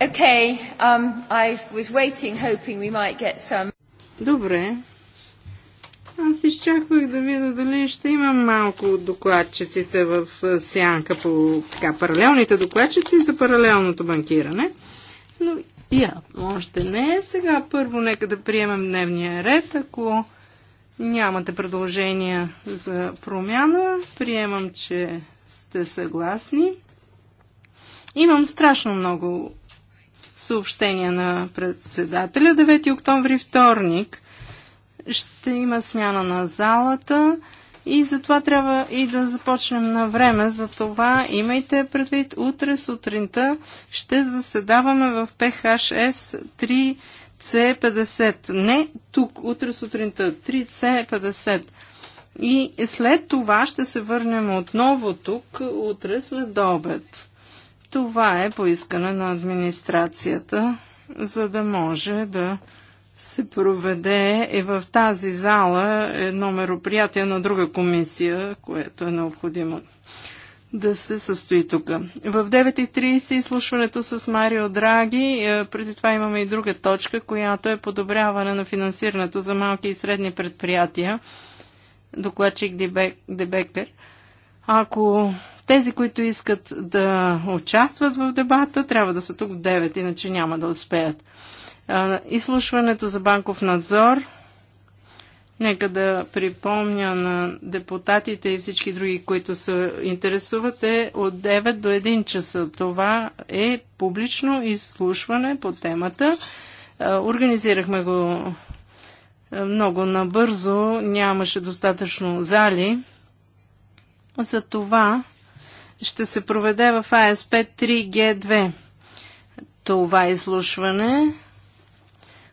Okay, um, I was waiting, hoping we might get some. Добре. Аз изчаквах да видя дали ще има малко от докладчиците в е, сянка по така, паралелните докладчици за паралелното банкиране. Но я, още не. е. Сега първо нека да приемем дневния ред. Ако нямате предложения за промяна, приемам, че сте съгласни. Имам страшно много съобщения на председателя. 9 октомври, вторник, ще има смяна на залата и затова трябва и да започнем на време. Затова имайте предвид, утре сутринта ще заседаваме в PHS 3C50. Не тук, утре сутринта 3C50. И след това ще се върнем отново тук, утре след обед. Това е поискане на администрацията, за да може да се проведе и в тази зала едно мероприятие на друга комисия, което е необходимо да се състои тук. В 9.30 изслушването с Марио Драги. Е, преди това имаме и друга точка, която е подобряване на финансирането за малки и средни предприятия. Докладчик Дебекер, Ако тези, които искат да участват в дебата, трябва да са тук в 9, иначе няма да успеят. Изслушването за банков надзор. Нека да припомня на депутатите и всички други, които се интересуват, е от 9 до 1 часа. Това е публично изслушване по темата. Организирахме го много набързо, нямаше достатъчно зали. За това ще се проведе в АСП 3G2. Това изслушване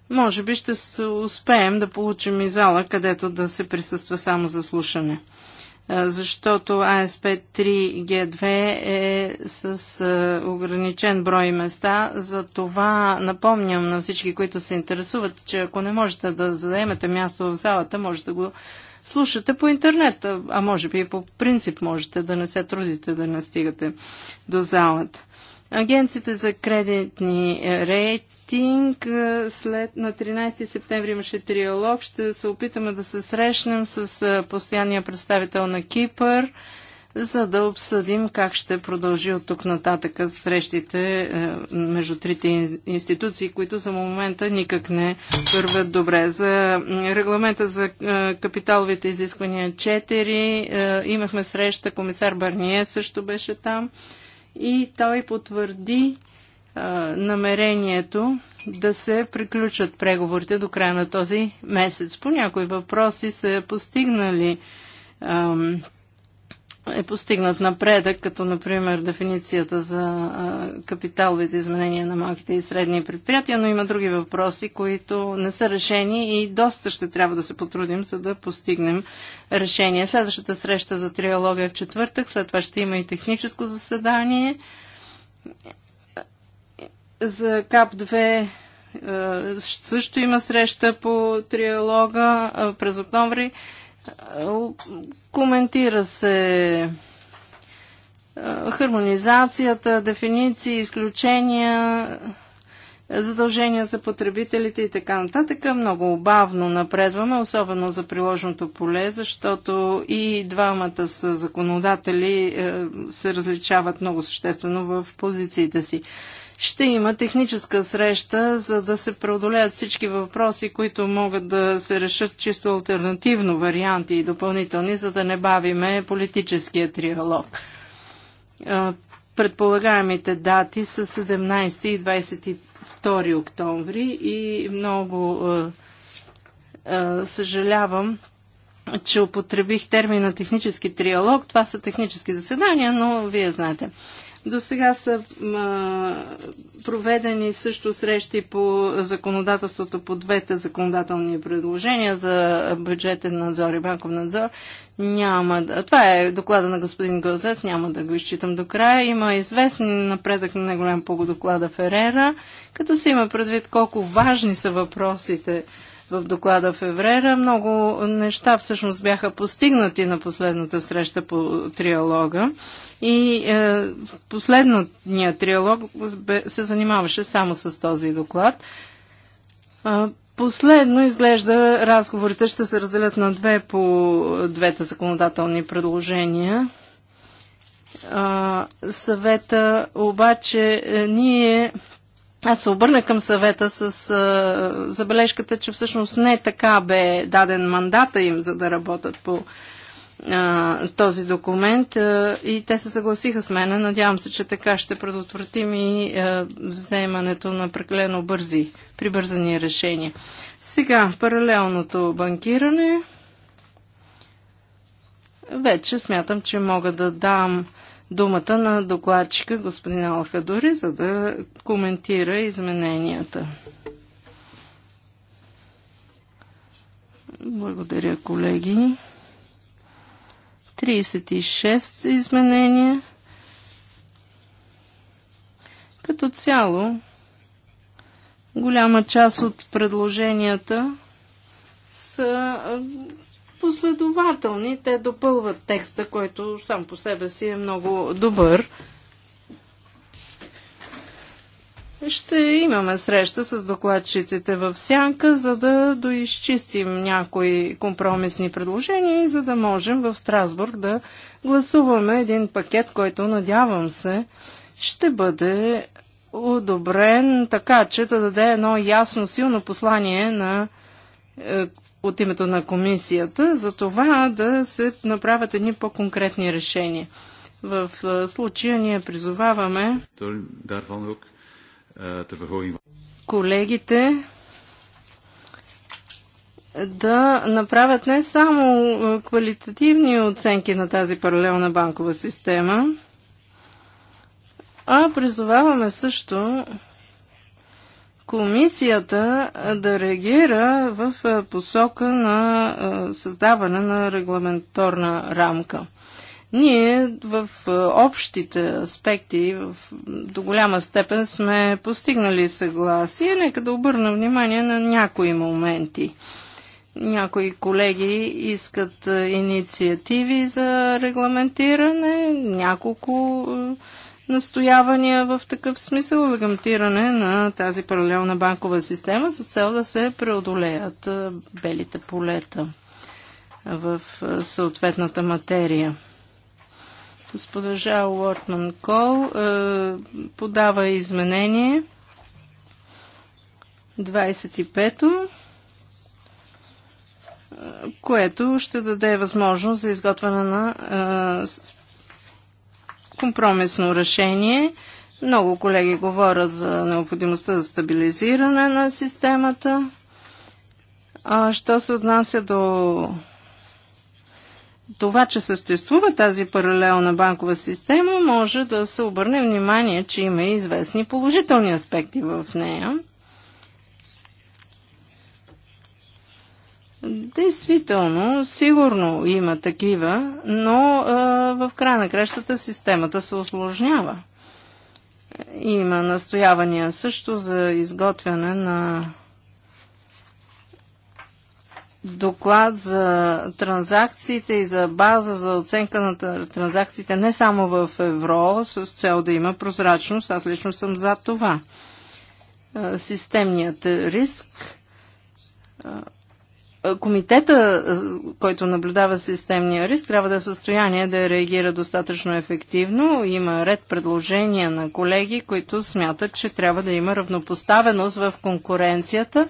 може би ще успеем да получим и зала, където да се присъства само за слушане. Защото АСП 3G2 е с ограничен брой места. За това напомням на всички, които се интересуват, че ако не можете да заемете място в залата, може да го слушате по интернет, а, може би и по принцип можете да не се трудите да не стигате до залата. Агенците за кредитни е, рейтинг е, след на 13 септември имаше триалог. Ще се опитаме да се срещнем с е, постоянния представител на Кипър за да обсъдим как ще продължи от тук нататък срещите е, между трите институции, които за момента никак не върват добре. За регламента за е, капиталовите изисквания 4 е, имахме среща, комисар Барние също беше там и той потвърди намерението да се приключат преговорите до края на този месец. По някои въпроси са постигнали ам, е постигнат напредък, като например дефиницията за капиталовите изменения на малките и средни предприятия, но има други въпроси, които не са решени и доста ще трябва да се потрудим, за да постигнем решение. Следващата среща за триалога е в четвъртък, след това ще има и техническо заседание. За КАП-2 също има среща по триалога през октомври Коментира се хармонизацията, дефиниции, изключения, задължения за потребителите и така нататък. Много бавно напредваме, особено за приложното поле, защото и двамата са законодатели се различават много съществено в позициите си ще има техническа среща, за да се преодолеят всички въпроси, които могат да се решат чисто альтернативно варианти и допълнителни, за да не бавиме политическия триалог. Предполагаемите дати са 17 и 22 октомври и много съжалявам, че употребих термина технически триалог. Това са технически заседания, но вие знаете. До сега са а, проведени също срещи по законодателството по двете законодателни предложения за бюджетен надзор и банков надзор. Няма да... Това е доклада на господин Гозет, няма да го изчитам до края. Има известен напредък на неголям по доклада Ферера, като се има предвид колко важни са въпросите в доклада Феврера. Много неща всъщност бяха постигнати на последната среща по триалога. И е, последният триалог се занимаваше само с този доклад. Последно изглежда разговорите ще се разделят на две по двете законодателни предложения. съвета обаче е, ние. Аз се обърна към съвета с а, е, забележката, че всъщност не така бе даден мандата им, за да работят по а, този документ а, и те се съгласиха с мене. Надявам се, че така ще предотвратим и а, вземането на прекалено бързи, прибързани решения. Сега, паралелното банкиране. Вече смятам, че мога да дам думата на докладчика господин Алхадори, за да коментира измененията. Благодаря, колеги. 36 изменения. Като цяло, голяма част от предложенията са последователни. Те допълват текста, който сам по себе си е много добър. Ще имаме среща с докладчиците в сянка, за да доизчистим някои компромисни предложения и за да можем в Страсбург да гласуваме един пакет, който надявам се ще бъде одобрен така, че да даде едно ясно, силно послание на, е, от името на комисията за това да се направят едни по-конкретни решения. В е, случая ние призоваваме. Е, Колегите да направят не само е, квалитативни оценки на тази паралелна банкова система, а призоваваме също комисията е, да реагира в посока на създаване на регламенторна рамка. Ние в е, общите аспекти в, до голяма степен сме постигнали съгласие. Нека да обърна внимание на някои моменти. Някои колеги искат е, инициативи за регламентиране, няколко е, настоявания в такъв смисъл регламентиране на тази паралелна банкова система за цел да се преодолеят белите полета в съответната материя. Госпожа Уортман Кол е, подава изменение 25-то, е, което ще даде възможност за изготвяне на е, компромисно решение. Много колеги говорят за необходимостта за стабилизиране на системата. що се отнася до това, че съществува тази паралелна банкова система, може да се обърне внимание, че има и известни положителни аспекти в нея. Действително, сигурно има такива, но а, в края на кращата системата се осложнява. Има настоявания също за изготвяне на доклад за транзакциите и за база за оценка на транзакциите не само в евро, с цел да има прозрачност. Аз лично съм за това. Е, системният риск. Е, комитета, е, който наблюдава системния риск, трябва да е в състояние да реагира достатъчно ефективно. Има ред предложения на колеги, които смятат, че трябва да има равнопоставеност в конкуренцията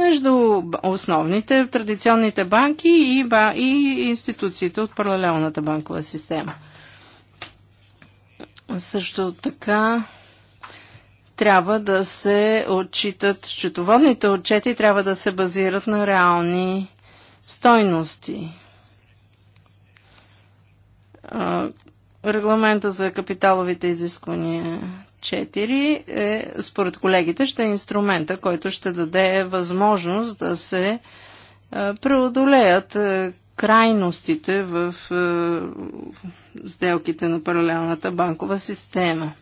между основните, традиционните банки и, ба, и институциите от паралелната банкова система. Също така трябва да се отчитат, счетоводните отчети трябва да се базират на реални стойности. Регламента за капиталовите изисквания 4 е, според колегите ще е инструмента, който ще даде възможност да се е, преодолеят е, крайностите в е, сделките на паралелната банкова система.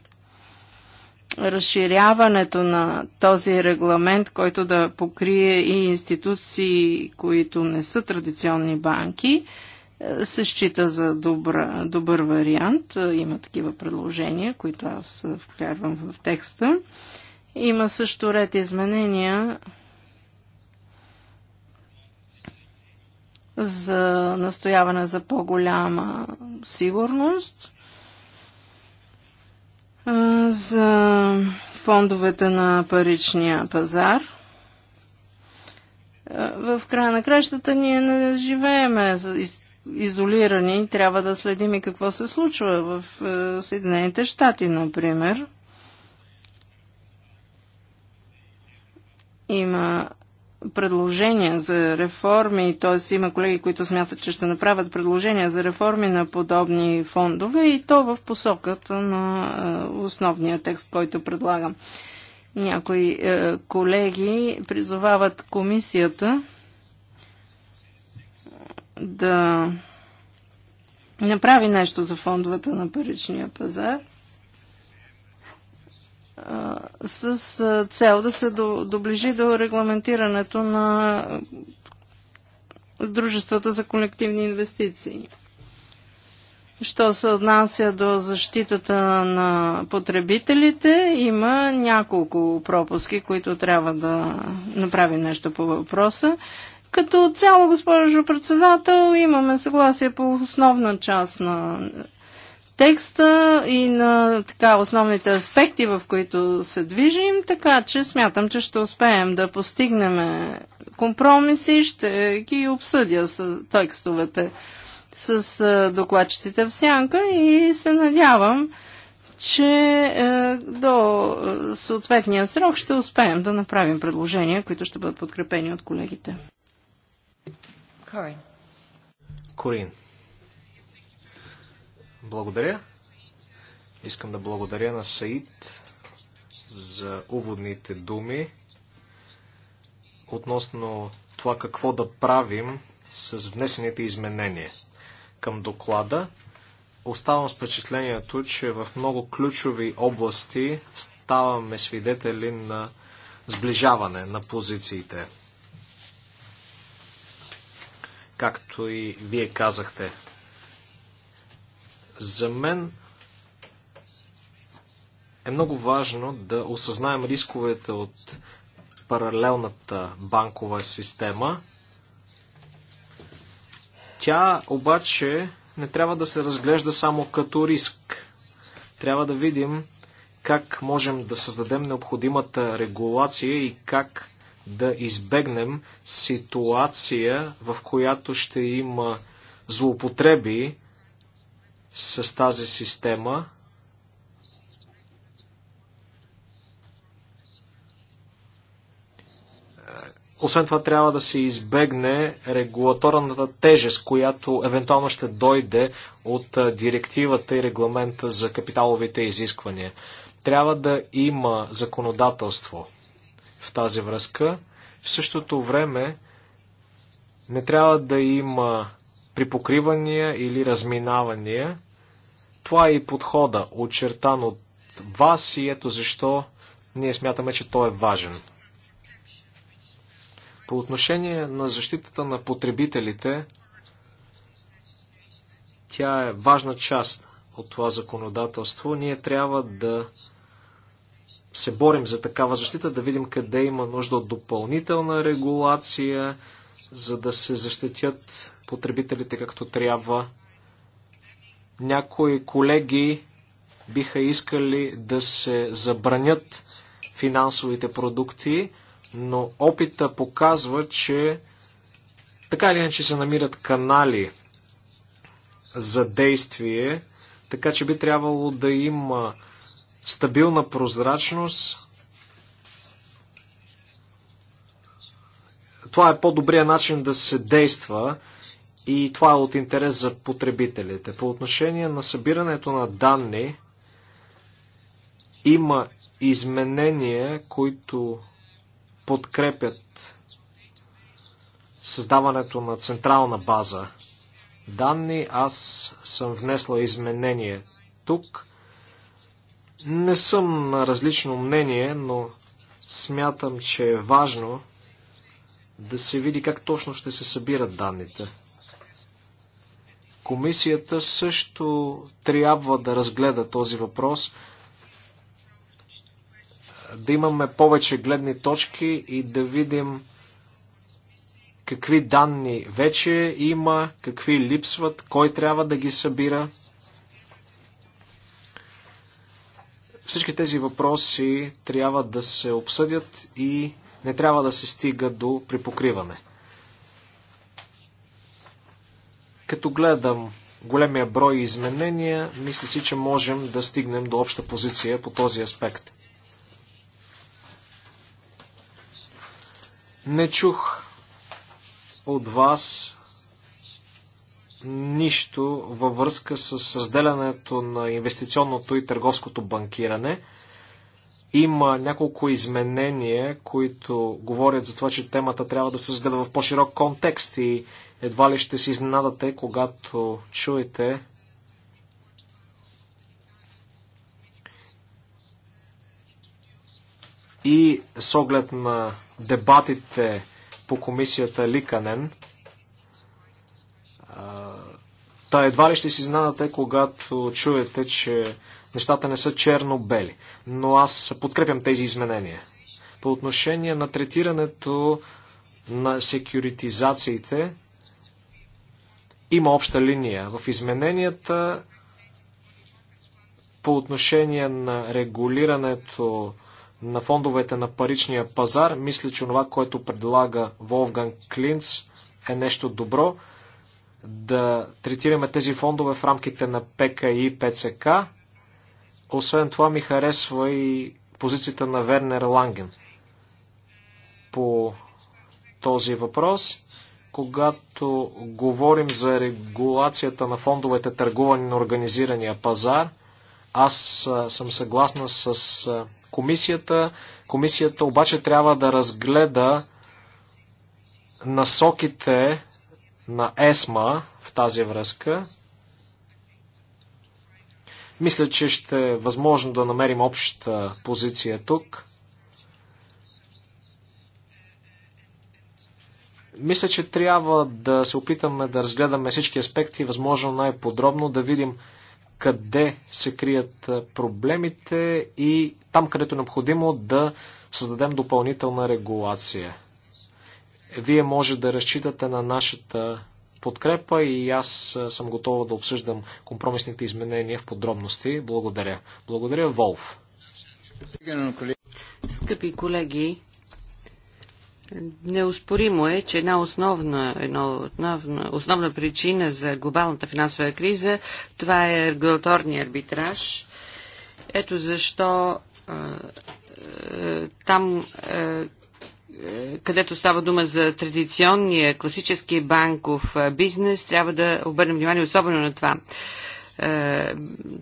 Разширяването на този регламент, който да покрие и институции, които не са традиционни банки, се счита за добра, добър вариант. Има такива предложения, които аз вкарвам в текста. Има също ред изменения за настояване за по-голяма сигурност, за фондовете на паричния пазар – в края на кращата ние не живееме изолирани, трябва да следим и какво се случва в е, Съединените щати, например. Има предложения за реформи, т.е. има колеги, които смятат, че ще направят предложения за реформи на подобни фондове и то в посоката на е, основния текст, който предлагам. Някои е, колеги призовават комисията да направи нещо за фондовете на паричния пазар с цел да се доближи до регламентирането на дружествата за колективни инвестиции. Що се отнася до защитата на потребителите, има няколко пропуски, които трябва да направи нещо по въпроса. Като цяло, госпожо председател, имаме съгласие по основна част на текста и на така, основните аспекти, в които се движим, така че смятам, че ще успеем да постигнем компромиси, ще ги обсъдя с текстовете с е, докладчиците в сянка и се надявам, че е, до е, съответния срок ще успеем да направим предложения, които ще бъдат подкрепени от колегите. Корин. Корин. Благодаря. Искам да благодаря на Саид за уводните думи относно това какво да правим с внесените изменения към доклада. Оставам с впечатлението, че в много ключови области ставаме свидетели на сближаване на позициите както и вие казахте. За мен е много важно да осъзнаем рисковете от паралелната банкова система. Тя обаче не трябва да се разглежда само като риск. Трябва да видим как можем да създадем необходимата регулация и как да избегнем ситуация, в която ще има злоупотреби с тази система. Освен това трябва да се избегне регулаторната тежест, която евентуално ще дойде от директивата и регламента за капиталовите изисквания. Трябва да има законодателство – в тази връзка. В същото време не трябва да има припокривания или разминавания. Това е и подхода, очертан от вас и ето защо ние смятаме, че той е важен. По отношение на защитата на потребителите, тя е важна част от това законодателство. Ние трябва да се борим за такава защита, да видим къде има нужда от допълнителна регулация, за да се защитят потребителите както трябва. Някои колеги биха искали да се забранят финансовите продукти, но опита показва, че така или иначе се намират канали за действие, така че би трябвало да има стабилна прозрачност. Това е по-добрия начин да се действа и това е от интерес за потребителите. По отношение на събирането на данни, има изменения, които подкрепят създаването на централна база данни. Аз съм внесла изменение тук. Не съм на различно мнение, но смятам, че е важно да се види как точно ще се събират данните. Комисията също трябва да разгледа този въпрос, да имаме повече гледни точки и да видим какви данни вече има, какви липсват, кой трябва да ги събира – Всички тези въпроси трябва да се обсъдят и не трябва да се стига до припокриване. Като гледам големия брой изменения, мисля си, че можем да стигнем до обща позиция по този аспект. Не чух от вас нищо във връзка с разделянето на инвестиционното и търговското банкиране. Има няколко изменения, които говорят за това, че темата трябва да се разгледа в по-широк контекст и едва ли ще се изненадате, когато чуете и с оглед на дебатите по комисията Ликанен – Та едва ли ще си знадате, когато чуете, че нещата не са черно-бели. Но аз подкрепям тези изменения. По отношение на третирането на секюритизациите, има обща линия в измененията по отношение на регулирането на фондовете на паричния пазар. Мисля, че това, което предлага Волфган Клинц е нещо добро да третираме тези фондове в рамките на ПК и ПЦК. Освен това ми харесва и позицията на Вернер Ланген по този въпрос. Когато говорим за регулацията на фондовете търгувани на организирания пазар, аз съм съгласна с комисията. Комисията обаче трябва да разгледа насоките на ЕСМА в тази връзка. Мисля, че ще е възможно да намерим общата позиция тук. Мисля, че трябва да се опитаме да разгледаме всички аспекти, възможно най-подробно, да видим къде се крият проблемите и там, където е необходимо да създадем допълнителна регулация. Вие може да разчитате на нашата подкрепа и аз съм готова да обсъждам компромисните изменения в подробности. Благодаря. Благодаря, Волф. Скъпи колеги, Неоспоримо е, че една основна, една основна, основна причина за глобалната финансова криза това е регулаторния арбитраж. Ето защо там е, където става дума за традиционния класически банков бизнес, трябва да обърнем внимание особено на това. Е,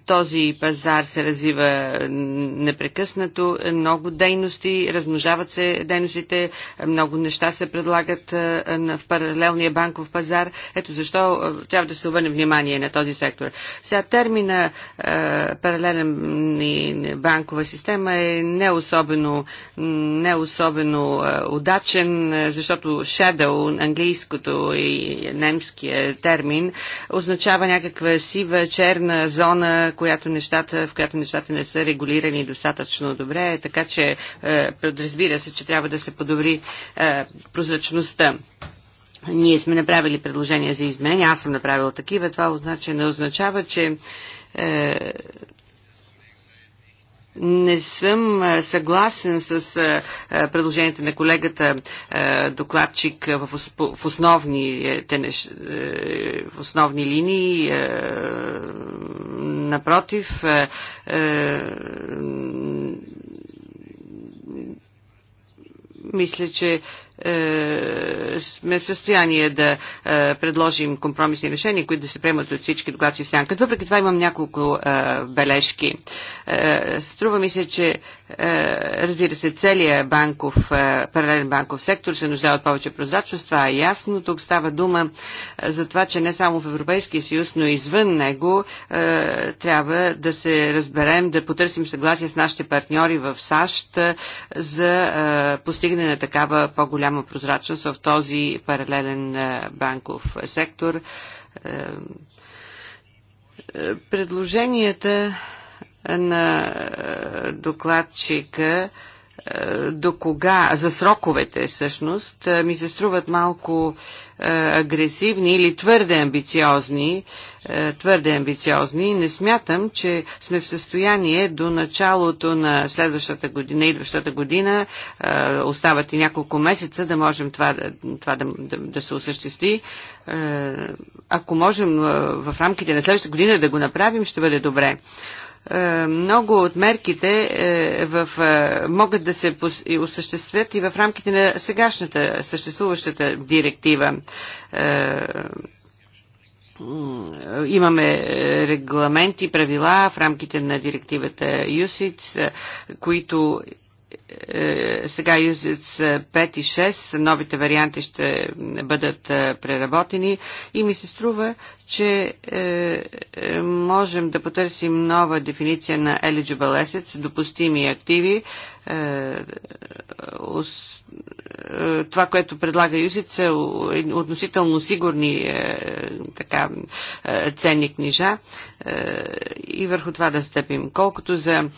този пазар се развива непрекъснато, много дейности, размножават се дейностите, много неща се предлагат е, в паралелния банков пазар. Ето защо е, трябва да се обърне внимание на този сектор. Сега термина паралелен банкова система е не особено, не особено удачен, защото shadow, английското и немския термин, означава някаква сива, че черна зона, която нещата, в която нещата не са регулирани достатъчно добре, така че разбира е, подразбира се, че трябва да се подобри е, прозрачността. Ние сме направили предложения за изменения, аз съм направила такива, това означава, не означава, че е, не съм съгласен с предложението на колегата докладчик в основни, е, е, в основни линии. Е, напротив, мисля, че е, сме в състояние да е, предложим компромисни решения, които да се приемат от всички доклади в сянка. Въпреки това имам няколко е, бележки. Струва ми се, че разбира се, целият банков, паралелен банков сектор се нуждава от повече прозрачност. Това е ясно. Тук става дума за това, че не само в Европейския съюз, но и извън него трябва да се разберем, да потърсим съгласие с нашите партньори в САЩ за постигане на такава по-голяма голяма прозрачност в този паралелен е, банков сектор. Е, е, предложенията на докладчика до кога, за сроковете всъщност, ми се струват малко агресивни или твърде амбициозни, твърде амбициозни. Не смятам, че сме в състояние до началото на следващата година, идващата година, остават и няколко месеца, да можем това, това да, да, да се осъществи. Ако можем в рамките на следващата година да го направим, ще бъде добре. Е, много от мерките е, в, е, могат да се осъществят и в рамките на сегашната съществуващата директива. Имаме регламенти, правила в рамките на директивата USIT, които е, сега юзец 5 и 6, новите варианти ще бъдат е, преработени и ми се струва, че е, можем да потърсим нова дефиниция на eligible assets, допустими активи. Това, което предлага юзец е относително сигурни така, ценни книжа и върху това да стъпим. Колкото за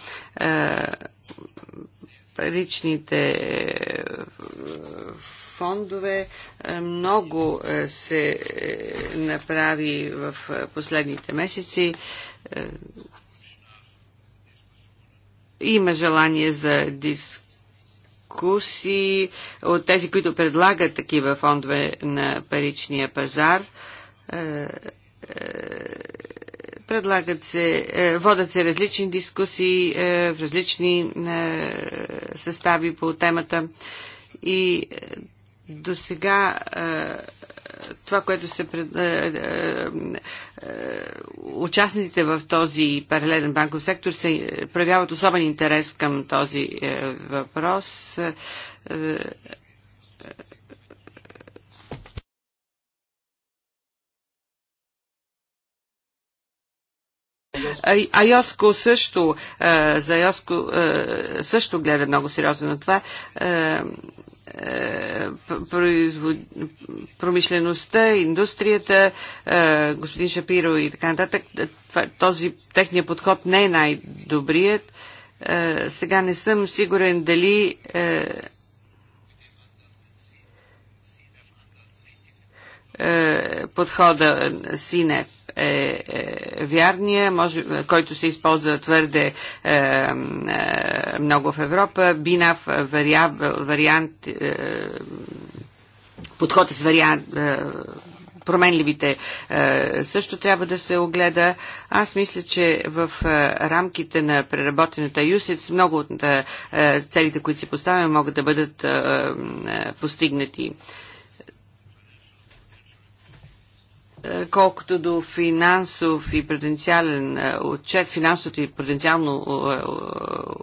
паричните е, фондове е, много е, се направи в последните месеци. Има желание за диск дискусии от тези, които предлагат такива фондове на паричния пазар. Предлагат се, е, водят се различни дискусии е, в различни е, състави по темата и до сега това, което се пред... участниците в този паралелен банков сектор се проявяват особен интерес към този въпрос А Йоско също, за Йоско също гледа много сериозно на това. Производ... промишлеността, индустрията, господин Шапиро и така нататък, този техния подход не е най-добрият. Сега не съм сигурен дали подхода Синев е е, е вярния, може, който се използва твърде е, е, много в Европа. Бинав е, вариант, е, подход с вариант, е, променливите е, също трябва да се огледа. Аз мисля, че в е, рамките на преработената ЮСИЦ много от е, е, целите, които си поставяме, могат да бъдат е, постигнати. Е, колкото до финансов и потенциален е, отчет, финансовото и потенциално е,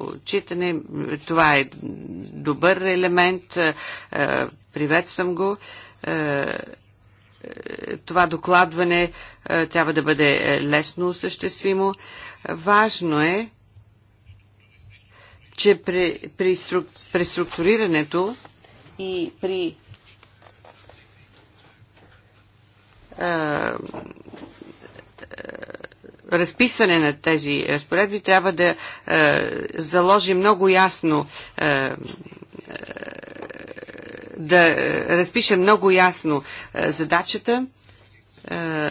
отчитане, това е добър елемент, приветствам го. Това докладване трябва да бъде лесно осъществимо. Важно е, че при, преструктурирането и при разписване на тези разпоредби трябва да е, заложи много ясно е, е, да разпише много ясно е, задачата, е,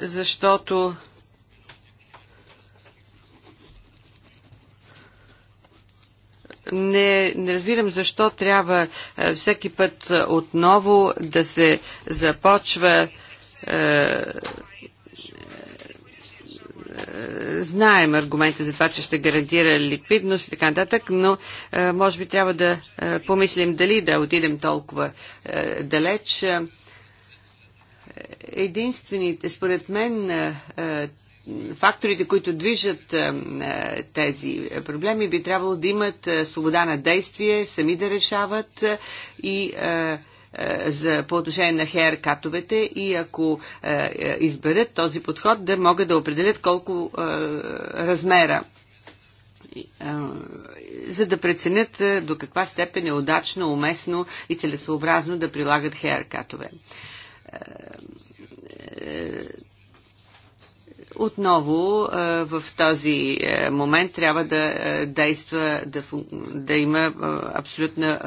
защото не, не разбирам защо трябва е, всеки път е, отново да се започва е, знаем аргумента за това, че ще гарантира ликвидност и така нататък, но може би трябва да помислим дали да отидем толкова далеч. Единствените, според мен, факторите, които движат е, е, тези проблеми, би трябвало да имат е, свобода на действие, сами да решават и за, по отношение на катовете, и ако е, изберат този подход, да могат да определят колко е, размера за да преценят до каква степен е удачно, уместно и целесообразно да прилагат хейркатове отново в този е, момент трябва да е, действа, да, да има е, абсолютна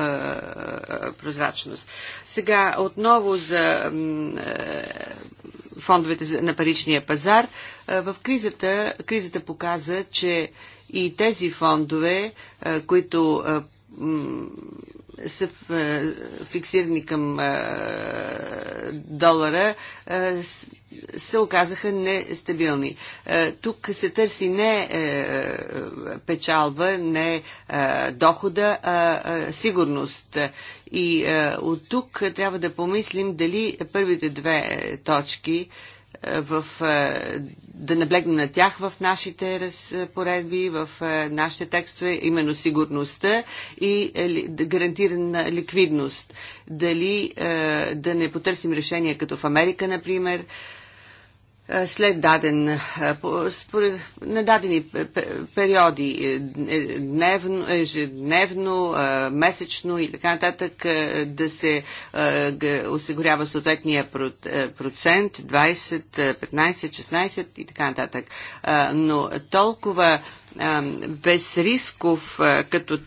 прозрачност. Сега отново за фондовете на паричния пазар. В кризата, кризата показа, че и тези фондове, които са фиксирани към долара, се оказаха нестабилни. Е, тук се търси не е, е, печалба, не дохода, а сигурност. И от тук трябва да помислим дали първите две точки в, да наблегнем на тях в нашите разпоредби, в нашите текстове, именно сигурността и гарантирана ликвидност. Дали да не потърсим решение като в Америка, например, е, след даден, е, според, на дадени периоди, е, дневно, ежедневно, месечно и така нататък, да се осигурява съответния процент, 20, 15, 16 и така нататък. Но толкова безрисков, като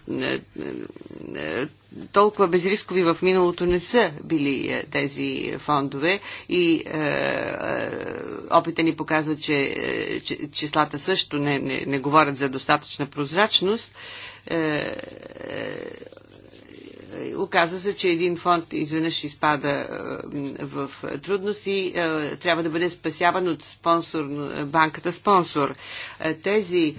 толкова безрискови в миналото не са били тези фондове и е, опита ни показва, че, че числата също не, не, не говорят за достатъчна прозрачност. Е, е, Оказва се, че един фонд изведнъж изпада е, в трудности, е, трябва да бъде спасяван от спонсор, банката спонсор. Е, тези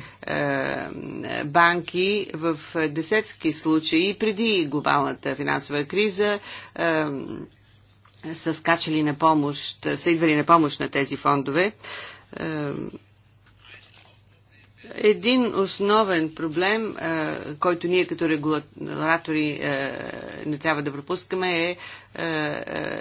банки в десетски случаи преди глобалната финансова криза са скачали на помощ, са идвали на помощ на тези фондове един основен проблем, който ние като регулатори не трябва да пропускаме е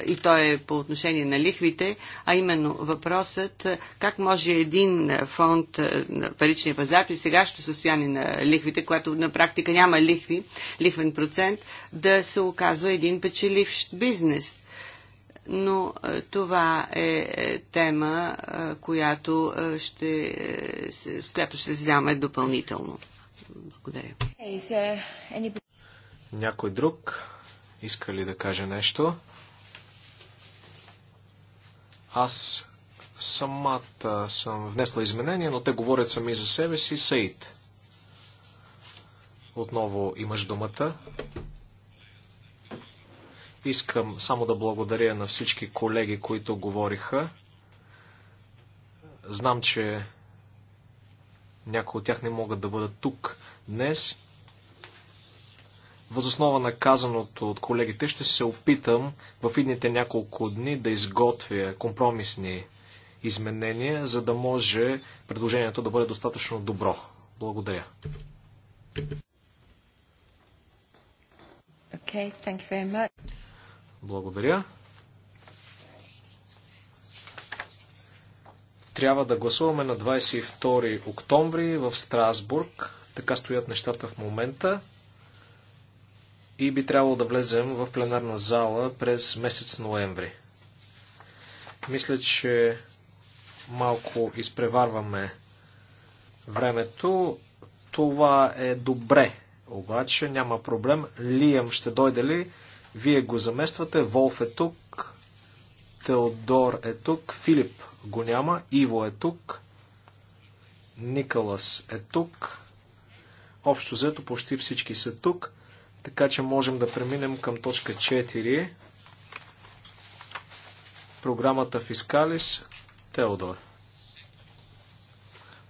и то е по отношение на лихвите, а именно въпросът как може един фонд на паричния пазар при сегашното състояние на лихвите, което на практика няма лихви, лихвен процент, да се оказва един печеливш бизнес но е, това е, е тема, е, която ще, с която ще се допълнително. Благодаря. Някой друг иска ли да каже нещо? Аз самата съм внесла изменения, но те говорят сами за себе си. Саид. Отново имаш думата. Искам само да благодаря на всички колеги, които говориха. Знам, че някои от тях не могат да бъдат тук днес. Възоснова на казаното от колегите ще се опитам в идните няколко дни да изготвя компромисни изменения, за да може предложението да бъде достатъчно добро. Благодаря. Okay, thank you very much. Благодаря. Трябва да гласуваме на 22 октомври в Страсбург. Така стоят нещата в момента. И би трябвало да влезем в пленарна зала през месец ноември. Мисля, че малко изпреварваме времето. Това е добре. Обаче няма проблем. Лием ще дойде ли? Вие го замествате, Волф е тук, Теодор е тук, Филип го няма, Иво е тук, Николас е тук. Общо взето почти всички са тук, така че можем да преминем към точка 4. Програмата Фискалис. Теодор.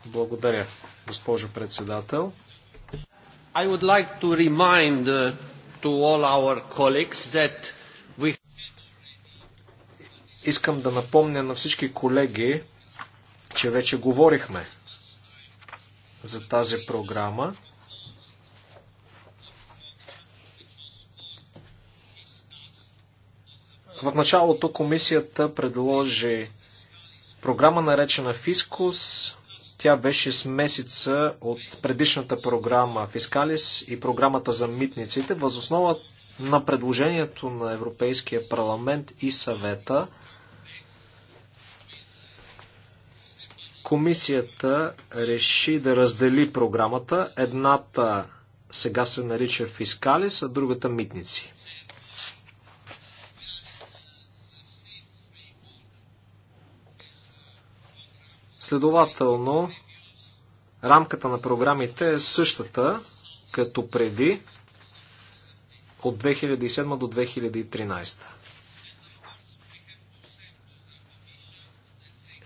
Благодаря, госпожо председател. I would like to remind uh, to all our colleagues that we... Искам да напомня на всички колеги, че вече говорихме за тази програма. В началото комисията предложи програма наречена Фискус, тя беше с месеца от предишната програма Фискалис и програмата за митниците. Възоснова на предложението на Европейския парламент и съвета комисията реши да раздели програмата. Едната сега се нарича Фискалис, а другата Митници. Следователно, рамката на програмите е същата като преди от 2007 до 2013.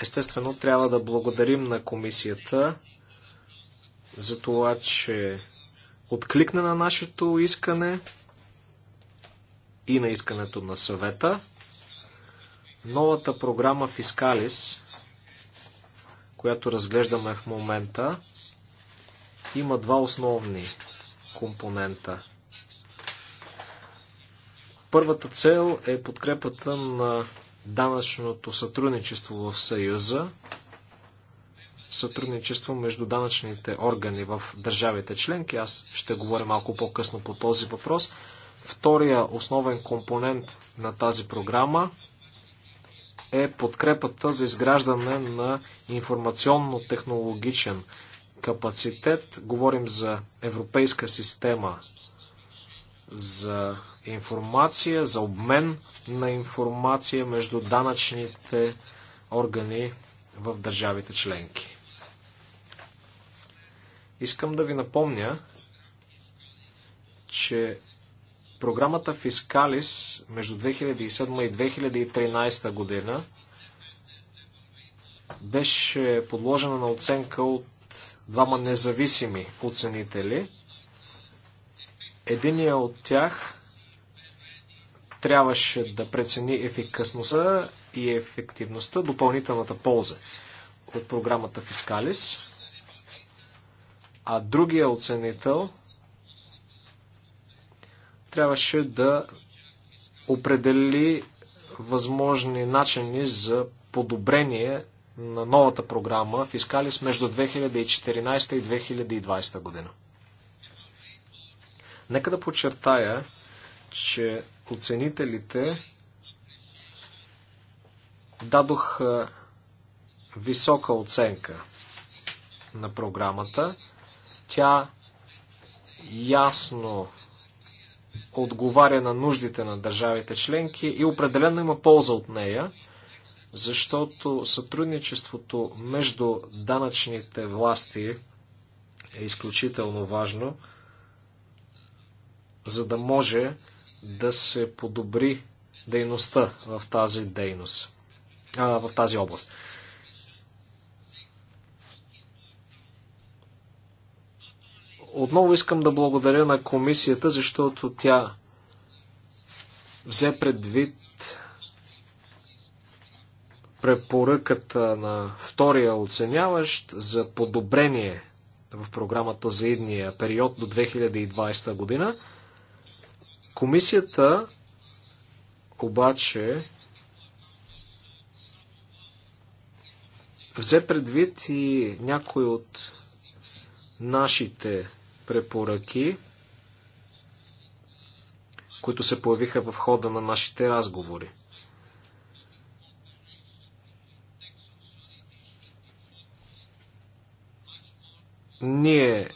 Естествено, трябва да благодарим на комисията за това, че откликне на нашето искане и на искането на съвета. Новата програма Фискалис която разглеждаме в момента, има два основни компонента. Първата цел е подкрепата на данъчното сътрудничество в Съюза, сътрудничество между данъчните органи в държавите членки. Аз ще говоря малко по-късно по този въпрос. Втория основен компонент на тази програма е подкрепата за изграждане на информационно-технологичен капацитет. Говорим за европейска система за информация, за обмен на информация между данъчните органи в държавите членки. Искам да ви напомня, че Програмата Фискалис между 2007 и 2013 година беше подложена на оценка от двама независими оценители. Единият от тях трябваше да прецени ефикасността и ефективността, допълнителната полза от програмата Фискалис, а другия оценител – трябваше да определи възможни начини за подобрение на новата програма Фискалис между 2014 и 2020 година. Нека да подчертая, че оценителите дадох висока оценка на програмата. Тя ясно отговаря на нуждите на държавите членки и определено има полза от нея, защото сътрудничеството между данъчните власти е изключително важно, за да може да се подобри дейността в тази дейност, а, в тази област. Отново искам да благодаря на комисията, защото тя взе предвид препоръката на втория оценяващ за подобрение в програмата за идния период до 2020 година. Комисията обаче взе предвид и някои от нашите препоръки, които се появиха в хода на нашите разговори. Ние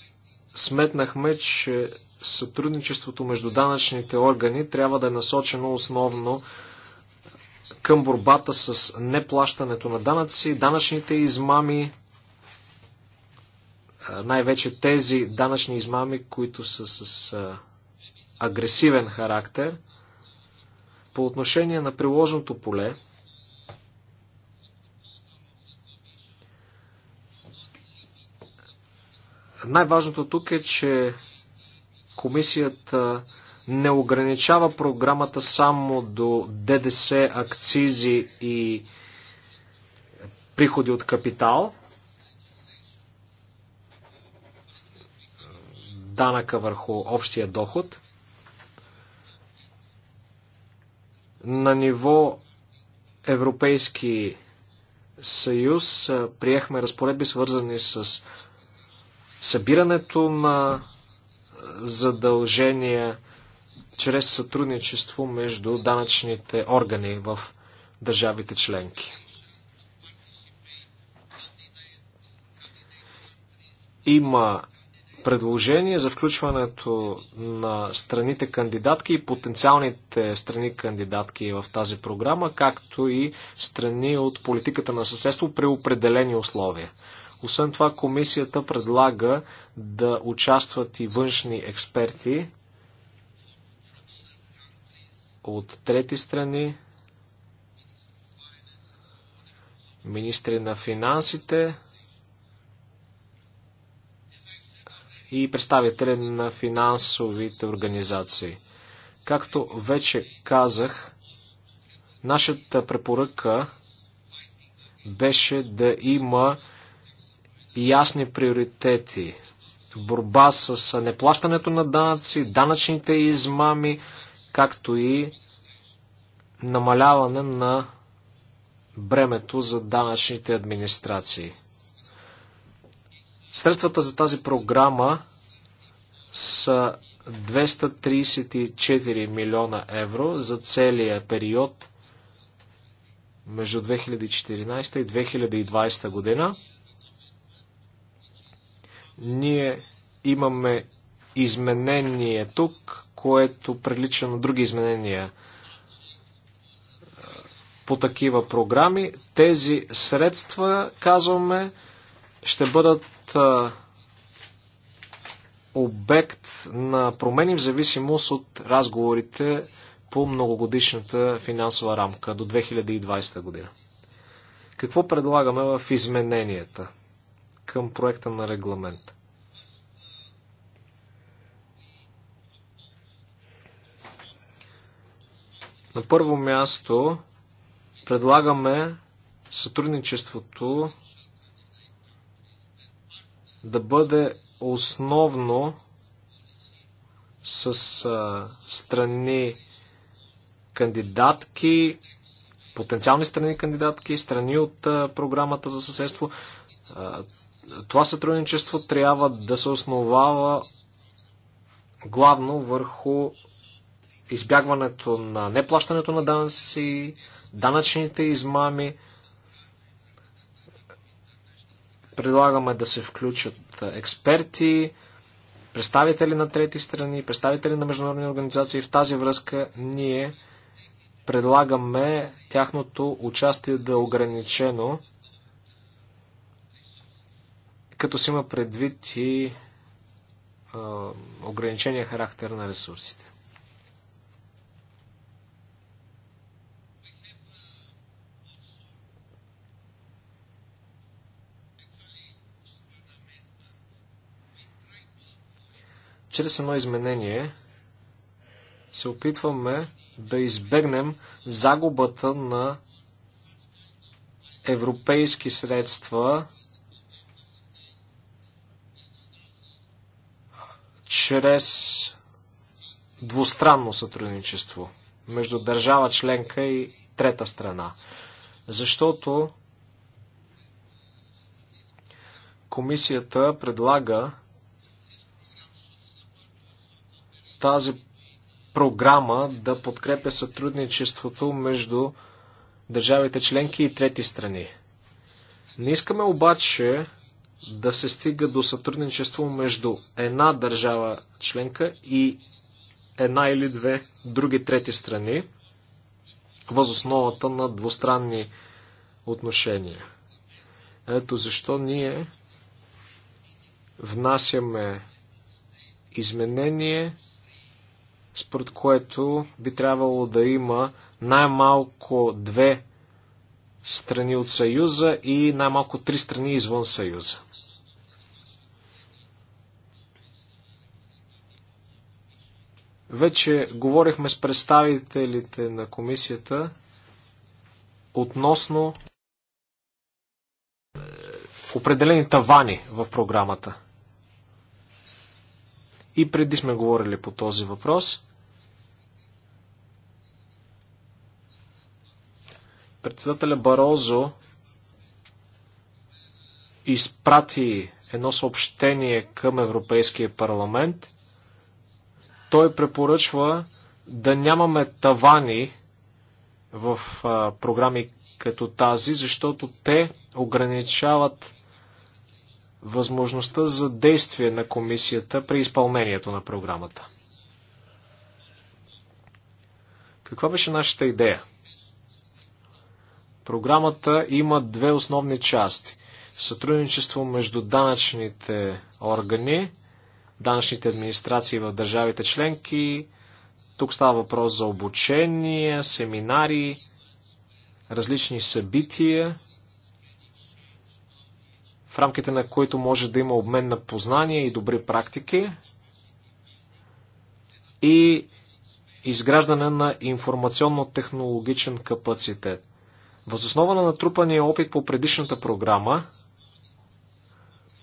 сметнахме, че сътрудничеството между данъчните органи трябва да е насочено основно към борбата с неплащането на данъци, данъчните измами, най-вече тези данъчни измами, които са с агресивен характер. По отношение на приложното поле, най-важното тук е, че комисията не ограничава програмата само до ДДС, акцизи и приходи от капитал – данъка върху общия доход. На ниво Европейски съюз приехме разпоредби, свързани с събирането на задължения чрез сътрудничество между данъчните органи в държавите членки. Има предложение за включването на страните кандидатки и потенциалните страни кандидатки в тази програма, както и страни от политиката на съседство при определени условия. Освен това, комисията предлага да участват и външни експерти от трети страни, министри на финансите, и представители на финансовите организации. Както вече казах, нашата препоръка беше да има ясни приоритети. Борба с неплащането на данъци, данъчните измами, както и намаляване на бремето за данъчните администрации. Средствата за тази програма са 234 милиона евро за целия период между 2014 и 2020 година. Ние имаме изменение тук, което прилича на други изменения по такива програми. Тези средства, казваме, ще бъдат обект на промени в зависимост от разговорите по многогодишната финансова рамка до 2020 година. Какво предлагаме в измененията към проекта на регламент? На първо място предлагаме сътрудничеството да бъде основно с а, страни кандидатки, потенциални страни кандидатки, страни от а, програмата за съседство. А, това сътрудничество трябва да се основава главно върху избягването на неплащането на данъци, данъчните измами, Предлагаме да се включат експерти, представители на трети страни, представители на международни организации. В тази връзка ние предлагаме тяхното участие да е ограничено, като се има предвид и ограничения характер на ресурсите. Чрез едно изменение се опитваме да избегнем загубата на европейски средства чрез двустранно сътрудничество между държава членка и трета страна. Защото комисията предлага тази програма да подкрепя сътрудничеството между държавите членки и трети страни. Не искаме обаче да се стига до сътрудничество между една държава членка и една или две други трети страни възосновата на двустранни отношения. Ето защо ние внасяме изменение според което би трябвало да има най-малко две страни от Съюза и най-малко три страни извън Съюза. Вече говорихме с представителите на комисията относно е, определени тавани в програмата. И преди сме говорили по този въпрос. Председателя Барозо изпрати едно съобщение към Европейския парламент. Той препоръчва да нямаме тавани в програми като тази, защото те ограничават възможността за действие на комисията при изпълнението на програмата. Каква беше нашата идея? Програмата има две основни части. Сътрудничество между данъчните органи, данъчните администрации в държавите членки. Тук става въпрос за обучение, семинари, различни събития, рамките на които може да има обмен на познания и добри практики и изграждане на информационно-технологичен капацитет. Възоснова на натрупания опит по предишната програма,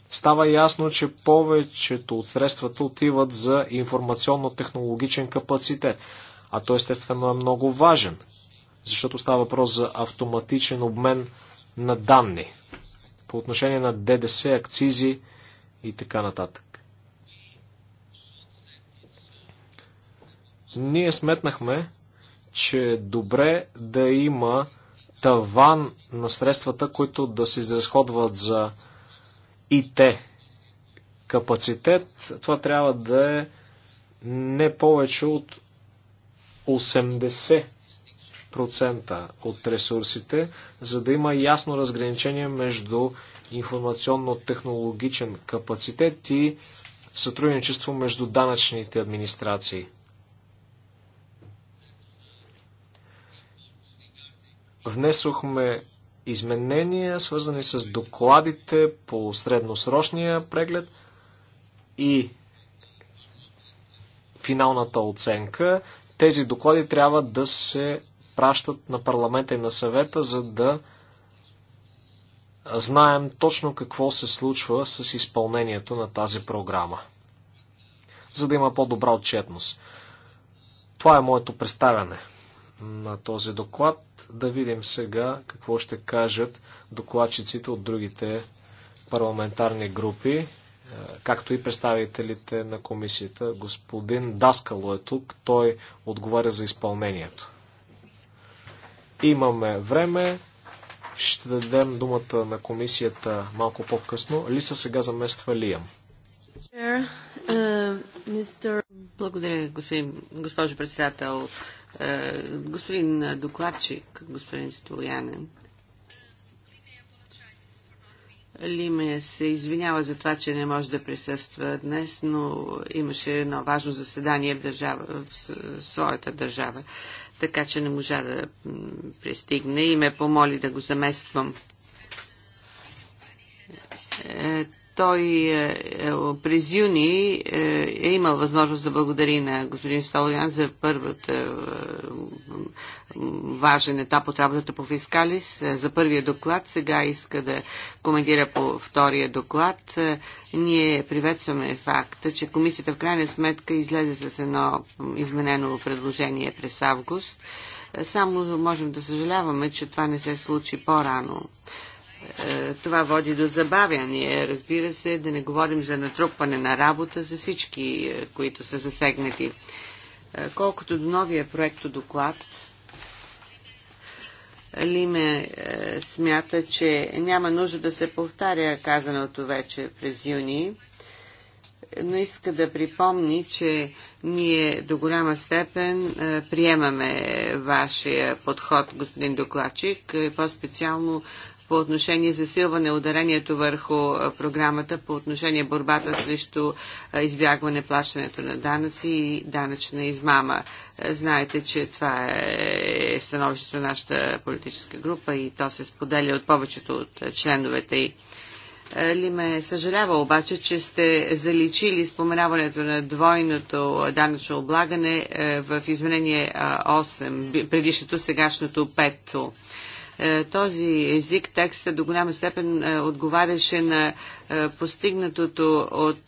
става ясно, че повечето от средствата отиват за информационно-технологичен капацитет, а той естествено е много важен, защото става въпрос за автоматичен обмен на данни – по отношение на ДДС, акцизи и така нататък. Ние сметнахме, че е добре да има таван на средствата, които да се изразходват за ИТ капацитет. Това трябва да е не повече от 80 10% от ресурсите, за да има ясно разграничение между информационно-технологичен капацитет и сътрудничество между данъчните администрации. Внесохме изменения, свързани с докладите по средносрочния преглед и финалната оценка. Тези доклади трябва да се пращат на парламента и на съвета, за да знаем точно какво се случва с изпълнението на тази програма, за да има по-добра отчетност. Това е моето представяне на този доклад. Да видим сега какво ще кажат докладчиците от другите парламентарни групи, е, както и представителите на комисията. Господин Даскало е тук, той отговаря за изпълнението. Имаме време. Ще дадем думата на комисията малко по-късно. Лиса сега замества Лиям. Е, е, Благодаря, господин, госпожо председател. Е, господин докладчик, господин Стоянен. Лиме се извинява за това, че не може да присъства днес, но имаше едно важно заседание в, държава, в своята държава така че не можа да пристигне и ме помоли да го замествам. Е, той е, е, през юни е, е имал възможност да благодари на господин Столоян за първият е, важен етап от работата по фискалис, е, за първия доклад. Сега иска да коментира по втория доклад. Е, ние приветстваме факта, че комисията в крайна сметка излезе с едно изменено предложение през август. Е, само можем да съжаляваме, че това не се случи по-рано. Е, това води до забавяния. Разбира се, да не говорим за натрупване на работа за всички, е, които са засегнати. Е, колкото до новия проект доклад, Лиме смята, че няма нужда да се повтаря казаното вече през юни, но иска да припомни, че ние до голяма степен приемаме вашия подход, господин докладчик, по-специално по отношение засилване ударението върху програмата по отношение борбата срещу избягване плащането на данъци и данъчна измама. Знаете, че това е, е становището на нашата политическа група и то се споделя от повечето от членовете й. Ли ме съжалява обаче, че сте заличили споменаването на двойното данъчно облагане в изменение 8, предишното сегашното 5. Е, този език, текста до голяма степен е, отговаряше на е, постигнатото от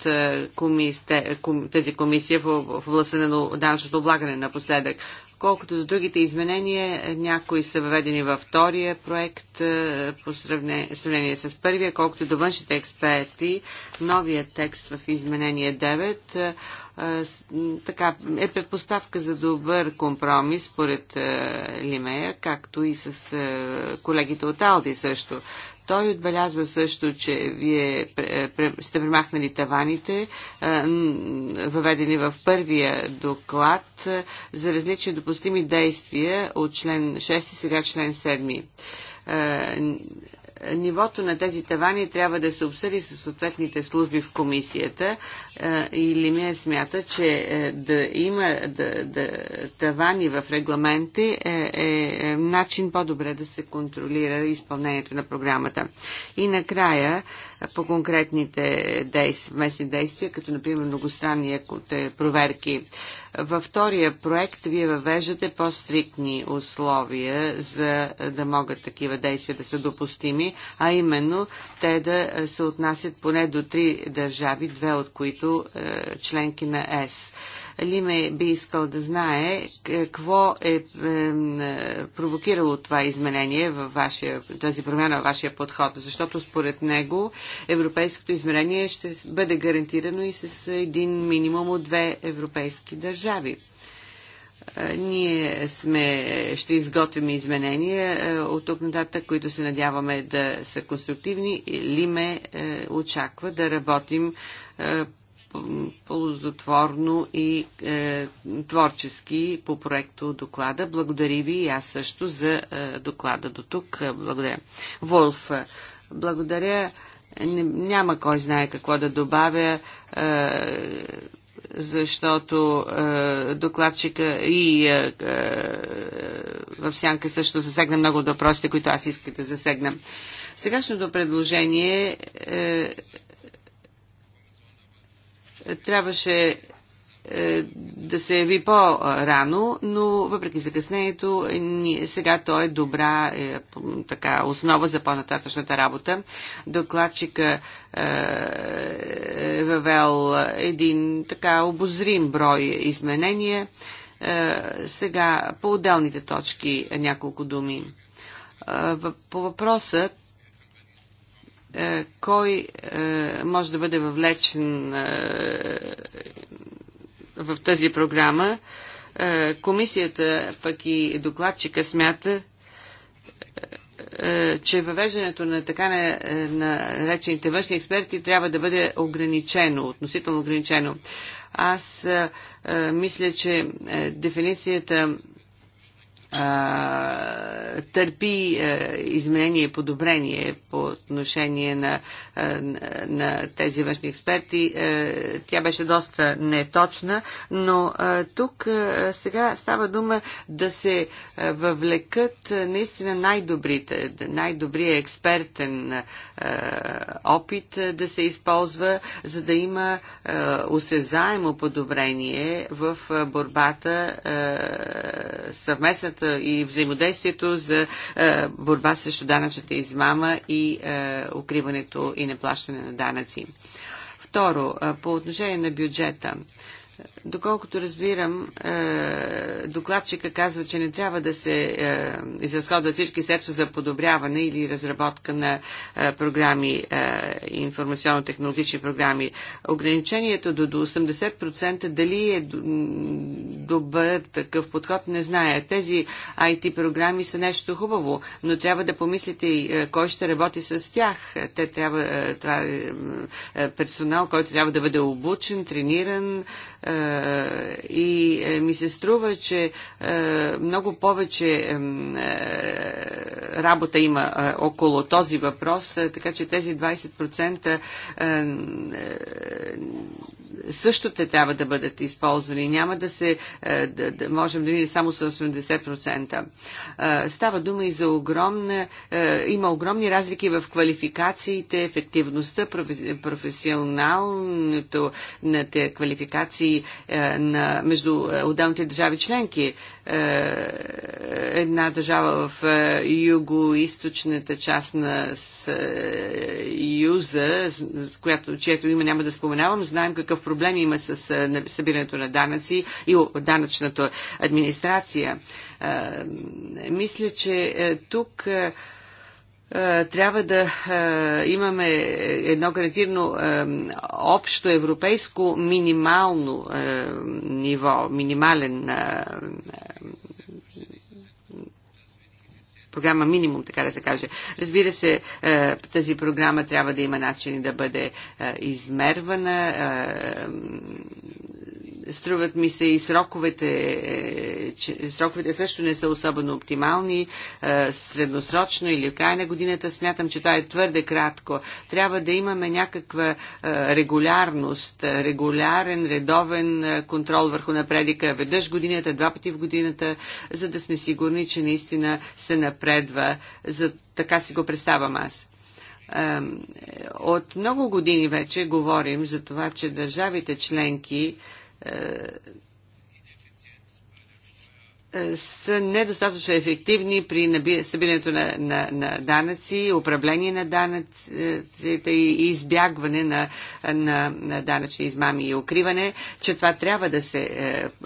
тези комисия в областта на данъчното облагане напоследък. Колкото до другите изменения, някои са въведени във втория проект е, по сравнение с първия. Колкото до външните експерти, новия текст в изменение 9 е, така, е предпоставка за добър компромис според е, Лимея, както и с колегите от Алди също. Той отбелязва също, че вие сте премахнали таваните, въведени в първия доклад за различни допустими действия от член 6 и сега член 7 нивото на тези тавани трябва да се обсъди с съответните служби в комисията е, или не смята, че е, да има да, да, тавани в регламенти е, е, е начин по-добре да се контролира изпълнението на програмата. И накрая по конкретните действия, местни действия, като например многостранни проверки. Във втория проект вие въвеждате по-стриктни условия за да могат такива действия да са допустими, а именно те да се отнасят поне до три държави, две от които е, членки на ЕС. Лиме би искал да знае какво е провокирало това изменение във вашия, тази промяна в вашия подход, защото според него европейското измерение ще бъде гарантирано и с един минимум от две европейски държави е, ние сме, ще изготвим изменения е, от тук нататък, които се надяваме да са конструктивни. Лиме е, очаква да работим полузатворно и е, творчески по проекто доклада. Благодаря ви и аз също за е, доклада до тук. Благодаря. Волф, е, благодаря. Няма кой знае какво да добавя. Е, защото е, докладчика и е, е, в сянка също засегна много от въпросите, които аз исках да засегна. Сегашното предложение е, трябваше е, да се яви по-рано, но въпреки закъснението, сега той е добра е, така, основа за по-нататъчната работа. Докладчика е, е въвел един така обозрим брой изменения. Е, сега по отделните точки няколко думи. Е, по въпросът е, кой е, може да бъде въвлечен е, в тази програма. Комисията, пък и докладчика смята, че въвеждането на така наречените на външни експерти трябва да бъде ограничено, относително ограничено. Аз а, мисля, че дефиницията а, търпи а, изменение и подобрение по отношение на, а, на тези външни експерти. А, тя беше доста неточна, но а, тук а, сега става дума да се въвлекат наистина най-добрите, най-добрия експертен а, опит да се използва, за да има усезаемо осезаемо подобрение в борбата съвместната работата и взаимодействието за е, борба срещу данъчната измама и е, укриването и неплащане на данъци. Второ, е, по отношение на бюджета. Доколкото разбирам, е, докладчика казва, че не трябва да се е, изразходват всички средства за подобряване или разработка на е, програми, информационно-технологични програми. Ограничението до, 80% дали е добър такъв подход, не зная. Тези IT програми са нещо хубаво, но трябва да помислите кой ще работи с тях. Те трябва, това е персонал, който трябва да бъде обучен, трениран, и е, ми се струва, че е, много повече е, работа има около този въпрос, така че тези 20% също те трябва да бъдат използвани. Няма да се, е, да, да можем да видим само с 80%. Е, става дума и за огромна, е, има огромни разлики в квалификациите, ефективността, професионалното на те квалификации на, между отделните държави членки. Е, една държава в е, юго-источната част на Съюза, която, чието име няма да споменавам, знаем какъв проблем има с е, събирането на данъци и данъчната администрация. Мисля, че тук е, трябва да е, имаме едно гарантирано е, общо европейско минимално ниво, минимален програма минимум, така да се каже. Разбира се, тази програма трябва да има начин да бъде измервана, Струват ми се и сроковете, е, че, сроковете също не са особено оптимални. Е, средносрочно или в края на годината смятам, че това е твърде кратко. Трябва да имаме някаква е, регулярност, регулярен, редовен контрол върху напредика веднъж годината, два пъти в годината, за да сме сигурни, че наистина се напредва. За, така си го представям аз. От много години вече говорим за това, че държавите членки е, е, са недостатъчно ефективни при събирането на, на, на данъци, управление на данъците и избягване на, на, на данъчни измами и укриване, че това трябва да, се,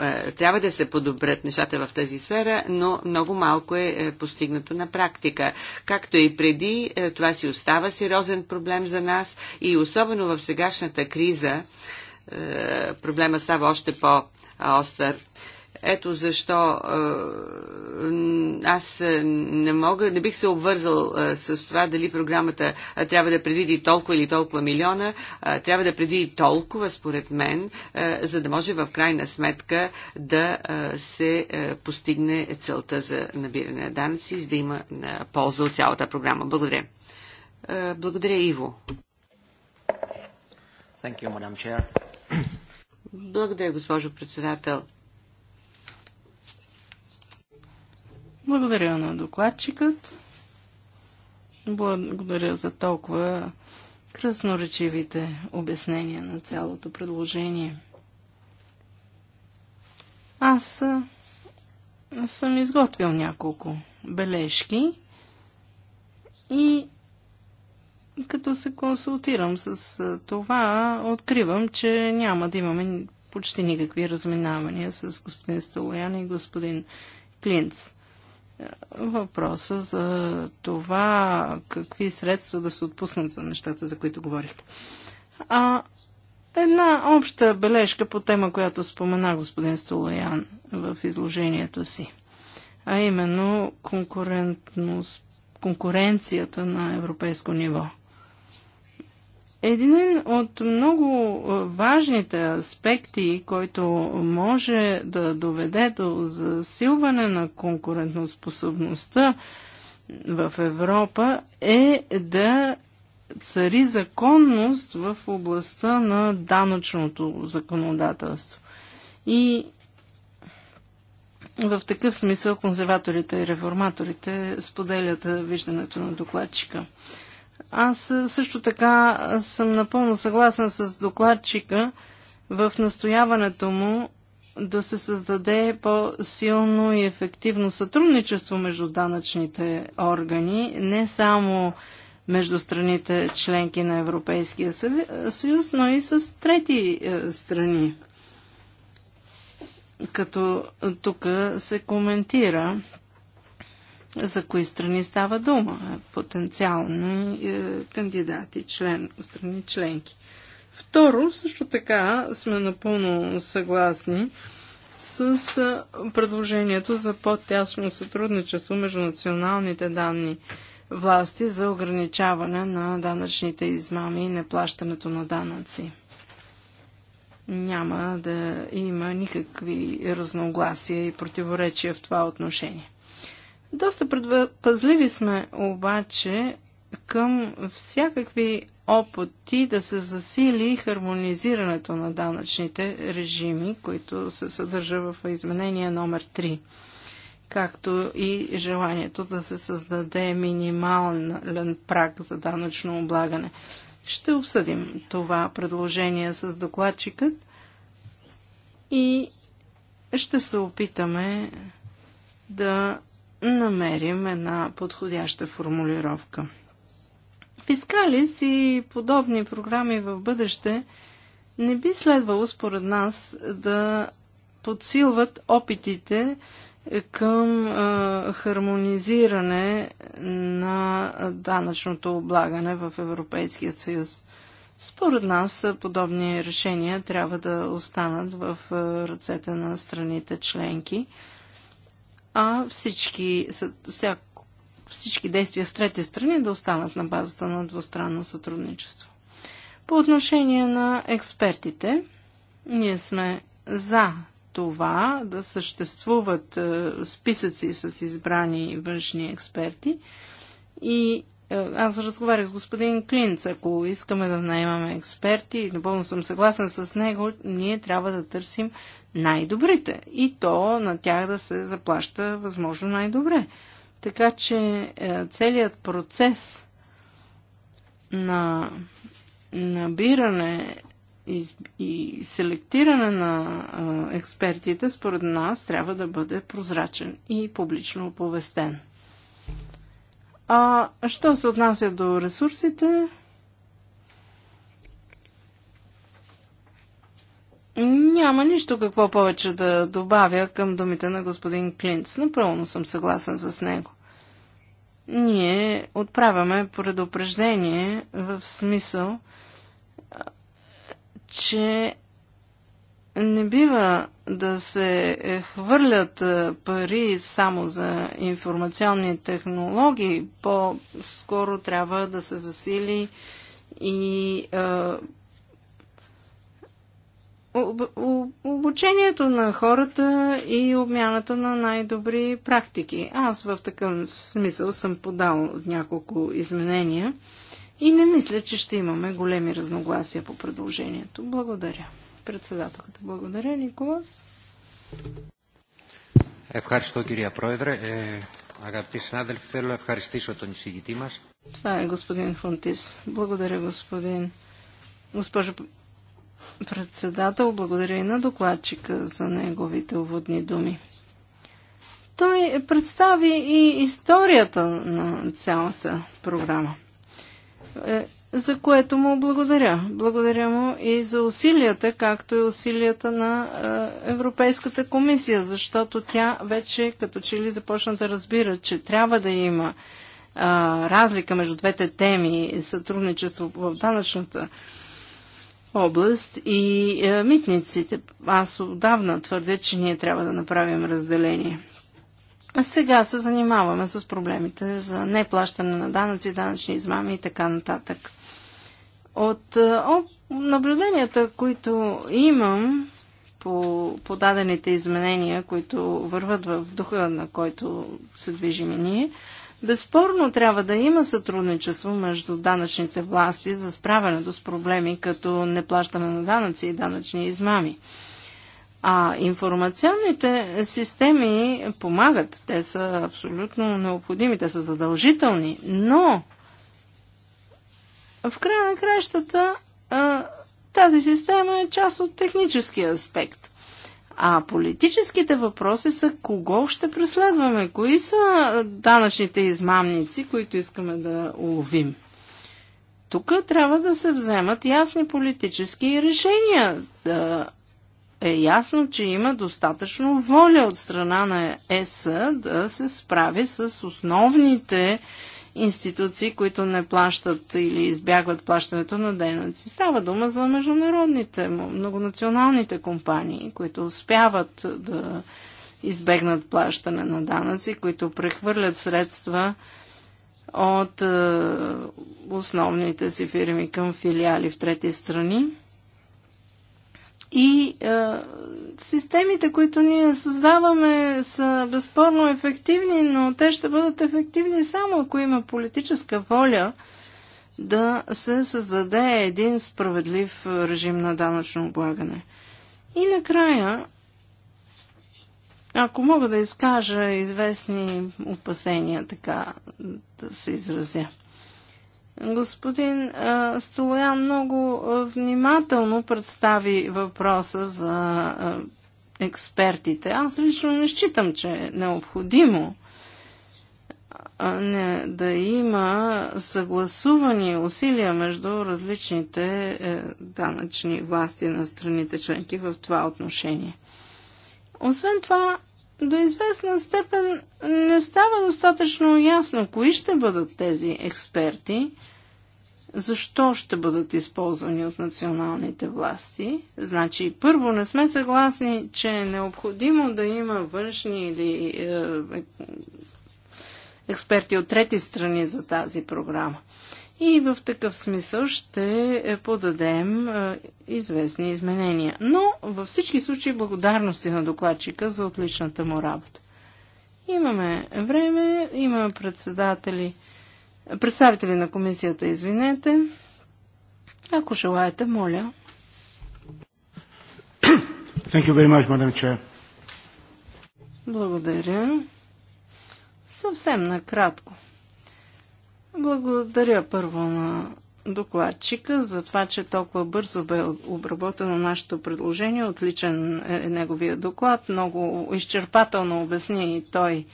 е, трябва да се подобрят нещата в тази сфера, но много малко е постигнато на практика. Както и преди, това си остава сериозен проблем за нас и особено в сегашната криза, е, проблема става още по-остър. Ето защо е, аз не мога, не бих се обвързал е, с това дали програмата трябва да предвиди толкова или толкова милиона, трябва да предвиди толкова, според мен, за да може в крайна сметка да се постигне целта за набиране на данъци, за да има полза от цялата програма. Благодаря. Благодаря, Иво. Thank you, Madam Chair. Благодаря, госпожо председател. Благодаря на докладчикът. Благодаря за толкова красноречивите обяснения на цялото предложение. Аз съм изготвил няколко бележки и като се консултирам с това, откривам, че няма да имаме почти никакви разминавания с господин Столоян и господин Клинц. Въпроса за това какви средства да се отпуснат за нещата, за които говорихте. А една обща бележка по тема, която спомена господин Столоян в изложението си, а именно конкурентност, конкуренцията на европейско ниво – един от много важните аспекти, който може да доведе до засилване на конкурентоспособността в Европа е да цари законност в областта на данъчното законодателство. И в такъв смисъл консерваторите и реформаторите споделят виждането на докладчика. Аз също така съм напълно съгласен с докладчика в настояването му да се създаде по-силно и ефективно сътрудничество между данъчните органи, не само между страните членки на Европейския съюз, но и с трети е, страни. Като тук се коментира за кои страни става дума, потенциални е, кандидати, член, страни членки. Второ, също така сме напълно съгласни с е, предложението за по-тясно сътрудничество между националните данни власти за ограничаване на данъчните измами и неплащането на данъци. Няма да има никакви разногласия и противоречия в това отношение. Доста предпазливи сме обаче към всякакви опити да се засили хармонизирането на данъчните режими, които се съдържа в изменение номер 3 както и желанието да се създаде минимален праг за данъчно облагане. Ще обсъдим това предложение с докладчикът и ще се опитаме да намерим една подходяща формулировка. Фискалис и подобни програми в бъдеще не би следвало според нас да подсилват опитите към а, хармонизиране на данъчното облагане в Европейския съюз. Според нас подобни решения трябва да останат в ръцете на страните членки а всички, вся, всички действия с трети страни да останат на базата на двустранно сътрудничество. По отношение на експертите, ние сме за това да съществуват е, списъци с избрани външни експерти и е, аз разговарях с господин Клинц. Ако искаме да наймаме експерти, напълно съм съгласен с него, ние трябва да търсим най-добрите. И то на тях да се заплаща възможно най-добре. Така че е, целият процес на набиране и селектиране на е, експертите, според нас, трябва да бъде прозрачен и публично оповестен. А що се отнася до ресурсите, Няма нищо какво повече да добавя към думите на господин Клинц. Напълно съм съгласен с него. Ние отправяме предупреждение в смисъл, че не бива да се е, хвърлят е, пари само за информационни технологии. По-скоро трябва да се засили и е, обучението на хората и обмяната на най-добри практики. Аз в такъв смисъл съм подал няколко изменения и не мисля, че ще имаме големи разногласия по предложението. Благодаря. Председателката. Благодаря, Николас. Ευχαριστώ κυρία Πρόεδρε. Ε, αγαπητοί συνάδελφοι, θέλω να ευχαριστήσω τον εισηγητή μας. Това е господин Фунтис. Благодаря, господин. Госпожо председател, благодаря и на докладчика за неговите уводни думи. Той представи и историята на цялата програма. Е, за което му благодаря. Благодаря му и за усилията, както и усилията на Европейската комисия, защото тя вече като че ли започна да разбира, че трябва да има разлика между двете теми и сътрудничество в данъчната област и митниците. Аз отдавна твърдя, че ние трябва да направим разделение. А сега се занимаваме с проблемите за неплащане на данъци, данъчни измами и така нататък. От е, наблюденията, които имам по подадените изменения, които върват в духа, на който се движим и ние, безспорно трябва да има сътрудничество между данъчните власти за справянето с проблеми като неплащане на данъци и данъчни измами. А информационните системи помагат. Те са абсолютно необходими, те са задължителни, но в края на кращата тази система е част от техническия аспект. А политическите въпроси са кого ще преследваме, кои са данъчните измамници, които искаме да уловим. Тук трябва да се вземат ясни политически решения. Да е ясно, че има достатъчно воля от страна на ЕС да се справи с основните институции, които не плащат или избягват плащането на дейности. Става дума за международните, многонационалните компании, които успяват да избегнат плащане на данъци, които прехвърлят средства от е, основните си фирми към филиали в трети страни и е, системите, които ние създаваме, са безспорно ефективни, но те ще бъдат ефективни само ако има политическа воля да се създаде един справедлив режим на данъчно облагане. И накрая, ако мога да изкажа известни опасения, така да се изразя. Господин Столоян много внимателно представи въпроса за експертите. Аз лично не считам, че е необходимо не, да има съгласувани усилия между различните е, данъчни власти на страните членки в това отношение. Освен това, до известна степен не става достатъчно ясно кои ще бъдат тези експерти, защо ще бъдат използвани от националните власти. Значи, първо, не сме съгласни, че е необходимо да има външни или е, е експерти от трети страни за тази програма. И в такъв смисъл ще е, подадем е, известни изменения. Но във всички случаи благодарности на докладчика за отличната му работа. Имаме време, имаме председатели Представители на комисията, извинете. Ако желаете, моля. Thank you very much, Madam Chair. Благодаря. Съвсем накратко. Благодаря първо на докладчика за това, че толкова бързо бе обработено нашето предложение. Отличен е неговия доклад. Много изчерпателно обясни и той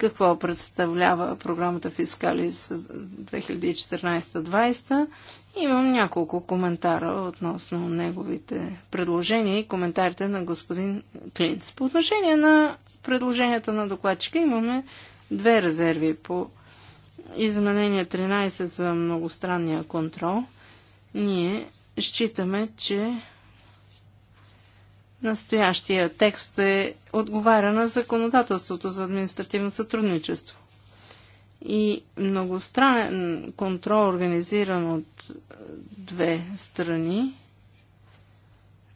какво представлява програмата Фискали с 2014-2020. Имам няколко коментара относно неговите предложения и коментарите на господин Клинц. По отношение на предложенията на докладчика имаме две резерви по изменение 13 за многостранния контрол. Ние считаме, че Настоящия текст е отговаря на законодателството за административно сътрудничество. И многостранен контрол, организиран от е, две страни,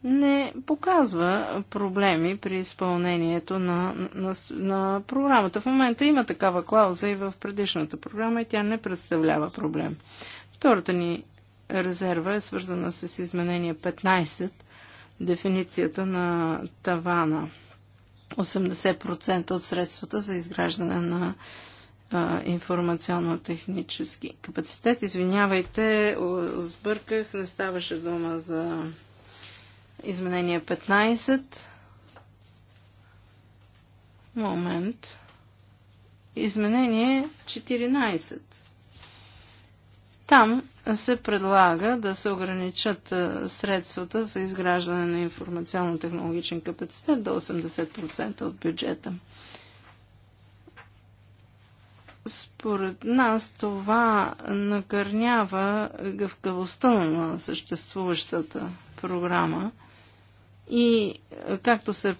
не показва проблеми при изпълнението на, на, на програмата. В момента има такава клауза и в предишната програма и тя не представлява проблем. Втората ни резерва е свързана с изменение 15 дефиницията на тавана. 80% от средствата за изграждане на информационно-технически капацитет. Извинявайте, сбърках, не ставаше дума за изменение 15. Момент. Изменение 14. Там се предлага да се ограничат е, средствата за изграждане на информационно-технологичен капацитет до 80% от бюджета. Според нас това накърнява гъвкавостта на съществуващата програма и е, както се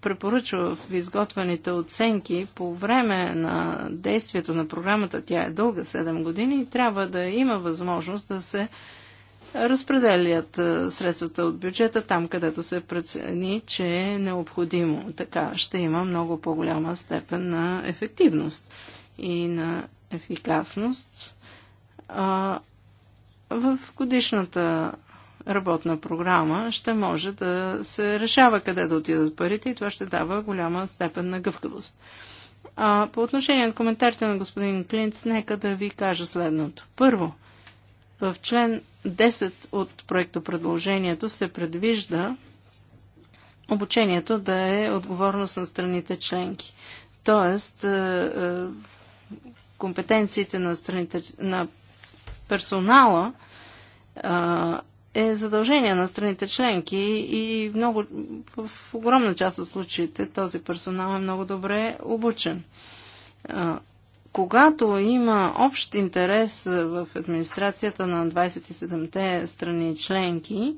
препоръчва в изготвените оценки по време на действието на програмата, тя е дълга 7 години, и трябва да има възможност да се разпределят средствата от бюджета там, където се прецени, че е необходимо. Така ще има много по-голяма степен на ефективност и на ефикасност. А, в годишната работна програма ще може да се решава къде да отидат парите и това ще дава голяма степен на гъвкавост. А, по отношение на коментарите на господин Клинц, нека да ви кажа следното. Първо, в член 10 от проекто предложението се предвижда обучението да е отговорност на страните членки. Тоест, е, е, компетенциите на страните, на персонала е задължение на страните членки и много, в огромна част от случаите този персонал е много добре обучен. Когато има общ интерес в администрацията на 27-те страни членки,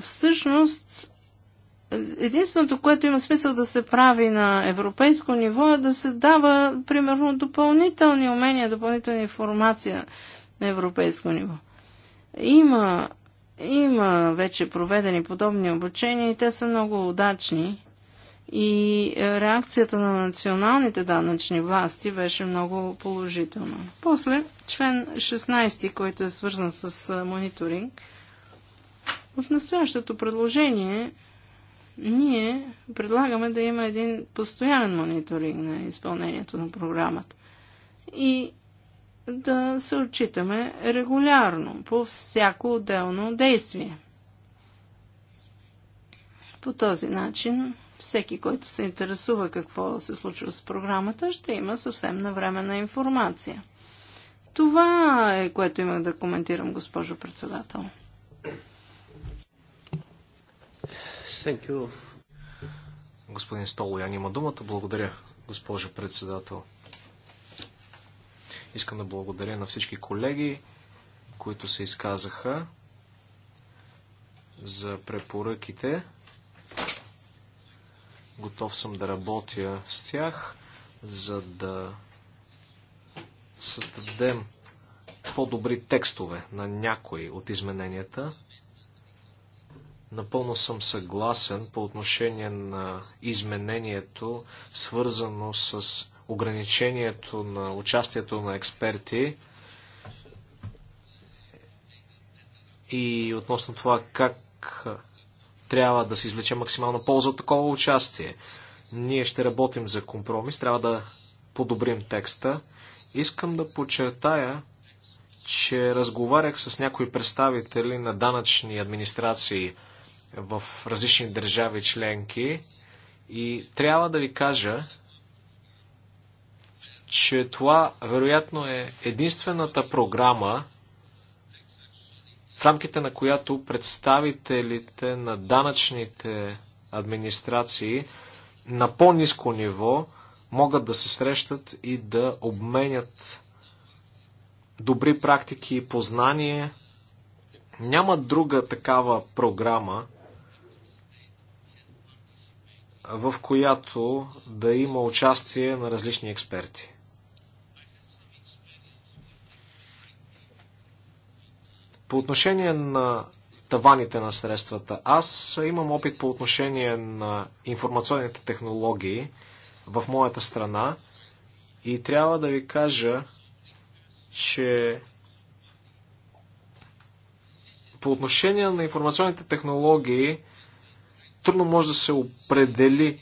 всъщност единственото, което има смисъл да се прави на европейско ниво е да се дава, примерно, допълнителни умения, допълнителна информация на европейско ниво. Има, има вече проведени подобни обучения и те са много удачни. И реакцията на националните данъчни власти беше много положителна. После, член 16, който е свързан с мониторинг, в настоящото предложение ние предлагаме да има един постоянен мониторинг на изпълнението на програмата. И да се отчитаме регулярно по всяко отделно действие. По този начин всеки, който се интересува какво се случва с програмата, ще има съвсем навременна информация. Това е което имах да коментирам, госпожо председател. Thank you. Господин Столоян има думата. Благодаря, госпожо председател. Искам да благодаря на всички колеги, които се изказаха за препоръките. Готов съм да работя с тях, за да създадем по-добри текстове на някои от измененията. Напълно съм съгласен по отношение на изменението, свързано с ограничението на участието на експерти и относно това как трябва да се извлече максимална полза от такова участие. Ние ще работим за компромис, трябва да подобрим текста. Искам да подчертая, че разговарях с някои представители на данъчни администрации в различни държави членки и трябва да ви кажа, че това вероятно е единствената програма, в рамките на която представителите на данъчните администрации на по-низко ниво могат да се срещат и да обменят добри практики и познание. Няма друга такава програма, в която да има участие на различни експерти. По отношение на таваните на средствата, аз имам опит по отношение на информационните технологии в моята страна и трябва да ви кажа, че по отношение на информационните технологии трудно може да се определи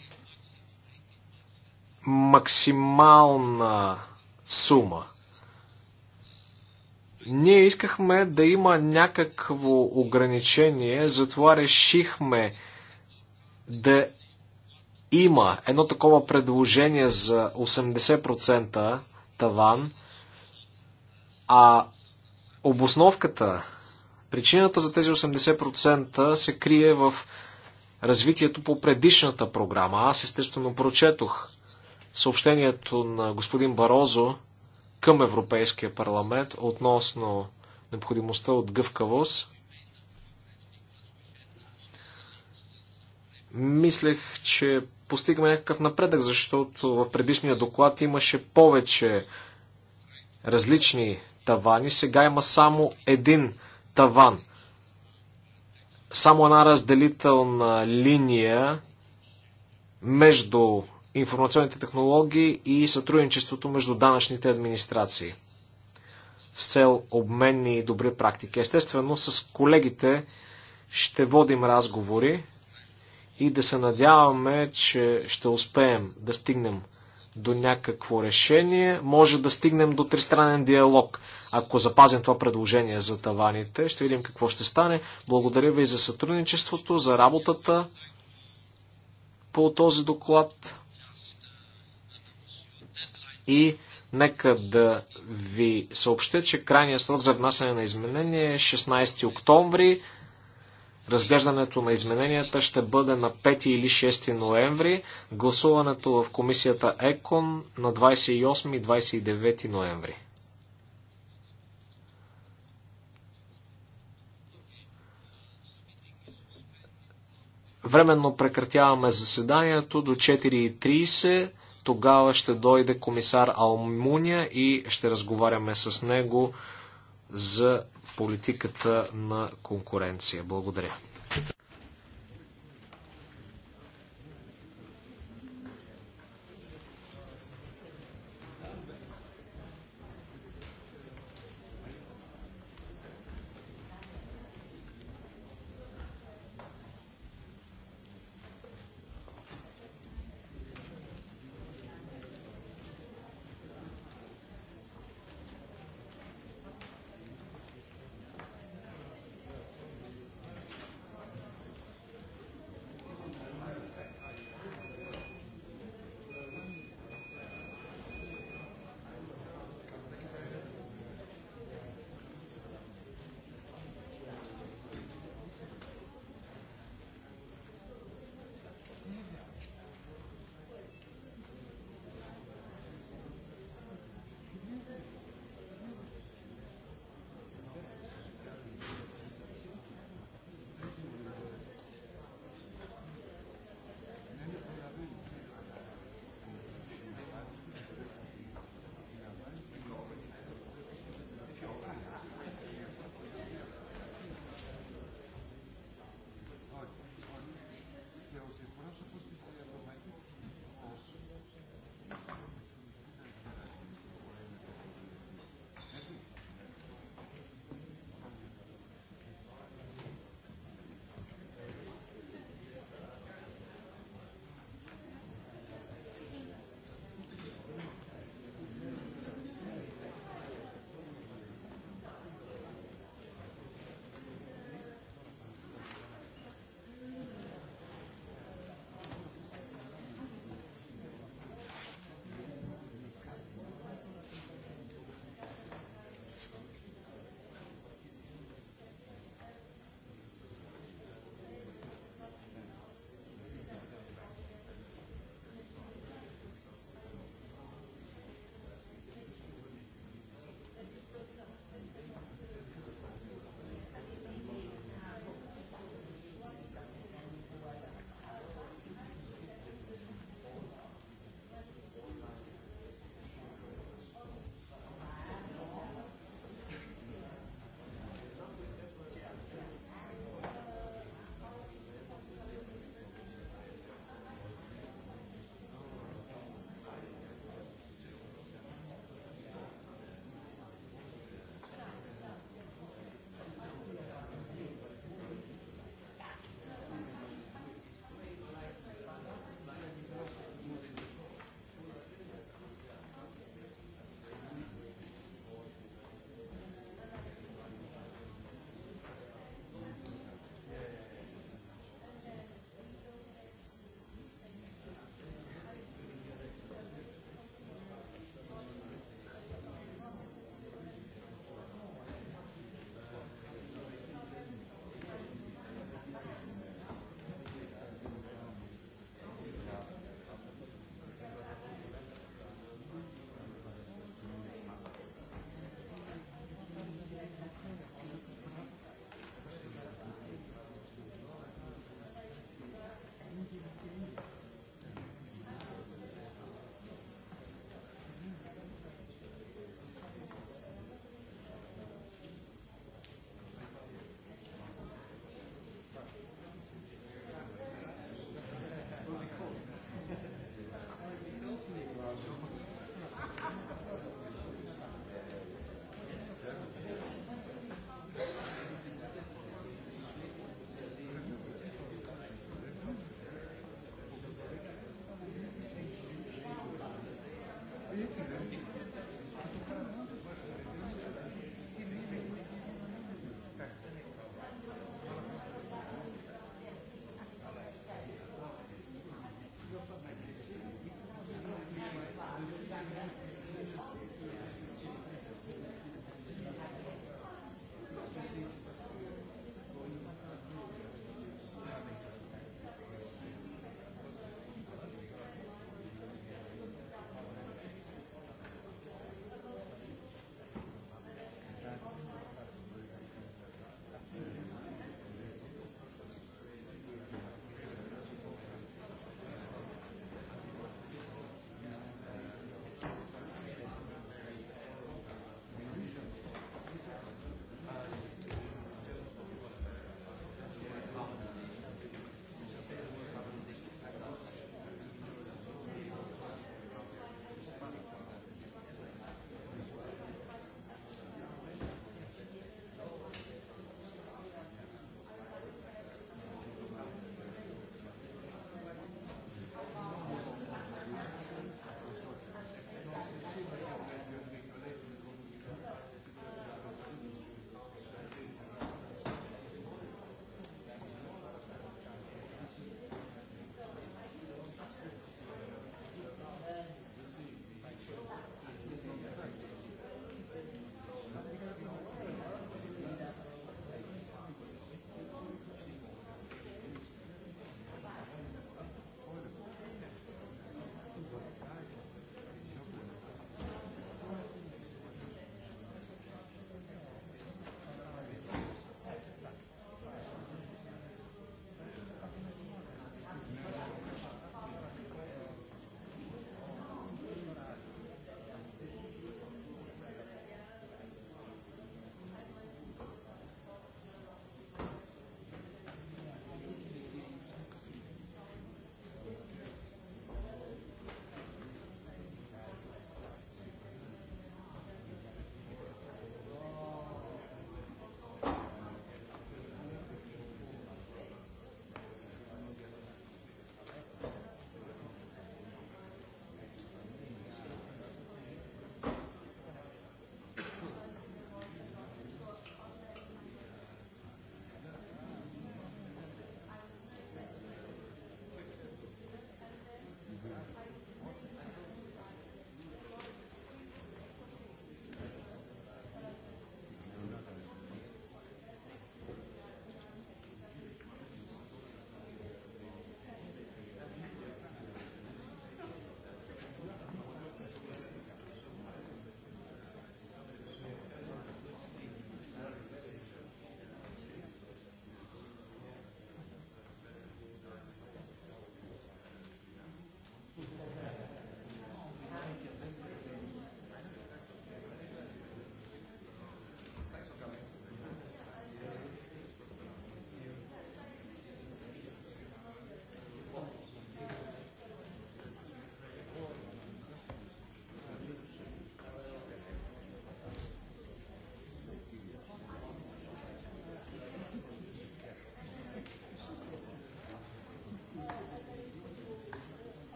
максимална сума. Ние искахме да има някакво ограничение, затова решихме да има едно такова предложение за 80% таван, а обосновката, причината за тези 80% се крие в развитието по предишната програма. Аз естествено прочетох съобщението на господин Барозо към Европейския парламент относно необходимостта от гъвкавост. Мислех, че постигаме някакъв напредък, защото в предишния доклад имаше повече различни тавани. Сега има само един таван. Само една разделителна линия между информационните технологии и сътрудничеството между данъчните администрации с цел обменни и добри практики. Естествено, с колегите ще водим разговори и да се надяваме, че ще успеем да стигнем до някакво решение. Може да стигнем до тристранен диалог, ако запазим това предложение за таваните. Ще видим какво ще стане. Благодаря ви за сътрудничеството, за работата по този доклад и нека да ви съобщя, че крайният срок за внасяне на изменение е 16 октомври. Разглеждането на измененията ще бъде на 5 или 6 ноември, гласуването в комисията ЕКОН на 28 и 29 ноември. Временно прекратяваме заседанието до 4.30. Тогава ще дойде комисар Алмуния и ще разговаряме с него за политиката на конкуренция. Благодаря.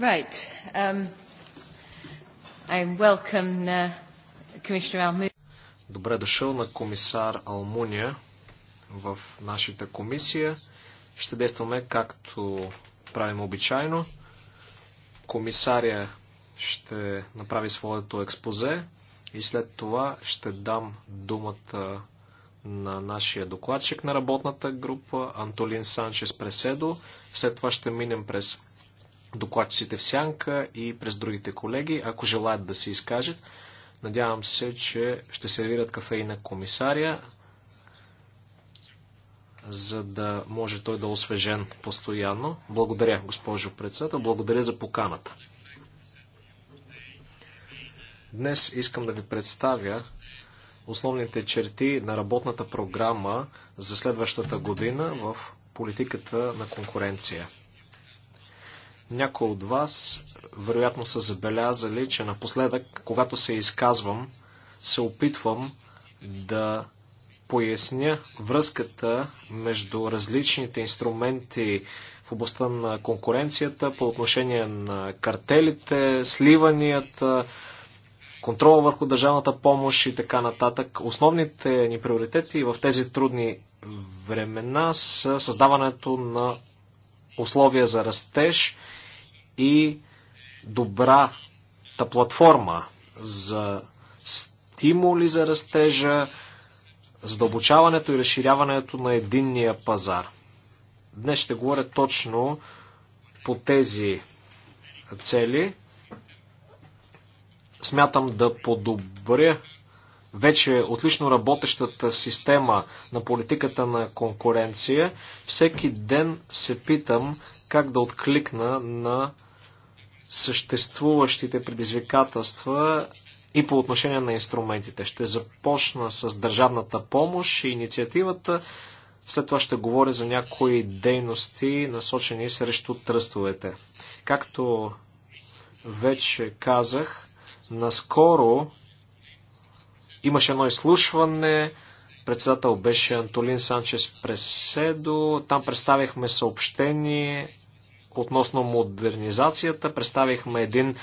Right. Um, I welcome uh, Commissioner Almunia. Добре дошъл на комисар Алмуния в нашата комисия. Ще действаме както правим обичайно. Комисария ще направи своето експозе и след това ще дам думата на нашия докладчик на работната група Антолин Санчес Преседо. След това ще минем през докладчиците в сянка и през другите колеги, ако желаят да се изкажат. Надявам се, че ще сервират кафе и на комисария, за да може той да е освежен постоянно. Благодаря, госпожо председател. Благодаря за поканата. Днес искам да ви представя основните черти на работната програма за следващата година в политиката на конкуренция. Някои от вас вероятно са забелязали, че напоследък, когато се изказвам, се опитвам да поясня връзката между различните инструменти в областта на конкуренцията по отношение на картелите, сливанията, контрола върху държавната помощ и така нататък. Основните ни приоритети в тези трудни времена са създаването на условия за растеж и добрата платформа за стимули за растежа, задълбочаването и разширяването на единния пазар. Днес ще говоря точно по тези цели. Смятам да подобря вече отлично работещата система на политиката на конкуренция. Всеки ден се питам как да откликна на съществуващите предизвикателства и по отношение на инструментите. Ще започна с държавната помощ и инициативата. След това ще говоря за някои дейности, насочени срещу тръстовете. Както вече казах, наскоро имаше едно изслушване. Председател беше Антолин Санчес Преседо. Там представихме съобщение относно модернизацията. Представихме един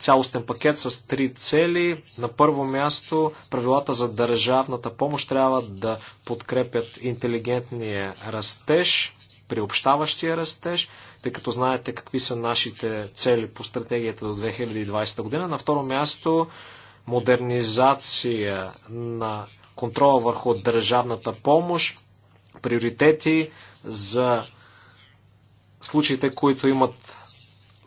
цялостен пакет с три цели. На първо място, правилата за държавната помощ трябва да подкрепят интелигентния растеж, приобщаващия растеж, тъй като знаете какви са нашите цели по стратегията до 2020 година. На второ място, модернизация на контрола върху държавната помощ, приоритети за случаите, които имат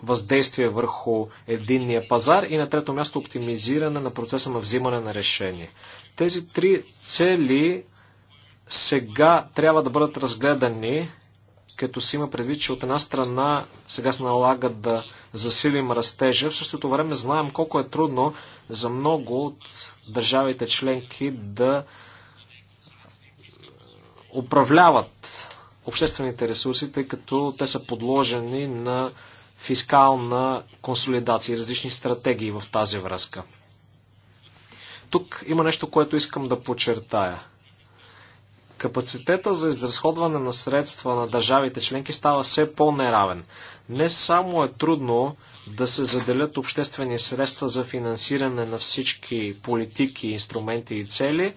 въздействие върху единния пазар и на трето място оптимизиране на процеса на взимане на решение. Тези три цели сега трябва да бъдат разгледани, като си има предвид, че от една страна сега се налага да засилим растежа. В същото време знаем колко е трудно за много от държавите членки да управляват обществените ресурси, тъй като те са подложени на фискална консолидация и различни стратегии в тази връзка. Тук има нещо, което искам да подчертая. Капацитета за изразходване на средства на държавите членки става все по-неравен. Не само е трудно да се заделят обществени средства за финансиране на всички политики, инструменти и цели,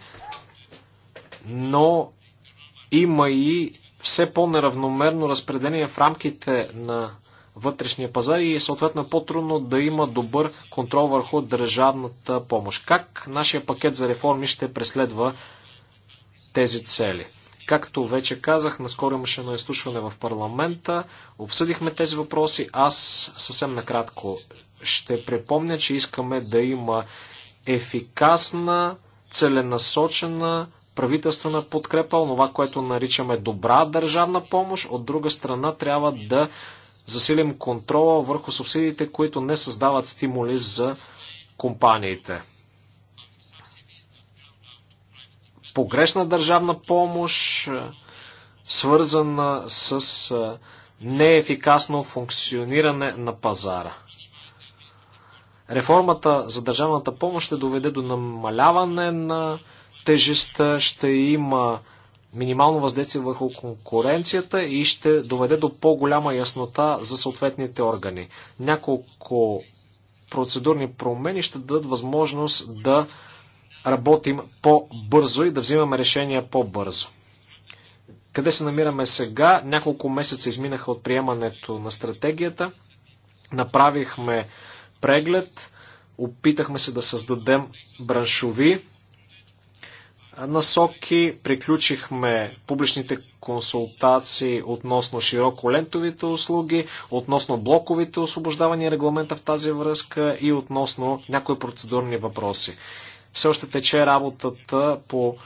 но има и все по-неравномерно разпределение в рамките на вътрешния пазар и е съответно е по-трудно да има добър контрол върху държавната помощ. Как нашия пакет за реформи ще преследва тези цели? Както вече казах, наскоро имаше едно изслушване в парламента, обсъдихме тези въпроси. Аз съвсем накратко ще припомня, че искаме да има ефикасна, целенасочена правителствена подкрепа, онова, което наричаме добра държавна помощ. От друга страна трябва да засилим контрола върху субсидиите, които не създават стимули за компаниите. Погрешна държавна помощ, е, свързана с е, неефикасно функциониране на пазара. Реформата за държавната помощ ще доведе до намаляване на тежестта, ще има минимално въздействие върху конкуренцията и ще доведе до по-голяма яснота за съответните органи. Няколко процедурни промени ще дадат възможност да работим по-бързо и да взимаме решения по-бързо. Къде се намираме сега? Няколко месеца изминаха от приемането на стратегията. Направихме преглед, опитахме се да създадем браншови насоки. Приключихме публичните консултации относно широколентовите услуги, относно блоковите освобождавания регламента в тази връзка и относно някои процедурни въпроси. Все още тече работата по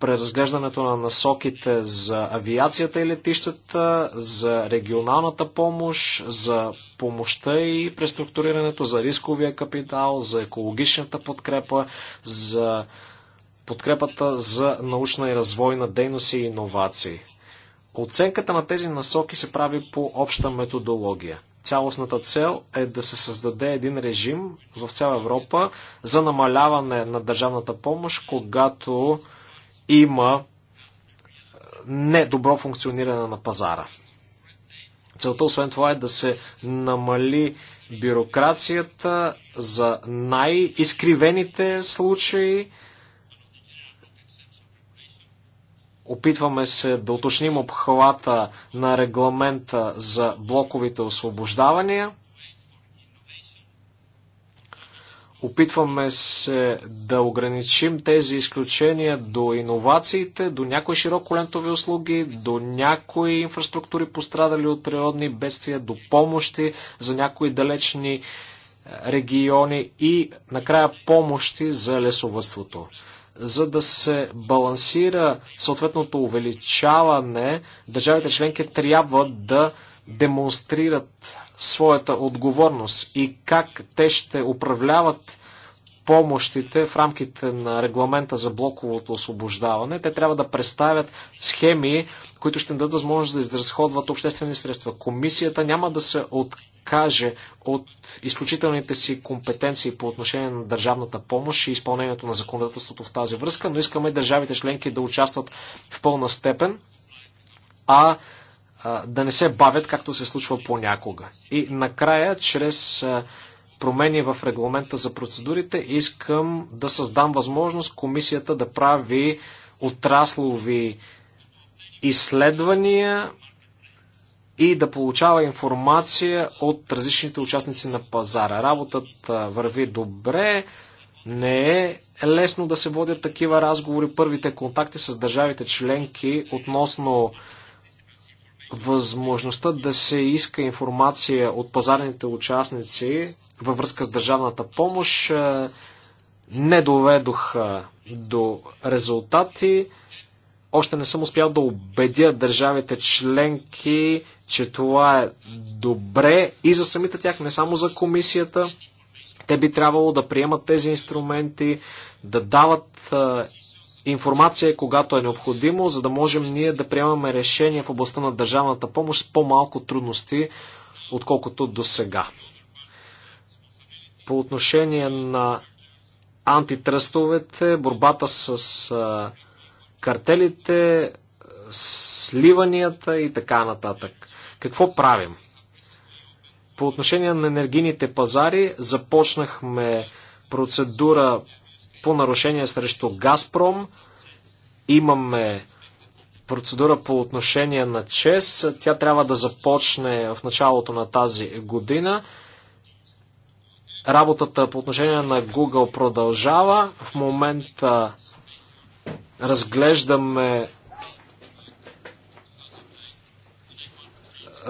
преразглеждането на насоките за авиацията и летищата, за регионалната помощ, за помощта и преструктурирането, за рисковия капитал, за екологичната подкрепа, за подкрепата за научна и развойна дейност и иновации. Оценката на тези насоки се прави по обща методология. Цялостната цел е да се създаде един режим в цяла Европа за намаляване на държавната помощ, когато има е, недобро функциониране на пазара. Целта, освен това, е да се намали бюрокрацията за най-изкривените случаи, Опитваме се да уточним обхвата на регламента за блоковите освобождавания. Опитваме се да ограничим тези изключения до иновациите, до някои широколентови услуги, до някои инфраструктури пострадали от природни бедствия, до помощи за някои далечни е, региони и накрая помощи за лесовътството за да се балансира съответното увеличаване, държавите членки трябва да демонстрират своята отговорност и как те ще управляват помощите в рамките на регламента за блоковото освобождаване. Те трябва да представят схеми, които ще дадат възможност да изразходват обществени средства. Комисията няма да се откаже откаже от изключителните си компетенции по отношение на държавната помощ и изпълнението на законодателството в тази връзка, но искаме държавите членки да участват в пълна степен, а да не се бавят, както се случва понякога. И накрая, чрез промени в регламента за процедурите, искам да създам възможност комисията да прави отраслови изследвания и да получава информация от различните участници на пазара. Работата върви добре, не е лесно да се водят такива разговори. Първите контакти с държавите членки относно възможността да се иска информация от пазарните участници във връзка с държавната помощ е, не доведоха до резултати. Още не съм успял да убедя държавите членки, че това е добре и за самите тях, не само за комисията. Те би трябвало да приемат тези инструменти, да дават информация, когато е необходимо, за да можем ние да приемаме решения в областта на държавната помощ с по-малко трудности, отколкото до сега. По отношение на антитръстовете, борбата с картелите, сливанията и така нататък. Какво правим? По отношение на енергийните пазари започнахме процедура по нарушение срещу Газпром. Имаме процедура по отношение на ЧЕС. Тя трябва да започне в началото на тази година. Работата по отношение на Google продължава. В момента разглеждаме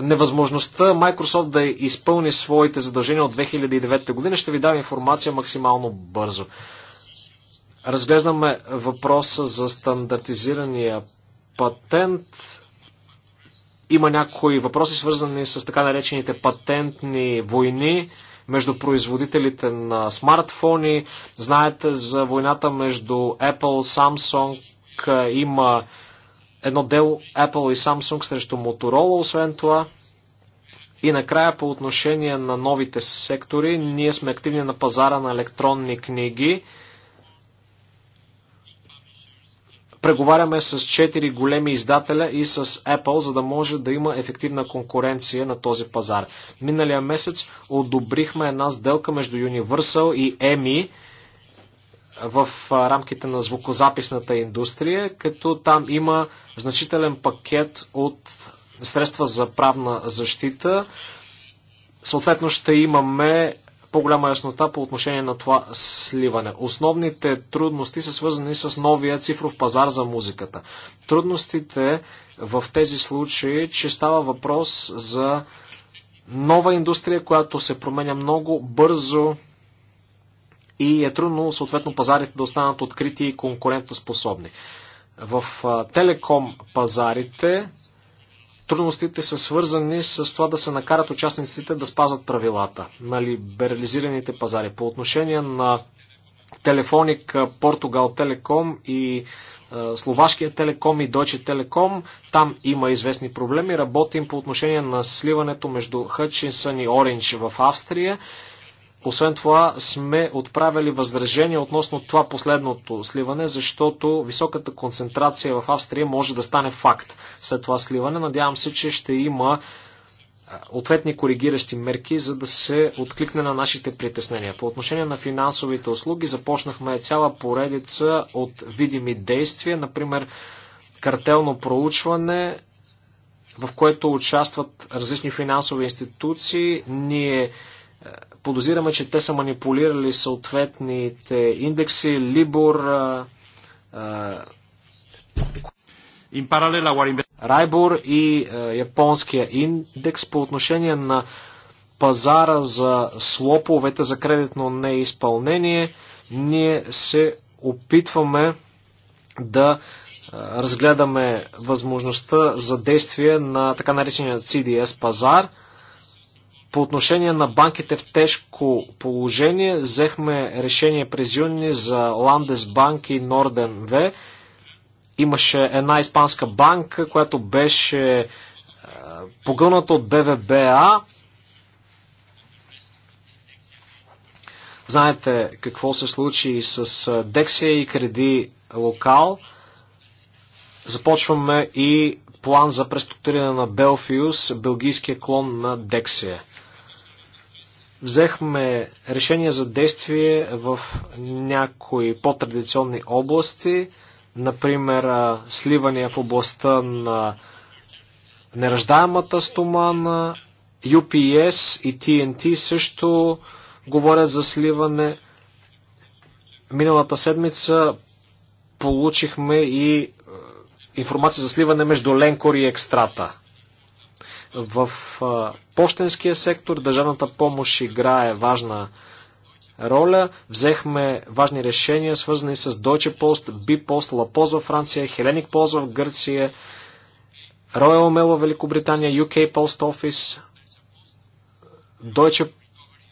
невъзможността Microsoft да изпълни своите задължения от 2009 година, ще ви дам информация максимално бързо. Разглеждаме въпроса за стандартизирания патент. Има някои въпроси, свързани с така наречените патентни войни между производителите на смартфони. Знаете за войната между Apple, Samsung. Има едно дело Apple и Samsung срещу Motorola, освен това. И накрая по отношение на новите сектори, ние сме активни на пазара на електронни книги. Преговаряме с четири големи издателя и с Apple, за да може да има ефективна конкуренция на този пазар. Миналия месец одобрихме една сделка между Universal и EMI в рамките на звукозаписната индустрия, като там има значителен пакет от средства за правна защита. Съответно ще имаме по-голяма яснота по отношение на това сливане. Основните трудности са свързани с новия цифров пазар за музиката. Трудностите в тези случаи, че става въпрос за нова индустрия, която се променя много бързо и е трудно съответно пазарите да останат открити и конкурентоспособни. В телеком пазарите Трудностите са свързани с това да се накарат участниците да спазват правилата на нали, либерализираните пазари. По отношение на Телефоник, Португал Телеком и Словашкия Телеком и Deutsche Телеком. Там има известни проблеми. Работим по отношение на сливането между Хътчинсън и Ориндж в Австрия. Освен това сме отправили възражение относно това последното сливане, защото високата концентрация в Австрия може да стане факт след това сливане. Надявам се, че ще има е, ответни коригиращи мерки, за да се откликне на нашите притеснения. По отношение на финансовите услуги започнахме цяла поредица от видими действия, например картелно проучване, в което участват различни финансови институции. Ние Подозираме, че те са манипулирали съответните индекси, Либор, Райбор и японския индекс по отношение на пазара за слоповете за кредитно неизпълнение. Ние се опитваме да разгледаме възможността за действие на така наречения CDS пазар – по отношение на банките в тежко положение, взехме решение през юни за Банк и Норден В. Имаше една испанска банка, която беше е, погълната от БВБА. Знаете какво се случи с е, Дексия и Креди Локал. Започваме и план за преструктуриране на Белфиус, белгийския клон на Дексия. Взехме решение за действие в някои по-традиционни области, например сливания в областта на нераждаемата стомана, UPS и TNT също говорят за сливане. Миналата седмица получихме и информация за сливане между Ленкор и Екстрата. В почтенския сектор. Държавната помощ играе важна роля. Взехме важни решения, свързани с Deutsche Post, Bipost, La Post във Франция, Hellenic Post в Гърция, Royal Mail в Великобритания, UK Post Office, Deutsche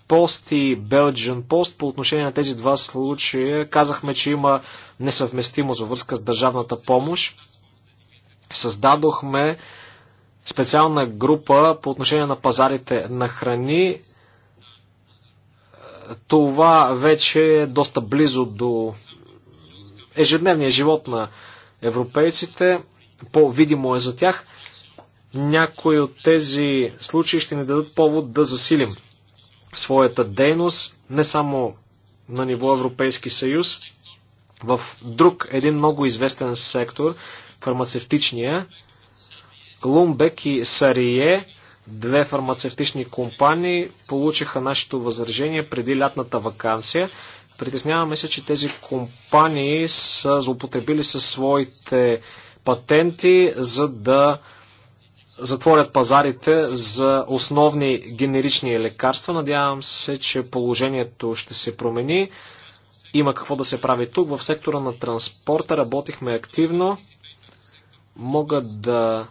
Post и Belgian Post. По отношение на тези два случая казахме, че има несъвместимост във връзка с държавната помощ. Създадохме специална група по отношение на пазарите на храни. Това вече е доста близо до ежедневния живот на европейците. По-видимо е за тях. Някои от тези случаи ще ни дадат повод да засилим своята дейност, не само на ниво Европейски съюз, в друг един много известен сектор, фармацевтичния, Лумбек и Сарие, две фармацевтични компании, получиха нашето възражение преди лятната вакансия. Притесняваме се, че тези компании са злоупотребили със своите патенти, за да затворят пазарите за основни генерични лекарства. Надявам се, че положението ще се промени. Има какво да се прави тук. В сектора на транспорта работихме активно. Мога да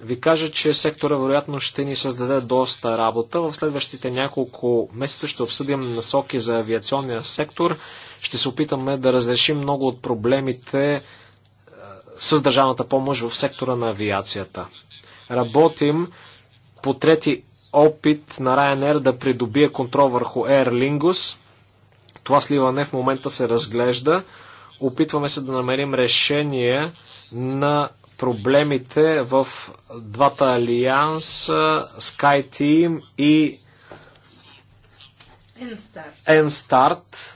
ви кажа, че сектора вероятно ще ни създаде доста работа. В следващите няколко месеца ще обсъдим насоки за авиационния сектор. Ще се опитаме да разрешим много от проблемите е, с държавната помощ в сектора на авиацията. Работим по трети опит на Ryanair да придобие контрол върху Air Lingus. Това сливане в момента се разглежда. Опитваме се да намерим решение на проблемите в двата алианса Team и ENSTart.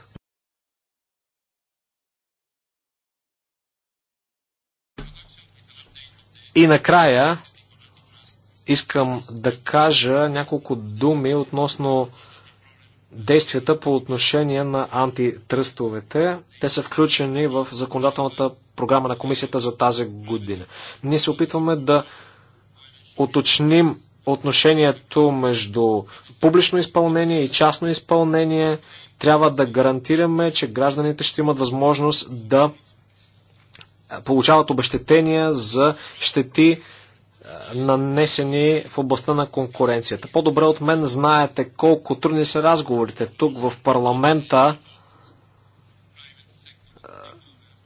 И накрая искам да кажа няколко думи относно действията по отношение на антитръстовете. Те са включени в законодателната програма на комисията за тази година. Ние се опитваме да уточним отношението между публично изпълнение и частно изпълнение. Трябва да гарантираме, че гражданите ще имат възможност да получават обещетения за щети, нанесени в областта на конкуренцията. По-добре от мен знаете колко трудни са разговорите тук в парламента.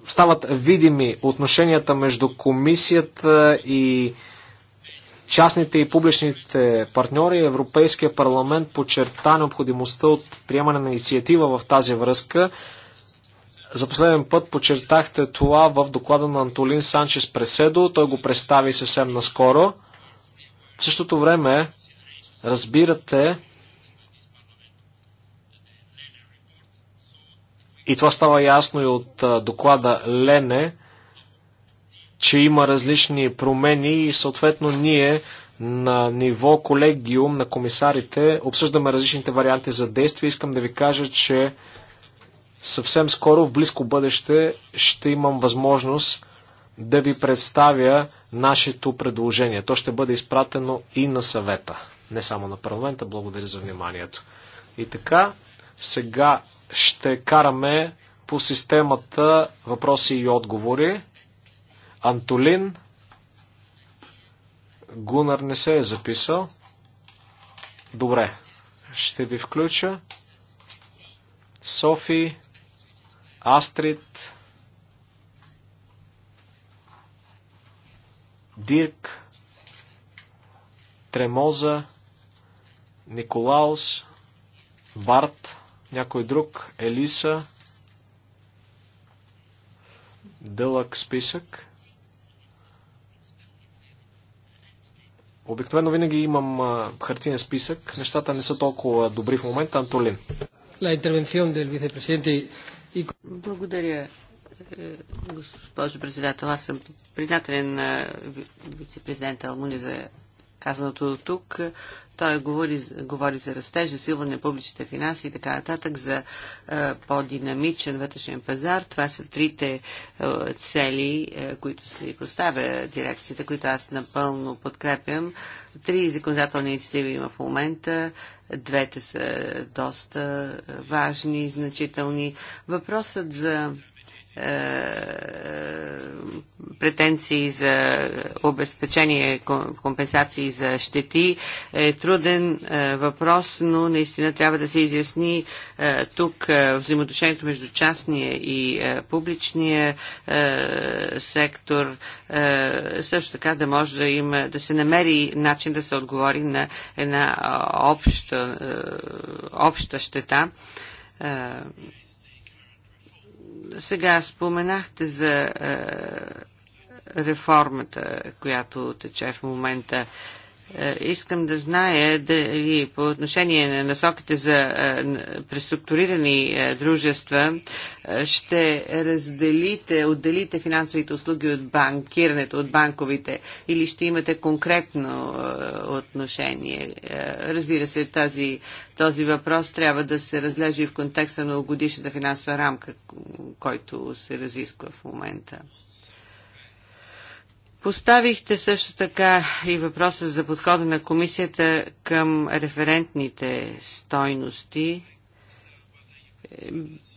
Стават видими отношенията между комисията и частните и публичните партньори. Европейския парламент подчерта необходимостта от приемане на инициатива в тази връзка. За последен път подчертахте това в доклада на Антолин Санчес Преседо. Той го представи съвсем наскоро. В същото време разбирате и това става ясно и от доклада Лене, че има различни промени и съответно ние на ниво колегиум на комисарите обсъждаме различните варианти за действие. Искам да ви кажа, че Съвсем скоро, в близко бъдеще, ще имам възможност да ви представя нашето предложение. То ще бъде изпратено и на съвета, не само на парламента. Благодаря за вниманието. И така, сега ще караме по системата въпроси и отговори. Антолин Гунар не се е записал. Добре, ще ви включа. Софи Астрид, Дирк, Тремоза, Николаус, Барт, някой друг, Елиса, дълъг списък. Обикновено винаги имам хартиен списък. Нещата не са толкова добри в момента. Антолин. La intervención del vicepresidente благодаря, е, госпожо председател. Аз съм признателен на вице-президента Алмуни за казаното до тук. Той говори, говори за растеж, засилване на публичните финанси и така нататък, за е, по-динамичен вътрешен пазар. Това са трите е, цели, които се поставя дирекцията, които аз напълно подкрепям. Три законодателни инициативи има в момента. Двете са доста важни и значителни. Въпросът за е, е, претенции за обезпечение, компенсации за щети е труден е, въпрос, но наистина трябва да се изясни тук взаимоотношението между частния и публичния сектор. Също така да може да има, да се намери начин да се отговори на една обща, обща щета сега споменахте за е, реформата, която тече в момента. Е, искам да зная дали по отношение на насоките за е, преструктурирани е, дружества ще разделите, отделите финансовите услуги от банкирането, от банковите или ще имате конкретно отношение. Разбира се, тази, този въпрос трябва да се разлежи в контекста на годишната финансова рамка, който се разисква в момента. Поставихте също така и въпроса за подхода на комисията към референтните стойности.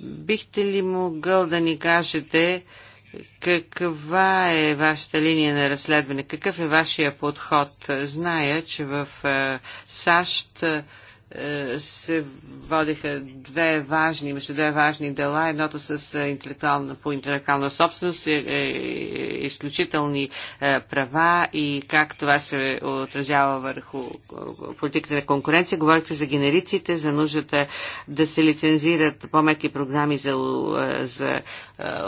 Бихте ли могъл да ни кажете каква е вашата линия на разследване? Какъв е вашия подход? Зная, че в е, САЩ е, е, се водеха две важни, имаше две важни дела. Едното с е, интелектуална, по интелектуална собственост, е, е, изключителни е, права и как това се отразява върху е, политиката на конкуренция. Говорихте за генериците, за нуждата да се лицензират по-меки програми за, за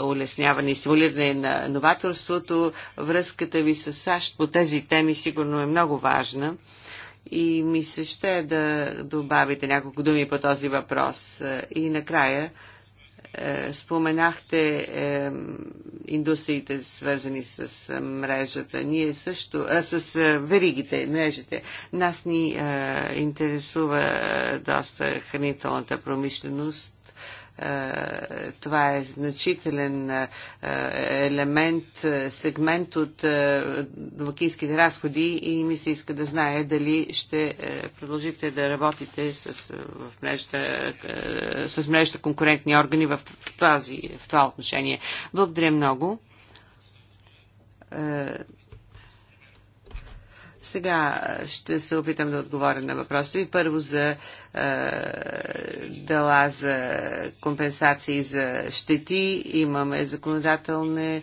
улесняване и стимулиране на новаторството. Връзката ви с САЩ по тези теми сигурно е много важна и ми се ще да добавите няколко думи по този въпрос. Е, и накрая е, споменахте е, индустриите, свързани с мрежата. Ние също, а, е, с веригите, мрежите. Нас ни е, интересува доста хранителната промишленост е, това е значителен е, елемент, е, сегмент от домакинските разходи и ми се иска да знае дали ще продължите да работите с, в мрежата, с мрежата конкурентни органи в, тази, в това отношение. Благодаря много. Сега ще се опитам да отговоря на въпроса ви. Първо за е, за компенсации за щети. Имаме законодателна е,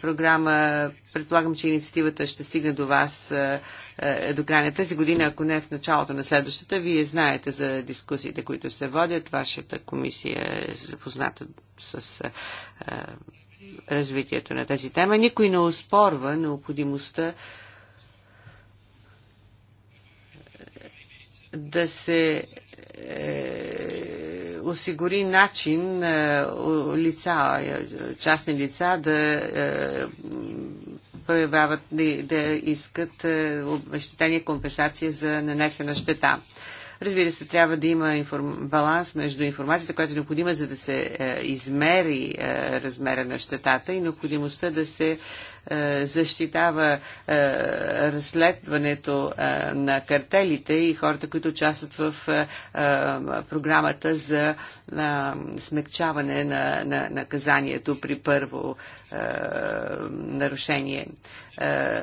програма. Предполагам, че инициативата ще стигне до вас е, е, до края на тази година, ако не в началото на следващата. Вие знаете за дискусиите, които се водят. Вашата комисия е запозната с е, е развитието на тази тема. Никой не оспорва необходимостта да се е, осигури начин е, лица, е, частни лица да проявяват, да, искат обещетение, компенсация за нанесена щета. Разбира се, трябва да има информ... баланс между информацията, която е необходима, за да се измери размера на щетата и необходимостта да се е, защитава е, разследването е, на картелите и хората, които участват в програмата за смягчаване на наказанието при първо нарушение. Е,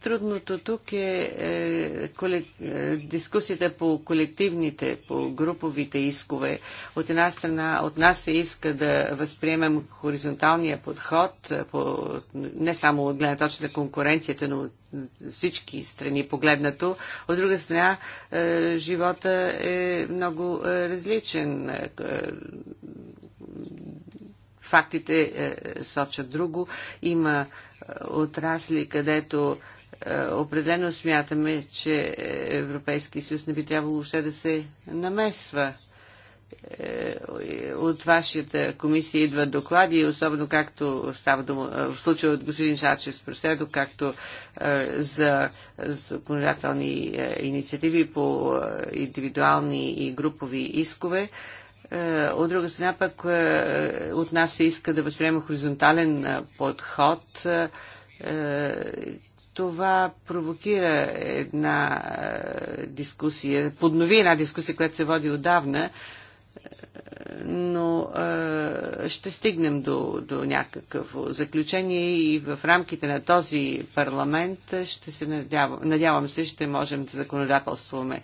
трудното тук е, е, колек... е дискусията по колективните, по груповите искове. От една страна, от нас се иска да възприемем хоризонталния подход, е, по... не само от гледна точка на конкуренцията, но от всички страни погледнато. От друга страна, е, живота е много е, различен. Е, Фактите е, сочат друго. Има е, отрасли, където е, определено смятаме, че е, Европейския съюз не би трябвало въобще да се намесва. От вашата комисия идват доклади, особено както става дума, в случая от господин Шачес Проседо, както за законодателни инициативи по индивидуални и групови искове. Е, от друга страна пък е, от нас се иска да възприема хоризонтален е, подход. Това провокира една дискусия, поднови една дискусия, която се води отдавна, но ще стигнем до, до някакво заключение и в рамките на този парламент ще се надявам, надявам се, ще можем да законодателстваме.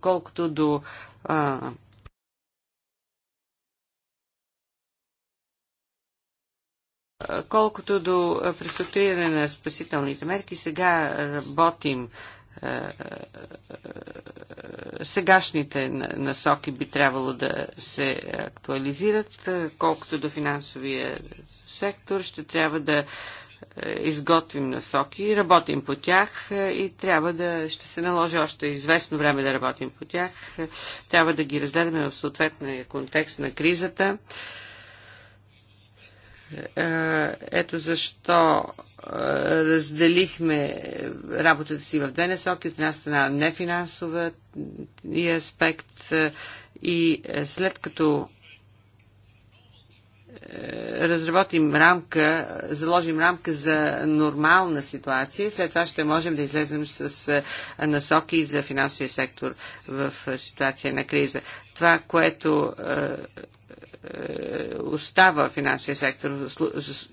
Колкото до Колкото до преструктуриране на спасителните мерки, сега работим сегашните насоки би трябвало да се актуализират. Колкото до финансовия сектор, ще трябва да изготвим насоки, работим по тях и трябва да, ще се наложи още известно време да работим по тях. Трябва да ги разгледаме в съответния контекст на кризата. Е, ето защо е, разделихме работата си в две насоки. От една страна нефинансова е, и аспект и след като разработим рамка, заложим рамка за нормална ситуация след това ще можем да излезем с насоки за финансовия сектор в ситуация на криза. Това, което остава финансовия сектор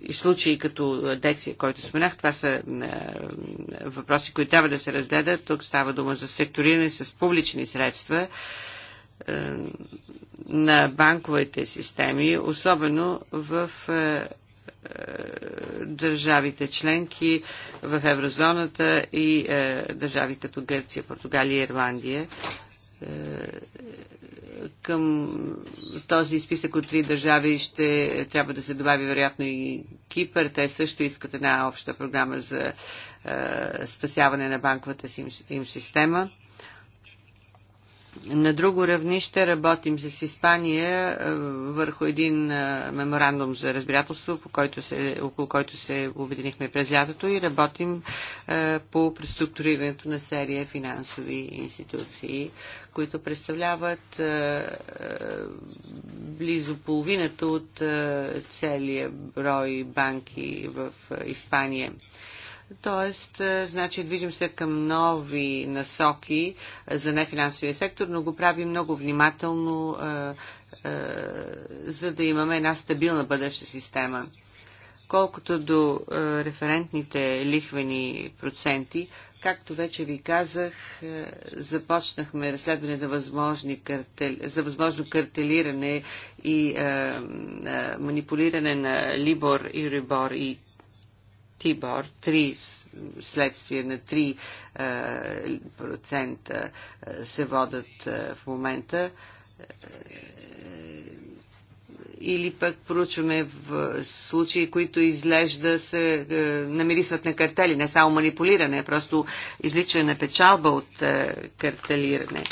и случаи като Дексия, който споменах, това са е, въпроси, които трябва да се разгледат. Тук става дума за секториране с публични средства е, на банковите системи, особено в е, държавите членки в еврозоната и държави като Гърция, Португалия и Ирландия към този списък от три държави ще трябва да се добави вероятно и Кипър. Те също искат една обща програма за е, спасяване на банковата си им система. На друго равнище работим с Испания е, върху един е, меморандум за разбирателство, по който се, около който се обединихме през лятото и работим е, по преструктурирането на серия финансови институции, които представляват близо половината от целия брой банки в Испания. Тоест, е, значи, движим се към нови насоки е, за нефинансовия сектор, но го правим много внимателно, е, за да имаме една стабилна бъдеща система. Колкото до референтните лихвени проценти, както вече ви казах, започнахме разследване на възможни картел... за възможно картелиране и е, е, манипулиране на Либор, и рибор и Тибор, три следствие на 3% е, е, се водат е, в момента. Или пък проучваме в случаи, които изглежда се намирисват на картели, не само манипулиране, а просто изличане на печалба от картелиране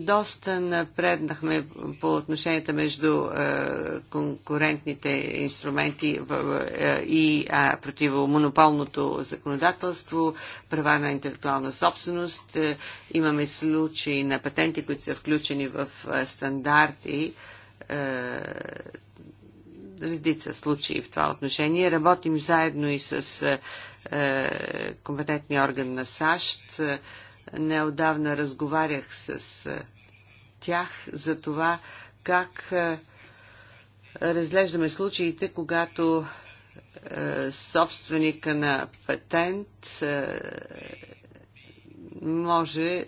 доста напреднахме по отношенията между е, конкурентните инструменти е, и противомонополното законодателство, права на интелектуална собственост. Е, имаме случаи на патенти, които са включени в стандарти. Редица случаи в това отношение. Работим заедно и с компетентния орган на САЩ. Неодавна разговарях с тях за това как разглеждаме случаите, когато собственика на патент може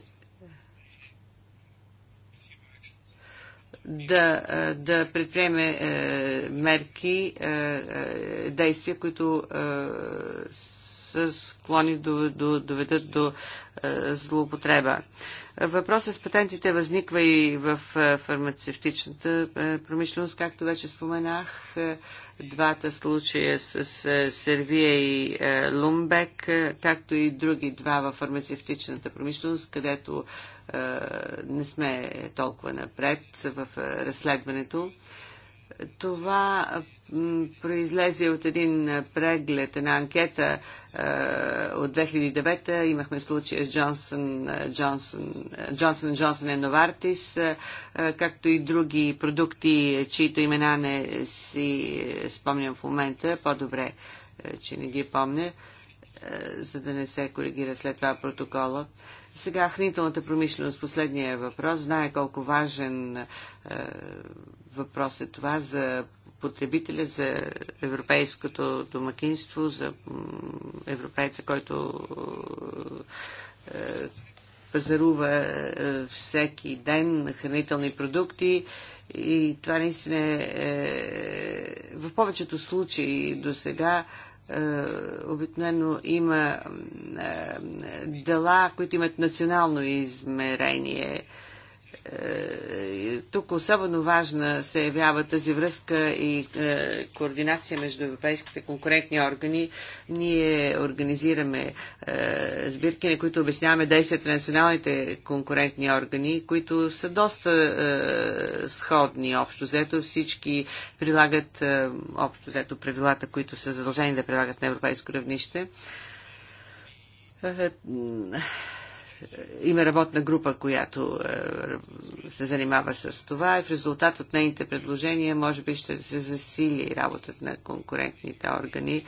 да, да предприеме мерки, действия, които са склонни да доведат до е, злоупотреба. Въпросът с патентите възниква и в е, фармацевтичната е, промишленост, както вече споменах. Двата случая с Сервия и Лумбек, както и други два в фармацевтичната промишленост, където не сме толкова напред в разследването. Това произлезе от един преглед, една анкета, е, от 2009 имахме случая с Джонсон, е, Джонсон, е, Джонсон, Джонсон и Новартис, както и други продукти, чието имена не си спомням в момента, по-добре, че не ги помня, за да не се коригира след това протокола. Сега хранителната промишленост, последния въпрос. Знае колко важен въпрос е това за потребителя, за европейското домакинство, за европейца, който е, е, пазарува е, всеки ден хранителни продукти. И това наистина е... В повечето случаи до сега обикновено има дела, които имат национално измерение е, е, тук особено важна се явява тази връзка и е, координация между европейските конкурентни органи. Ние организираме сбирки, на които обясняваме действията на националните конкурентни органи, които са доста сходни общо взето. Всички прилагат общо взето правилата, които са задължени да прилагат на европейско равнище има работна група, която е, се занимава с това и в резултат от нейните предложения може би ще се засили работата на конкурентните органи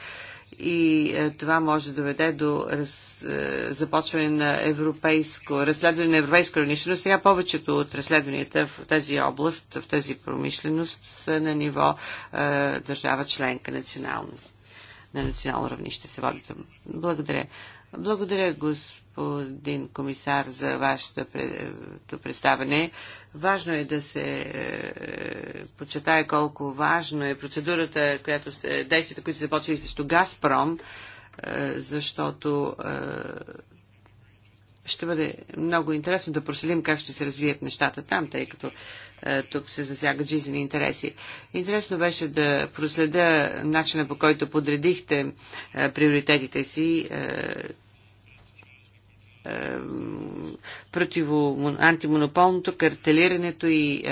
и е, това може да доведе до раз, е, започване на европейско, разследване на европейско равнище, но сега повечето от разследванията в тази област, в тази промишленост са на ниво е, държава членка национално. На национално равнище се водят. Благодаря. Благодаря, господин господин комисар, за вашето представане. Важно е да се е, почитае колко важно е процедурата, която се, действията, които се започнали срещу Газпром, е, защото е, ще бъде много интересно да проследим как ще се развият нещата там, тъй като е, тук се засягат жизнени интереси. Интересно беше да проследя начина по който подредихте е, приоритетите си. Е, противо, антимонополното картелирането и е,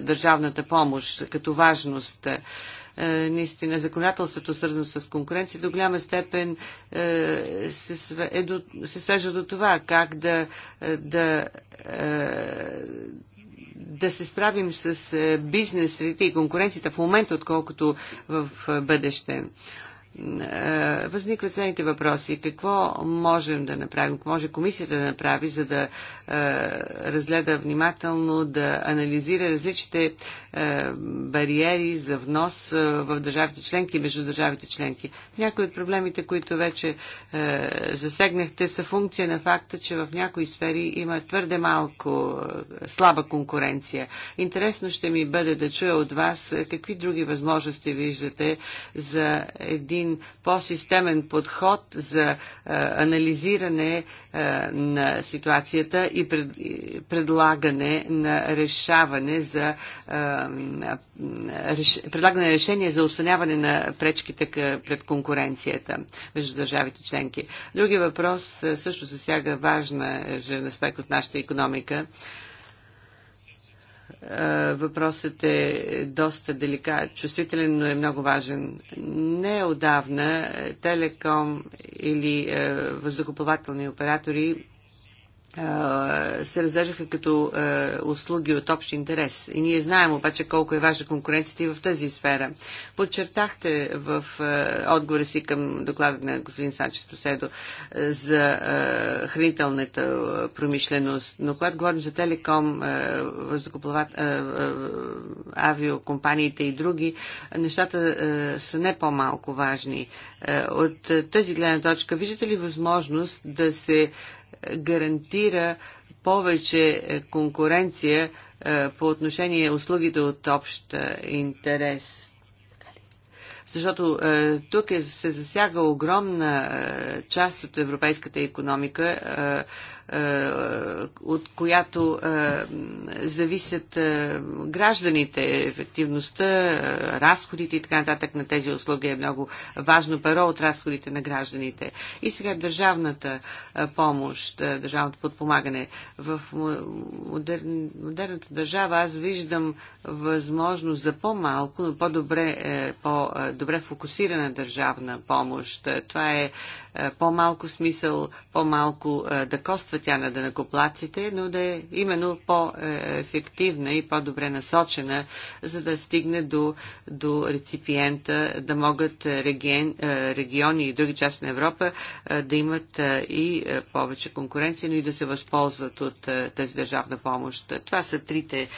държавната помощ като важност. Е, наистина законодателството, свързано с конкуренция, до голяма степен е, се, е, до, се свежда до това как да, е, да е, да се справим с е, бизнес и конкуренцията в момента, отколкото в бъдеще. Е, възникват следните въпроси. Какво можем да направим? Какво може комисията да направи, за да е, разгледа внимателно, да анализира различните е, бариери за внос в държавите членки и между държавите членки? Някои от проблемите, които вече засегнахте, са функция на факта, че в някои сфери има твърде малко слаба конкуренция. Интересно ще ми бъде да чуя от вас какви други възможности виждате за един един по-системен подход за е, анализиране е, на ситуацията и предлагане на решаване за е, предлагане на решение за установяване на пречките пред конкуренцията между държавите членки. Други въпрос също засяга важна аспект от нашата економика Въпросът е доста деликат, чувствителен, но е много важен. Не отдавна е, телеком или е, въздухоплавателни оператори се разглеждаха като услуги от общ интерес. И ние знаем обаче колко е важна конкуренцията и в тази сфера. Подчертахте в отговора си към доклада на господин Санчес Поседо за хранителната промишленост, но когато говорим за телеком, авиокомпаниите и други, нещата са не по-малко важни. От тази гледна точка, виждате ли възможност да се гарантира повече е, конкуренция е, по отношение услугите от общ е, интерес защото тук е, се засяга огромна част от европейската економика. Е, от която е, зависят е, гражданите, ефективността, разходите и така нататък на тези услуги е много важно перо от разходите на гражданите. И сега държавната помощ, държавното подпомагане. В модерната държава аз виждам възможност за по-малко, но по-добре, по-добре фокусирана държавна помощ. Това е по-малко смисъл, по-малко да коства тя на дънакоплаците, но да е именно по-ефективна и по-добре насочена, за да стигне до, до реципиента, да могат реген, е, региони и други части на Европа е, да имат е, и повече конкуренция, но и да се възползват от тази държавна помощ. Това са трите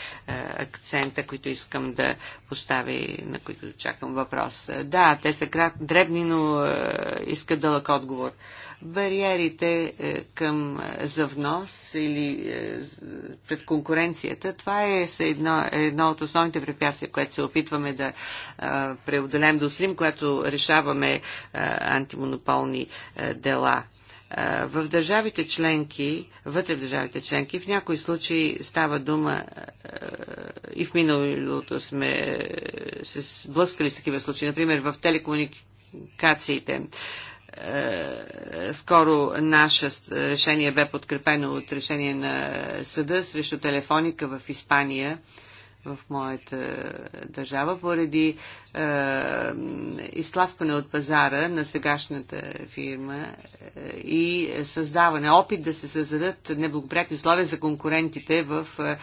акцента, които искам да поставя и на които чакам въпрос. Да, те са крат, дребни, но искат дълъг отговор бариерите е, към е, за внос или е, пред конкуренцията, това е едно, едно от основните препятствия, което се опитваме да преодолем до Слим, когато решаваме антимонополни дела в държавите членки, вътре в държавите членки, в някои случаи става дума и в миналото сме се сблъскали с такива случаи. Например, в телекомуникациите е, скоро наше решение бе подкрепено от решение на съда срещу телефоника в Испания, в моята държава, поради е, изтласкване от пазара на сегашната фирма е, и създаване, опит да се създадат неблагоприятни условия за конкурентите в е,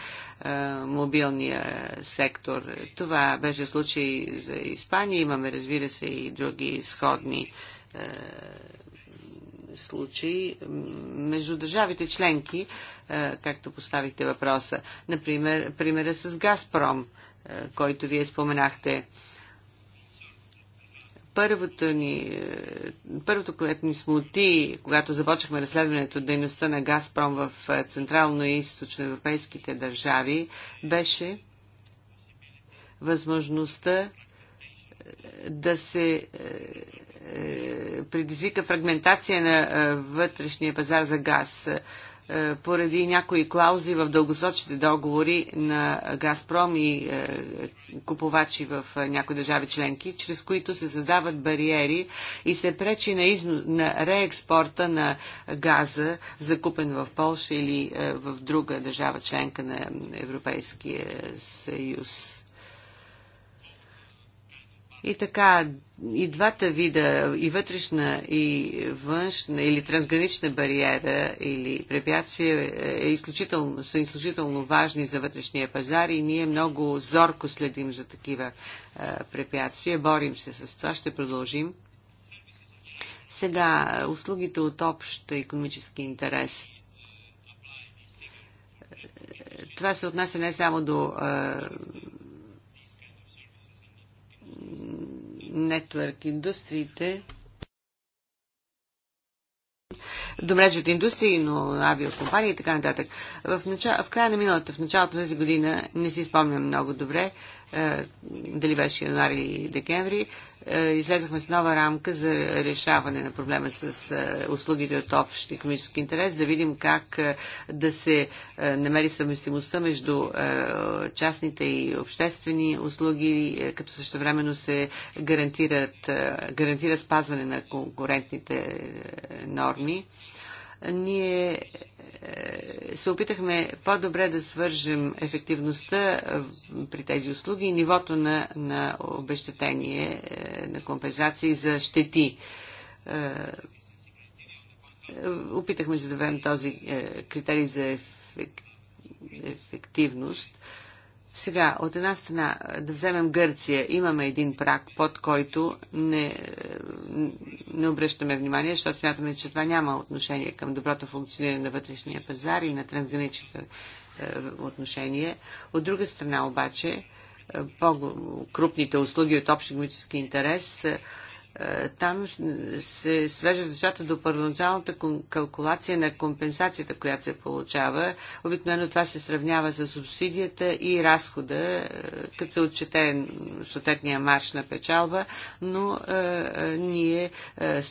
е, мобилния сектор. Това беше случай за Испания. Имаме, разбира се, и други сходни е, е, случаи между държавите членки, е, както поставихте въпроса. Например, примера с Газпром, е, който вие споменахте. Първото, ни, първото, което ни смути, когато започнахме разследването дейността на Газпром в Централно и Източно европейските държави, беше възможността да се е, предизвика фрагментация на е, вътрешния пазар за газ е, поради някои клаузи в дългосрочните договори на Газпром и купувачи в някои държави членки, чрез които се създават бариери и се пречи на, изну... на реекспорта на газа, закупен в Польша или в друга държава членка на Европейския съюз. И така, и двата вида, и вътрешна, и външна, или трансгранична бариера, или препятствие, е изключително, са изключително важни за вътрешния пазар и ние много зорко следим за такива е, препятствия. Борим се с това, ще продължим. Сега, услугите от общ економически интерес. Е, това се отнася не само до е, нетворк индустриите, до мрежи от индустрии, но авиокомпании и така нататък. В, начало, в края на миналата, в началото на тази година, не си спомням много добре, е, дали беше януари или декември, е, излезахме с нова рамка за решаване на проблема с е, услугите от общ економически интерес, да видим как е, да се намери съвместимостта между частните и обществени услуги, като същевременно се гарантират, гарантира спазване на конкурентните норми. Ние е, се опитахме по-добре да свържем ефективността е, при тези услуги и нивото на, на обещетение, е, на компенсации за щети. Опитахме се да доведем този критерий за ефективност сега, от една страна, да вземем Гърция, имаме един прак, под който не, не обръщаме внимание, защото смятаме, че това няма отношение към доброто функциониране на вътрешния пазар и на трансграничните отношение. От друга страна обаче, е, по-крупните услуги от общ економически интерес е, е, там се свежда нещата до първоначалната калкулация на компенсацията, която се получава. Обикновено това се сравнява с субсидията и разхода, е, като се отчете съответния марш на печалба, но а, е, ние а,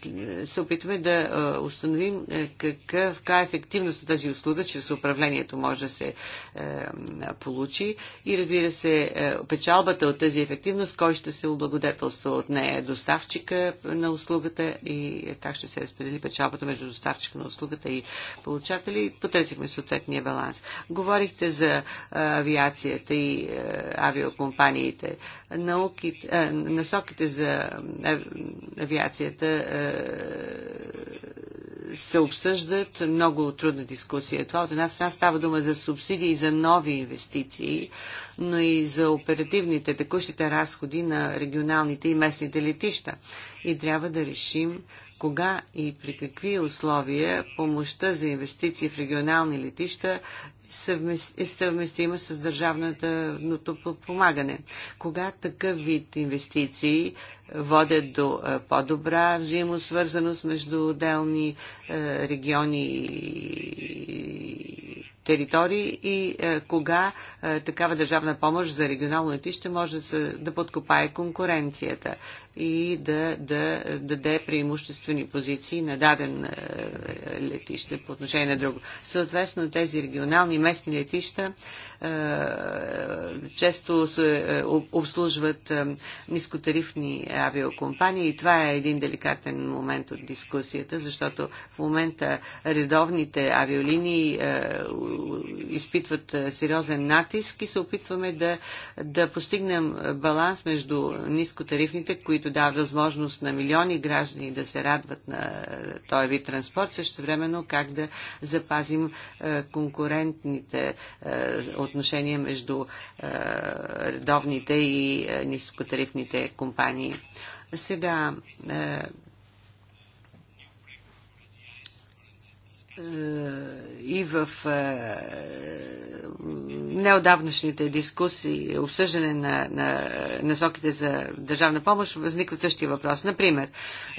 се опитваме да установим какъв, каква е ефективност на тази услуга, чрез управлението може да се а, получи и разбира се, печалбата от тази ефективност, кой ще се облагодетелства от нея, доставчик доставчика на услугата и как ще се разпредели печалбата между доставчика на услугата и получатели. потърсихме съответния баланс. Говорихте за авиацията и авиокомпаниите. Науките, а, насоките за авиацията а, се обсъждат. Много трудна дискусия. Е това от една страна става дума за субсидии за нови инвестиции, но и за оперативните текущите разходи на регионалните и местните летища. И трябва да решим кога и при какви условия помощта за инвестиции в регионални летища и е съвместима с държавното подпомагане. Кога такъв вид инвестиции водят до е, по-добра взаимосвързаност между отделни е, региони и територии и е, кога е, такава държавна помощ за регионално летище може да, да подкопае конкуренцията и да, да, да даде преимуществени позиции на даден е, летище по отношение на друго. Съответно, тези регионални местни летища е, често се е, обслужват е, нискотарифни авиокомпании и това е един деликатен момент от дискусията, защото в момента редовните авиолинии изпитват сериозен натиск и се опитваме да, да постигнем баланс между нискотарифните, които дават възможност на милиони граждани да се радват на този вид транспорт, също времено как да запазим конкурентните от взаимоотношения между е, редовните и е, нискотарифните компании. Сега е, и в неодавнашните дискусии, обсъждане на, на насоките за държавна помощ, възниква същия въпрос. Например,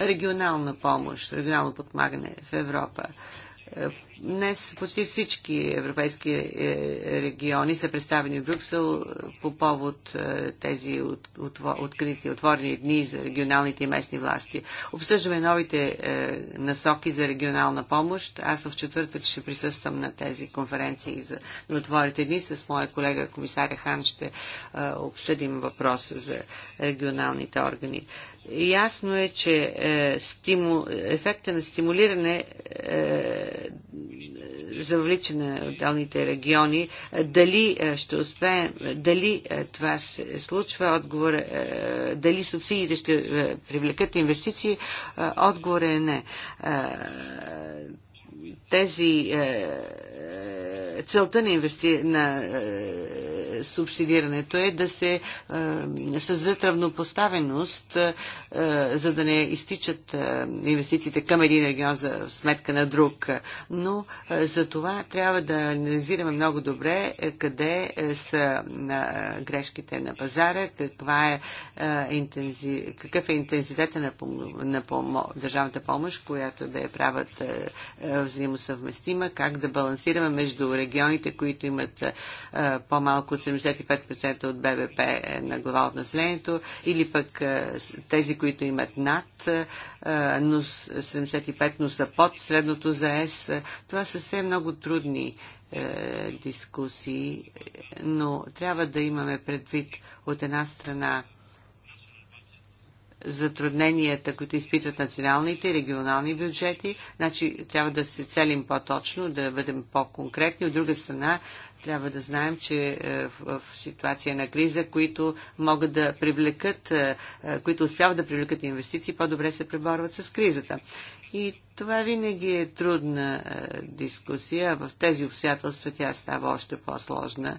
регионална помощ, регионално подмагане в Европа Днес почти всички европейски е, е, региони са представени в Брюксел е, по повод тези от, от, открити, отворени дни за регионалните и местни власти. Обсъждаме новите насоки за регионална помощ. Аз в четвъртък ще присъствам на тези конференции за на отворите дни. С моя колега комисаря Хан ще обсъдим въпроса за регионалните органи. Ясно е, че е, стиму, ефекта на стимулиране е, завлича на отделните региони. Е, дали е, ще успеем, е, дали е, това се случва, отговор, е, дали субсидиите ще е, привлекат инвестиции, е, отговор е не. Е, тези е, целта на, инвести... на е, субсидирането е да се е, създадат равнопоставеност, е, за да не изтичат е, инвестициите към един регион за сметка на друг. Но е, за това трябва да анализираме много добре е, къде е, са на е, грешките на пазара, каква е, е, интензи... какъв е интензитета на, пом... на пом... държавната помощ, която да я правят е, е, взаимосъвместима, как да балансираме между регионите регионите, които имат по-малко 75% от БВП е, на глава от населението, или пък тези, които имат над 75, но са под средното за ЕС. Това са все много трудни е, дискусии, но трябва да имаме предвид от една страна затрудненията, които изпитват националните и регионални бюджети. Значи трябва да се целим по-точно, да бъдем по-конкретни. От друга страна, трябва да знаем, че е, в ситуация на криза, които могат да привлекат, е, е, които успяват да привлекат инвестиции, по-добре се преборват с кризата. И това винаги е трудна дискусия. В тези обстоятелства тя става още по-сложна.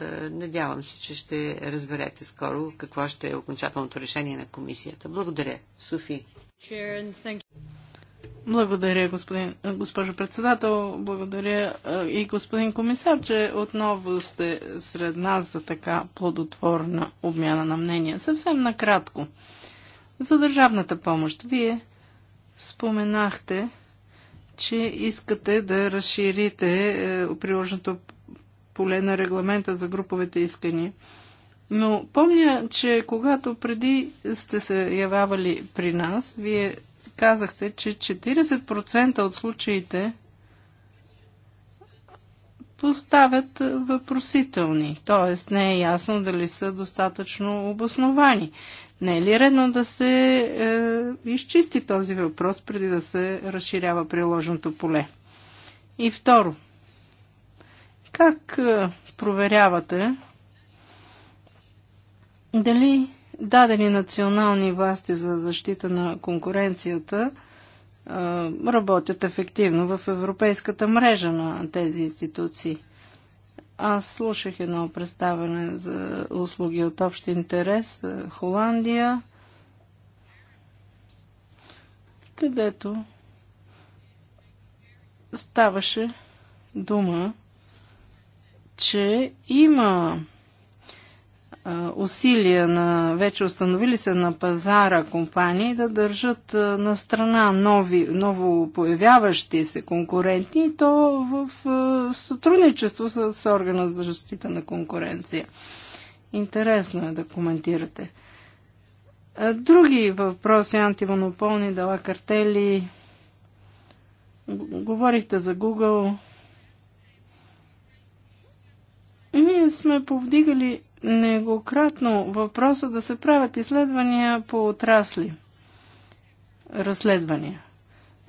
Е, надявам се, че ще разберете скоро какво ще е окончателното решение на комисията. Благодаря. Софи. Благодаря, господин, госпожо председател. Благодаря е, и господин комисар, че отново сте сред нас за така плодотворна обмяна на мнения. Съвсем накратко. За държавната помощ. Вие споменахте, че искате да разширите е, приложното поле на регламента за груповете искания. Но помня, че когато преди сте се явявали при нас, вие казахте, че 40% от случаите поставят въпросителни, т.е. не е ясно дали са достатъчно обосновани. Не е ли редно да се е, изчисти този въпрос преди да се разширява приложното поле? И второ, как е, проверявате дали дадени национални власти за защита на конкуренцията е, работят ефективно в европейската мрежа на тези институции? Аз слушах едно представяне за услуги от общ интерес е, Холандия, където ставаше дума че има усилия на вече установили се на пазара компании да държат на страна нови, ново появяващи се конкуренти и то в сътрудничество с, с органа за защита на конкуренция. Интересно е да коментирате. Други въпроси, антимонополни дела, картели. Говорихте за Google. Ние сме повдигали негократно въпроса да се правят изследвания по отрасли. Разследвания.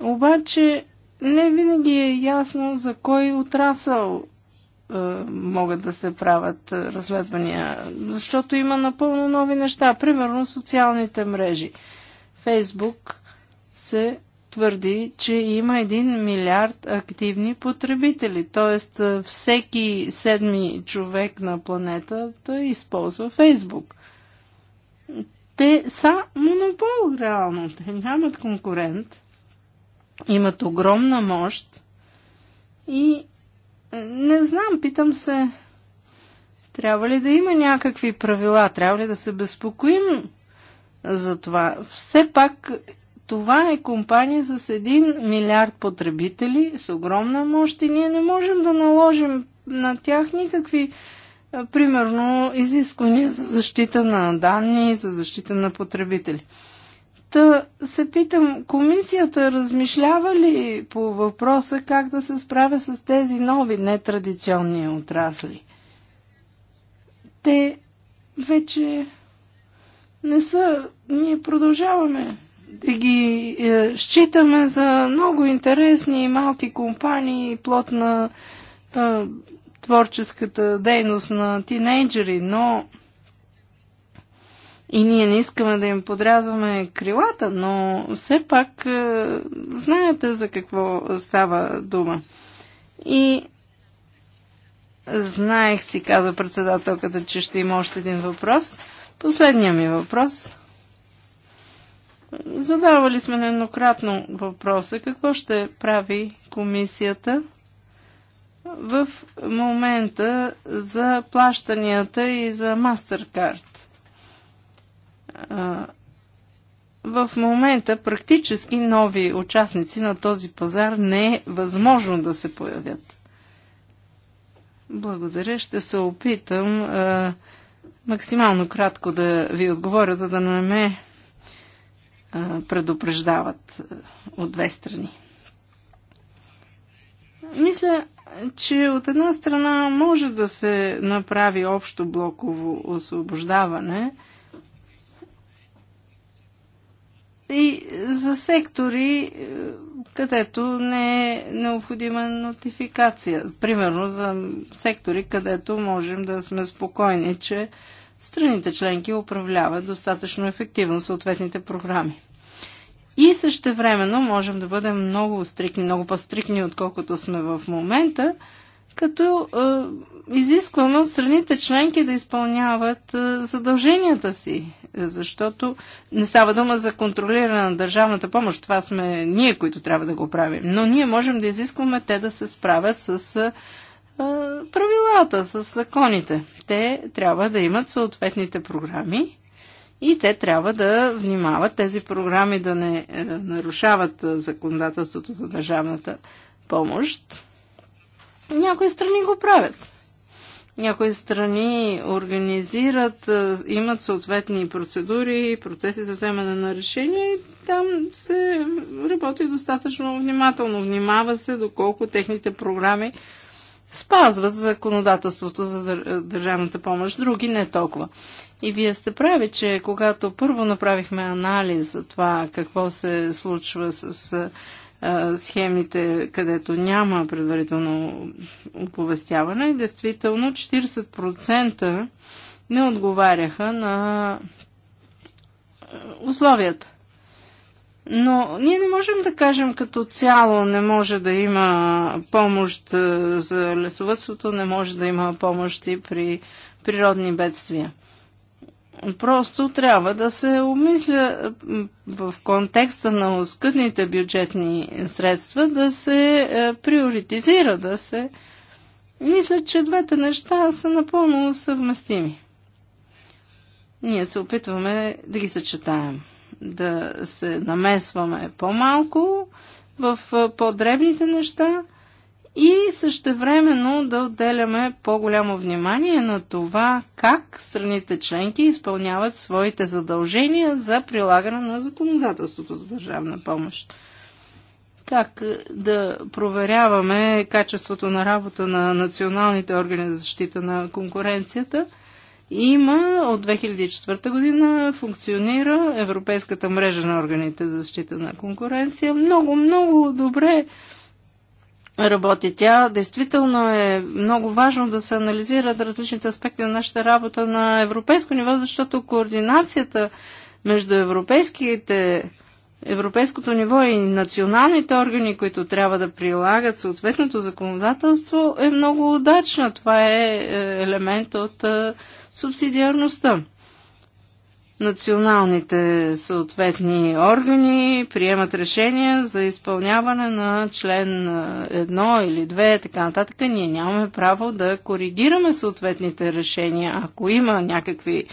Обаче не винаги е ясно за кой отрасъл е, могат да се правят е, разследвания, защото има напълно нови неща. Примерно социалните мрежи. Фейсбук се твърди, че има 1 милиард активни потребители, т.е. всеки седми човек на планетата използва Фейсбук. Те са монопол, реално. Те нямат конкурент. Имат огромна мощ. И не знам, питам се, трябва ли да има някакви правила? Трябва ли да се безпокоим за това? Все пак това е компания с 1 милиард потребители, с огромна мощ и ние не можем да наложим на тях никакви, примерно, изисквания за защита на данни, за защита на потребители. Та се питам, комисията размишлява ли по въпроса как да се справя с тези нови нетрадиционни отрасли? Те вече не са. Ние продължаваме да ги е, считаме за много интересни малки компании, плод на е, творческата дейност на тинейджери, но и ние не искаме да им подрязваме крилата, но все пак е, знаете за какво става дума. И знаех си, каза председателката, че ще има още един въпрос. Последният ми въпрос – Задавали сме нееднократно въпроса какво ще прави комисията в момента за плащанията и за MasterCard. В момента практически нови участници на този пазар не е възможно да се появят. Благодаря, ще се опитам максимално кратко да ви отговоря, за да не ме предупреждават от две страни. Мисля, че от една страна може да се направи общо блоково освобождаване и за сектори, е, където не е необходима нотификация. Примерно за сектори, където можем да сме спокойни, че страните членки управляват достатъчно ефективно съответните програми. И също времено можем да бъдем много стрикни, много по-стрикни, отколкото сме в момента, като е, изискваме от страните членки да изпълняват е, задълженията си, защото не става дума за контролиране на държавната помощ. Това сме ние, които трябва да го правим. Но ние можем да изискваме те да се справят с е, правилата, с законите. Те трябва да имат съответните програми и те трябва да внимават тези програми да не е, нарушават законодателството за държавната помощ. Някои страни го правят. Някои страни организират, е, имат съответни процедури, процеси за вземане на решение и там се работи достатъчно внимателно. Внимава се доколко техните програми спазват законодателството за е, държавната помощ, други не толкова. И вие сте прави, че когато първо направихме анализ за това какво се случва с а, е, схемите, където няма предварително оповестяване, действително 40% не отговаряха на е, условията. Но ние не можем да кажем като цяло не може да има помощ е, за лесовътството, не може да има помощи при природни бедствия. Просто трябва да се обмисля е, в контекста на оскъдните бюджетни средства да се е, приоритизира, да се... Мисля, че двете неща са напълно съвместими. Ние се опитваме да ги съчетаем да се намесваме по-малко в по-дребните неща и същевременно да отделяме по-голямо внимание на това как страните членки изпълняват своите задължения за прилагане на законодателството за държавна помощ. Как да проверяваме качеството на работа на националните органи за защита на конкуренцията – има от 2004 година функционира Европейската мрежа на органите за защита на конкуренция. Много, много добре работи тя. Действително е много важно да се анализират различните аспекти на нашата работа на европейско ниво, защото координацията между европейските европейското ниво и националните органи, които трябва да прилагат съответното законодателство, е много удачна. Това е, е елемент от е, субсидиарността. Националните съответни органи приемат решения за изпълняване на член 1 или 2, така нататък. Ние нямаме право да коригираме съответните решения. Ако има някакви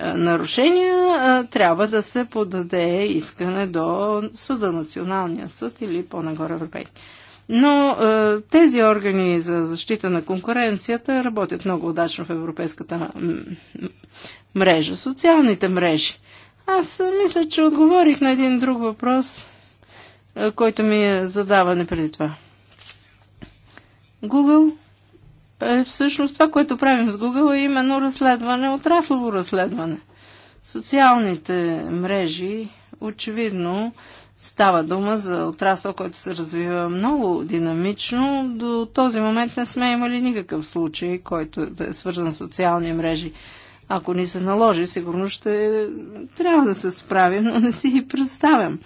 нарушения, трябва да се подаде искане до съда, Националния съд или по-нагоре Европейски. Но е, тези органи за защита на конкуренцията работят много удачно в европейската мрежа, социалните мрежи. Аз е, мисля, че отговорих на един друг въпрос, е, който ми е задаване преди това. Google е всъщност това, което правим с Google е именно разследване, отраслово разследване. Социалните мрежи очевидно Става дума за отрасъл, който се развива много динамично. До този момент не сме имали никакъв случай, който да е свързан с социални мрежи. Ако ни се наложи, сигурно ще трябва да се справим, но не си и представям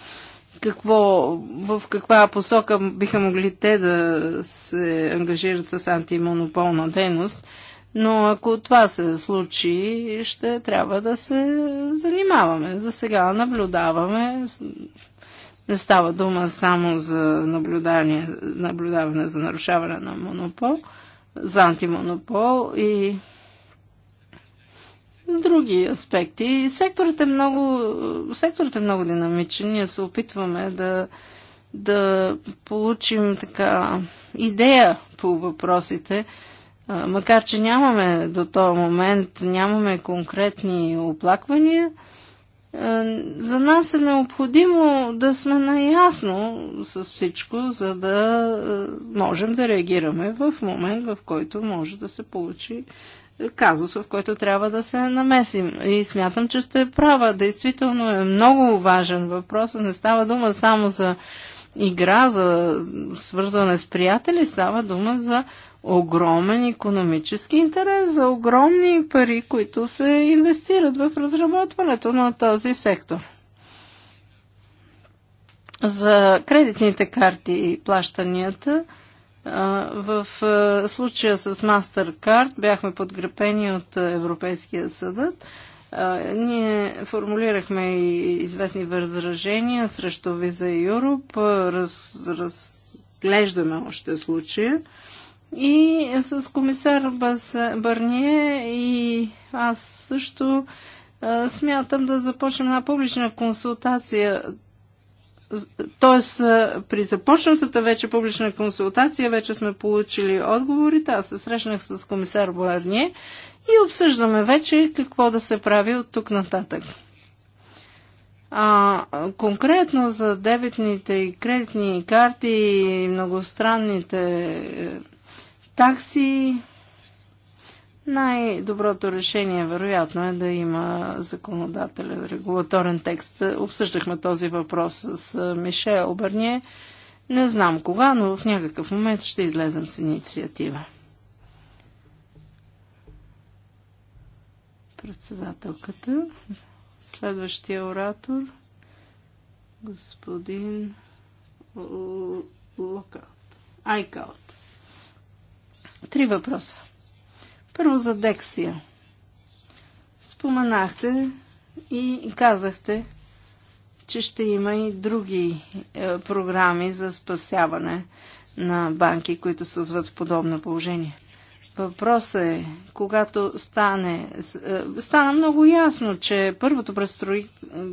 какво, в каква посока биха могли те да се ангажират с антимонополна дейност. Но ако това се случи, ще трябва да се занимаваме. За сега наблюдаваме не става дума само за наблюдание, наблюдаване за нарушаване на монопол, за антимонопол и други аспекти. И секторът е много, секторът е много динамичен. Ние се опитваме да, да получим така идея по въпросите. Макар, че нямаме до този момент, нямаме конкретни оплаквания, е, за нас е необходимо да сме наясно с всичко, за да е, можем да реагираме в момент, в който може да се получи казус, в който трябва да се намесим. И смятам, че сте права. Действително е много важен въпрос. Не става дума само за игра, за свързване с приятели, става дума за огромен економически интерес за огромни пари, които се инвестират в разработването на този сектор. За кредитните карти и плащанията в случая с MasterCard бяхме подкрепени от Европейския съдът. Ние формулирахме и известни възражения срещу Visa Europe. Раз, разглеждаме още случая. И с комисар Барние и аз също смятам да започнем една публична консултация. Тоест, при започнатата вече публична консултация вече сме получили отговорите. Аз се срещнах с комисар Барние и обсъждаме вече какво да се прави от тук нататък. А, конкретно за дебетните и кредитни карти и многостранните такси. Най-доброто решение, вероятно, е да има законодателен регулаторен текст. Обсъждахме този въпрос с Мишел Бърние. Не знам кога, но в някакъв момент ще излезем с инициатива. Председателката. Следващия оратор. Господин Локаут. Айкаут. Три въпроса. Първо за Дексия. Споменахте и казахте, че ще има и други е, програми за спасяване на банки, които са в подобно положение. Въпросът е, когато стане, е, стана много ясно, че първото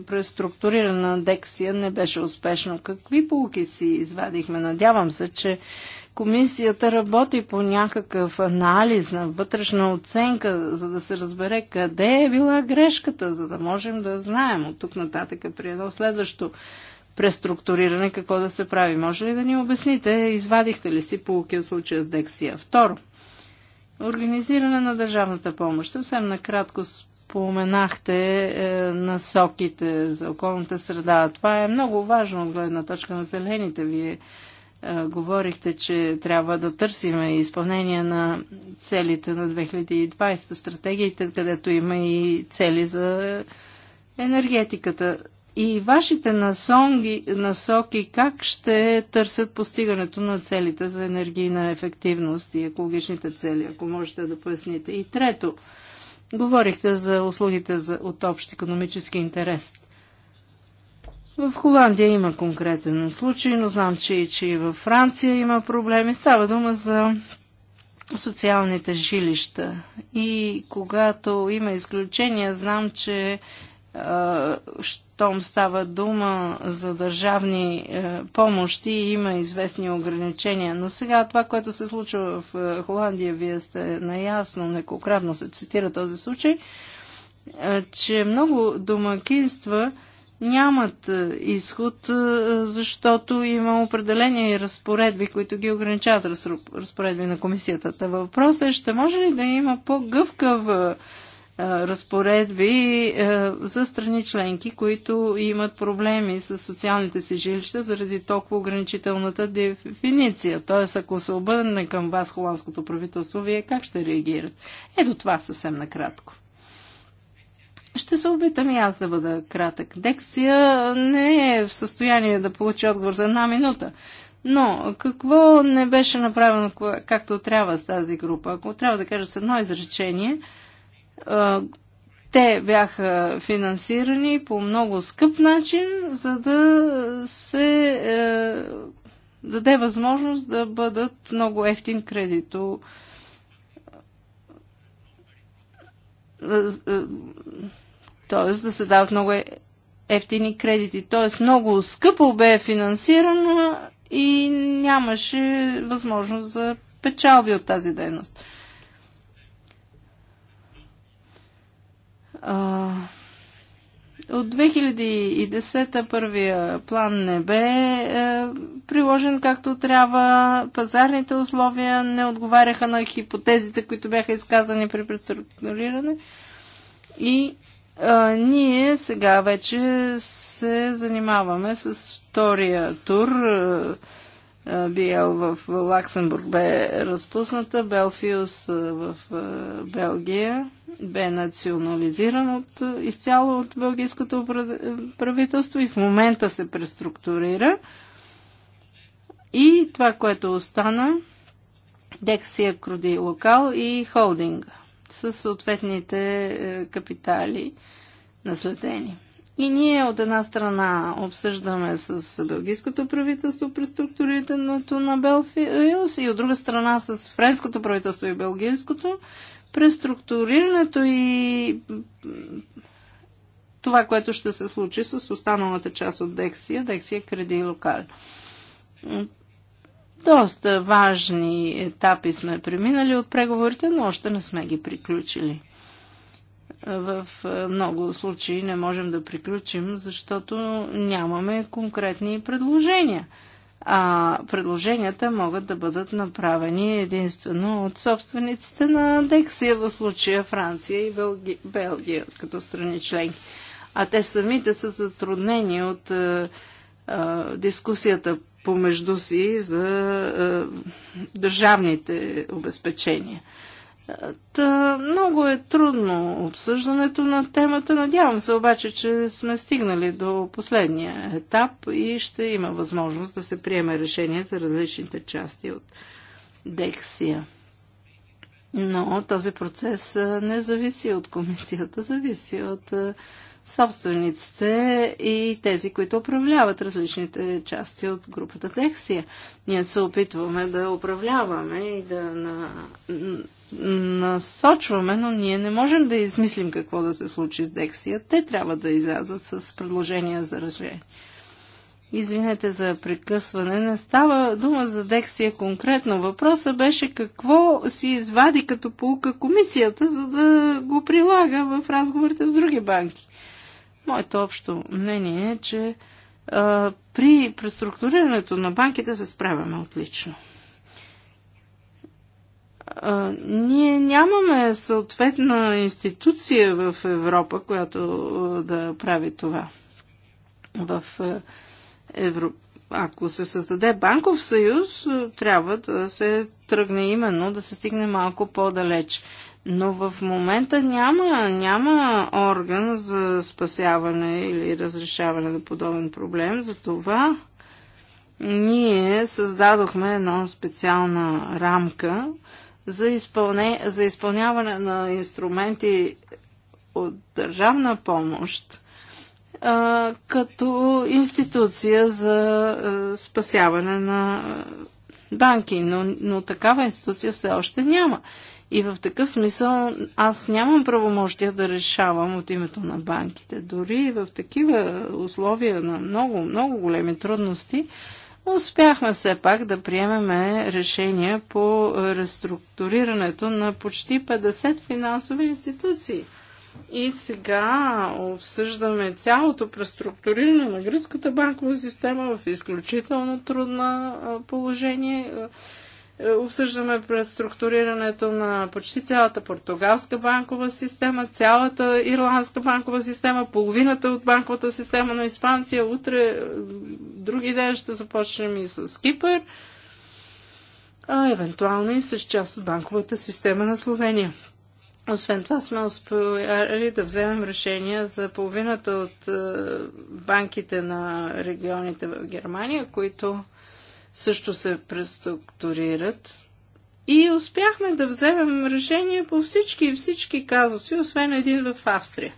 преструктуриране на Дексия не беше успешно. Какви полки си извадихме? Надявам се, че комисията работи по някакъв анализ на вътрешна оценка, за да се разбере къде е била грешката, за да можем да знаем от тук нататък при едно следващо преструктуриране какво да се прави. Може ли да ни обясните, извадихте ли си полки от случая с Дексия? Второ, Организиране на държавната помощ. Съвсем накратко споменахте е, насоките за околната среда. Това е много важно от гледна точка на зелените. Вие е, говорихте, че трябва да търсиме изпълнение на целите на 2020, стратегиите, където има и цели за енергетиката и вашите насонги, насоки как ще търсят постигането на целите за енергийна ефективност и екологичните цели, ако можете да поясните. И трето, говорихте за услугите за, от общ економически интерес. В Холандия има конкретен случай, но знам, че, че и във Франция има проблеми. Става дума за социалните жилища. И когато има изключения, знам, че щом става дума за държавни е, помощи, има известни ограничения. Но сега това, което се случва в е, Холандия, вие сте наясно, неколкратно се цитира този случай, е, че много домакинства нямат изход, защото има определени разпоредби, които ги ограничават разпоредби на комисията. Та въпросът е, ще може ли да има по-гъвкав разпоредби за страни членки, които имат проблеми с социалните си жилища заради толкова ограничителната дефиниция. Т.е. ако се обърне към вас холандското правителство, вие как ще реагират? Ето това съвсем накратко. Ще се опитам и аз да бъда кратък. Дексия не е в състояние да получи отговор за една минута. Но какво не беше направено както трябва с тази група? Ако трябва да кажа с едно изречение – те бяха финансирани по много скъп начин, за да се е, даде възможност да бъдат много ефтин кредито. Тоест да се дават много ефтини кредити. Тоест много скъпо бе финансирано и нямаше възможност за печалби от тази дейност. А, от 2010 първия план не бе е, приложен както трябва. Пазарните условия не отговаряха на хипотезите, които бяха изказани при преструктуриране. И а, ние сега вече се занимаваме с втория тур. Е, Биел в Лаксембург бе разпусната, Белфиус в Белгия бе национализиран от, изцяло от белгийското правителство и в момента се преструктурира. И това, което остана, Дексия Круди Локал и холдинга с съответните е, капитали наследени. И ние от една страна обсъждаме с белгийското правителство преструктурирането на Белфиус и от друга страна с френското правителство и белгийското преструктурирането и това, което ще се случи с останалата част от Дексия, Дексия Креди и Локал. Доста важни етапи сме преминали от преговорите, но още не сме ги приключили в е, много случаи не можем да приключим, защото нямаме конкретни предложения. А предложенията могат да бъдат направени единствено от собствениците на Дексия, в случая Франция и Белги... Белгия, като страни членки. А те самите са затруднени от е, е, дискусията помежду си за е, държавните обезпечения. Та, много е трудно обсъждането на темата. Надявам се обаче, че сме стигнали до последния етап и ще има възможност да се приеме решение за различните части от Дексия. Но този процес не зависи от комисията, зависи от собствениците и тези, които управляват различните части от групата Дексия. Ние се опитваме да управляваме и да на насочваме, но ние не можем да измислим какво да се случи с Дексия. Те трябва да излязат с предложения за решение. Извинете за прекъсване, не става дума за Дексия конкретно. Въпросът беше какво си извади като полука комисията, за да го прилага в разговорите с други банки. Моето общо мнение е, че а, при преструктурирането на банките се справяме отлично ние нямаме съответна институция в Европа, която да прави това. В Евро... ако се създаде банков съюз, трябва да се тръгне именно, да се стигне малко по-далеч. Но в момента няма, няма орган за спасяване или разрешаване на подобен проблем. Затова ние създадохме една специална рамка, за, изпълне, за изпълняване на инструменти от държавна помощ а, като институция за а, спасяване на банки, но, но такава институция все още няма. И в такъв смисъл аз нямам правомощия да решавам от името на банките. Дори в такива условия на много, много големи трудности, успяхме все пак да приемеме решение по реструктурирането на почти 50 финансови институции. И сега обсъждаме цялото преструктуриране на гръцката банкова система в изключително трудно положение. Е, обсъждаме преструктурирането на почти цялата португалска банкова система, цялата ирландска банкова система, половината от банковата система на Испанция. Утре, е, други ден ще започнем и с Кипър, а евентуално и с част от банковата система на Словения. Освен това сме успели да вземем решения за половината от е, банките на регионите в Германия, които също се преструктурират. И успяхме да вземем решение по всички и всички казуси, освен един в Австрия.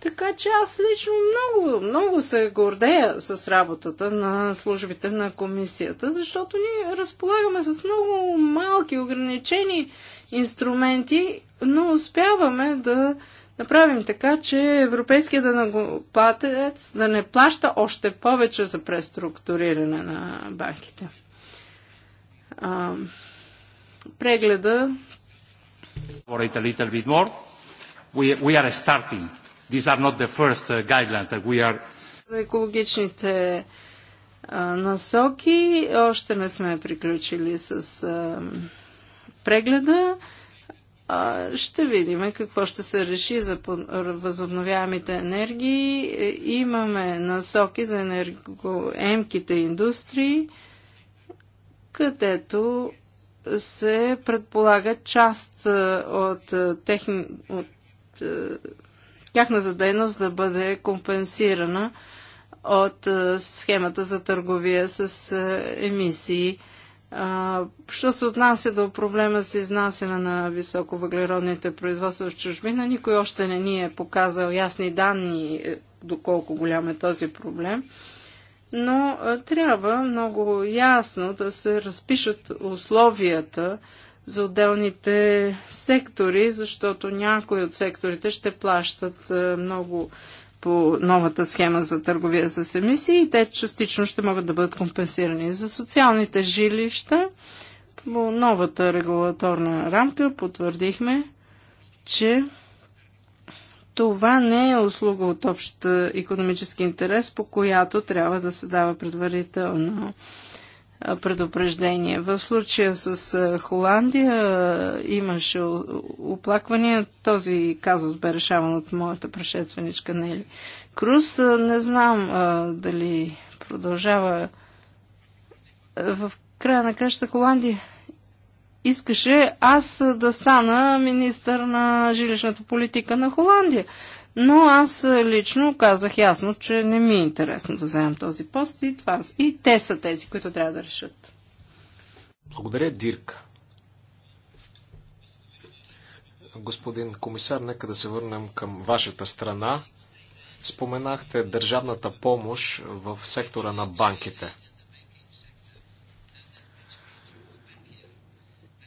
Така че аз лично много, много се гордея с работата на службите на комисията, защото ние разполагаме с много малки ограничени инструменти, но успяваме да направим така, че европейският данъкоплатец да не плаща още повече за преструктуриране на банките. А, прегледа. За екологичните насоки още не сме приключили с прегледа ще видим какво ще се реши за възобновяемите енергии. Е, имаме насоки за енергоемките индустрии, където се предполага част е, от, е, техни... от тяхната дейност да бъде компенсирана от схемата за търговия с емисии Що се отнася до проблема с изнасяне на високовъглеродните производства в чужбина, никой още не ни е показал ясни данни е, доколко голям е този проблем. Но трябва много ясно да се разпишат условията за отделните сектори, защото някои от секторите ще плащат е, много по новата схема за търговия с емисии и те частично ще могат да бъдат компенсирани за социалните жилища. По новата регулаторна рамка потвърдихме, че това не е услуга от общ економически интерес, по която трябва да се дава предварително предупреждение. В случая с Холандия имаше оплаквания. Този казус бе решаван от моята предшественичка Нели Крус. Не знам дали продължава. В края на краща Холандия искаше аз да стана министър на жилищната политика на Холандия. Но аз е, лично казах ясно, че не ми е интересно да вземам този пост и, това, и те са тези, които трябва да решат. Благодаря, Дирк. Господин комисар, нека да се върнем към вашата страна. Споменахте държавната помощ в сектора на банките.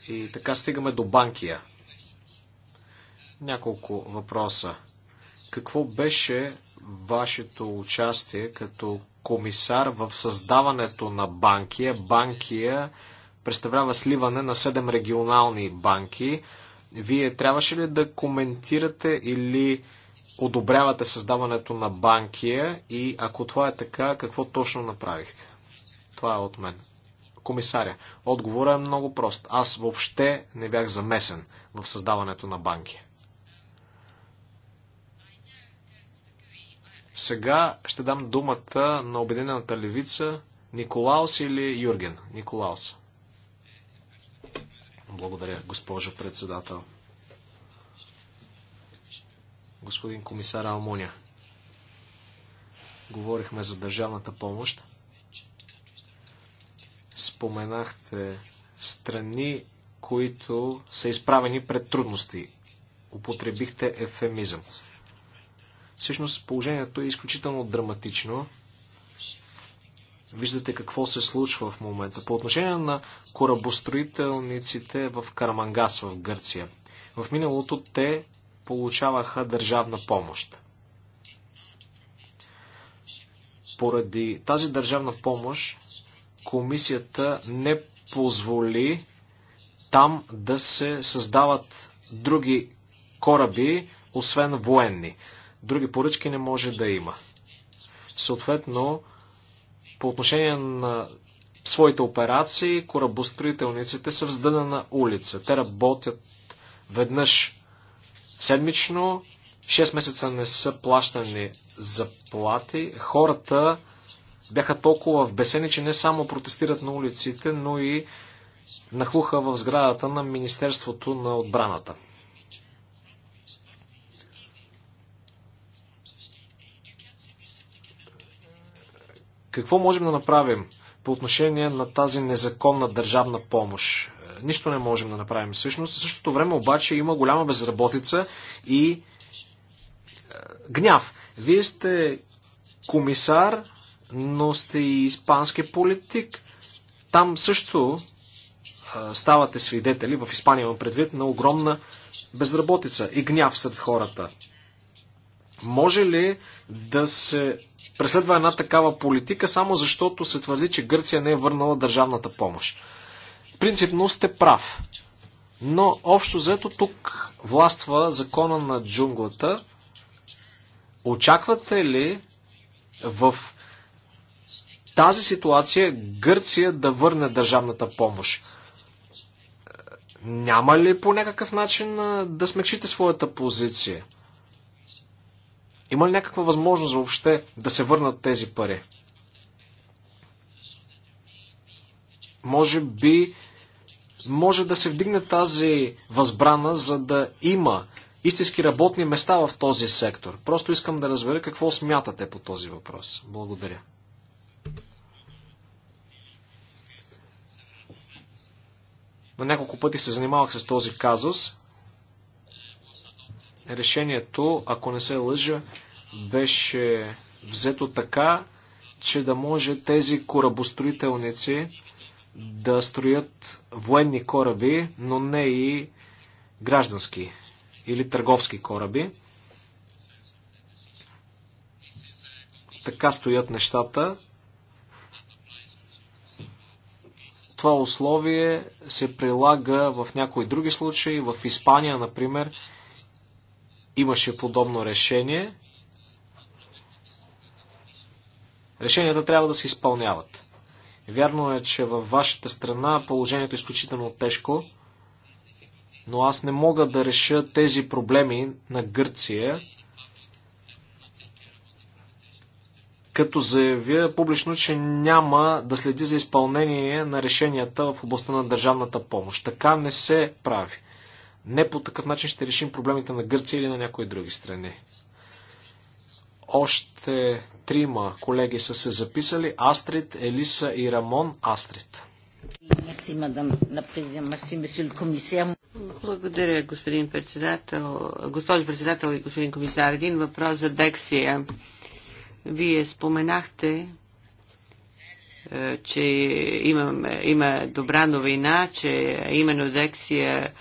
И така стигаме до банкия. Няколко въпроса. Какво беше вашето участие като комисар в създаването на Банкия? Банкия представлява сливане на 7 регионални банки. Вие трябваше ли да коментирате или одобрявате създаването на Банкия и ако това е така, какво точно направихте? Това е от мен. Комисаря, отговорът е много прост. Аз въобще не бях замесен в създаването на банки. Сега ще дам думата на Обединената левица Николаус или Юрген? Николаус. Благодаря, госпожо председател. Господин комисар Алмуня, говорихме за държавната помощ. Споменахте страни, които са изправени пред трудности. Употребихте ефемизъм. Всъщност положението е изключително драматично. Виждате какво се случва в момента. По отношение на корабостроителниците в Карамангас в Гърция. В миналото те получаваха държавна помощ. Поради тази държавна помощ комисията не позволи там да се създават други кораби, освен военни. Други поръчки не може да има. Съответно, по отношение на своите операции, корабостроителниците са в на улица. Те работят веднъж седмично, 6 месеца не са плащани заплати. Хората бяха толкова вбесени, че не само протестират на улиците, но и нахлуха в сградата на Министерството на отбраната. Какво можем да направим по отношение на тази незаконна държавна помощ? Е, нищо не можем да направим всъщност. В същото време обаче има голяма безработица и е, гняв. Вие сте комисар, но сте и испански политик. Там също е, ставате свидетели, в Испания имам предвид, на огромна безработица и гняв сред хората. Може ли да се преследва една такава политика, само защото се твърди, че Гърция не е върнала държавната помощ. Принципно сте прав. Но общо взето тук властва закона на джунглата. Очаквате ли в тази ситуация Гърция да върне държавната помощ? Няма ли по някакъв начин да смекчите своята позиция? Има ли някаква възможност въобще да се върнат тези пари? Може би може да се вдигне тази възбрана, за да има истински работни места в този сектор. Просто искам да разбера какво смятате по този въпрос. Благодаря. На няколко пъти се занимавах с този казус. Решението, ако не се лъжа, беше взето така, че да може тези корабостроителници да строят военни кораби, но не и граждански или търговски кораби. Така стоят нещата. Това условие се прилага в някои други случаи. В Испания, например, имаше подобно решение. Решенията трябва да се изпълняват. Вярно е, че във вашата страна положението е изключително тежко, но аз не мога да реша тези проблеми на Гърция, като заявя публично, че няма да следи за изпълнение на решенията в областта на държавната помощ. Така не се прави. Не по такъв начин ще решим проблемите на Гърция или на някои други страни. Още трима колеги са се записали. Астрид, Елиса и Рамон Астрид. Благодаря, господин председател, госпожо председател и господин комисар. Един въпрос за Дексия. Вие споменахте, е, че имам, има добра новина, че именно Дексия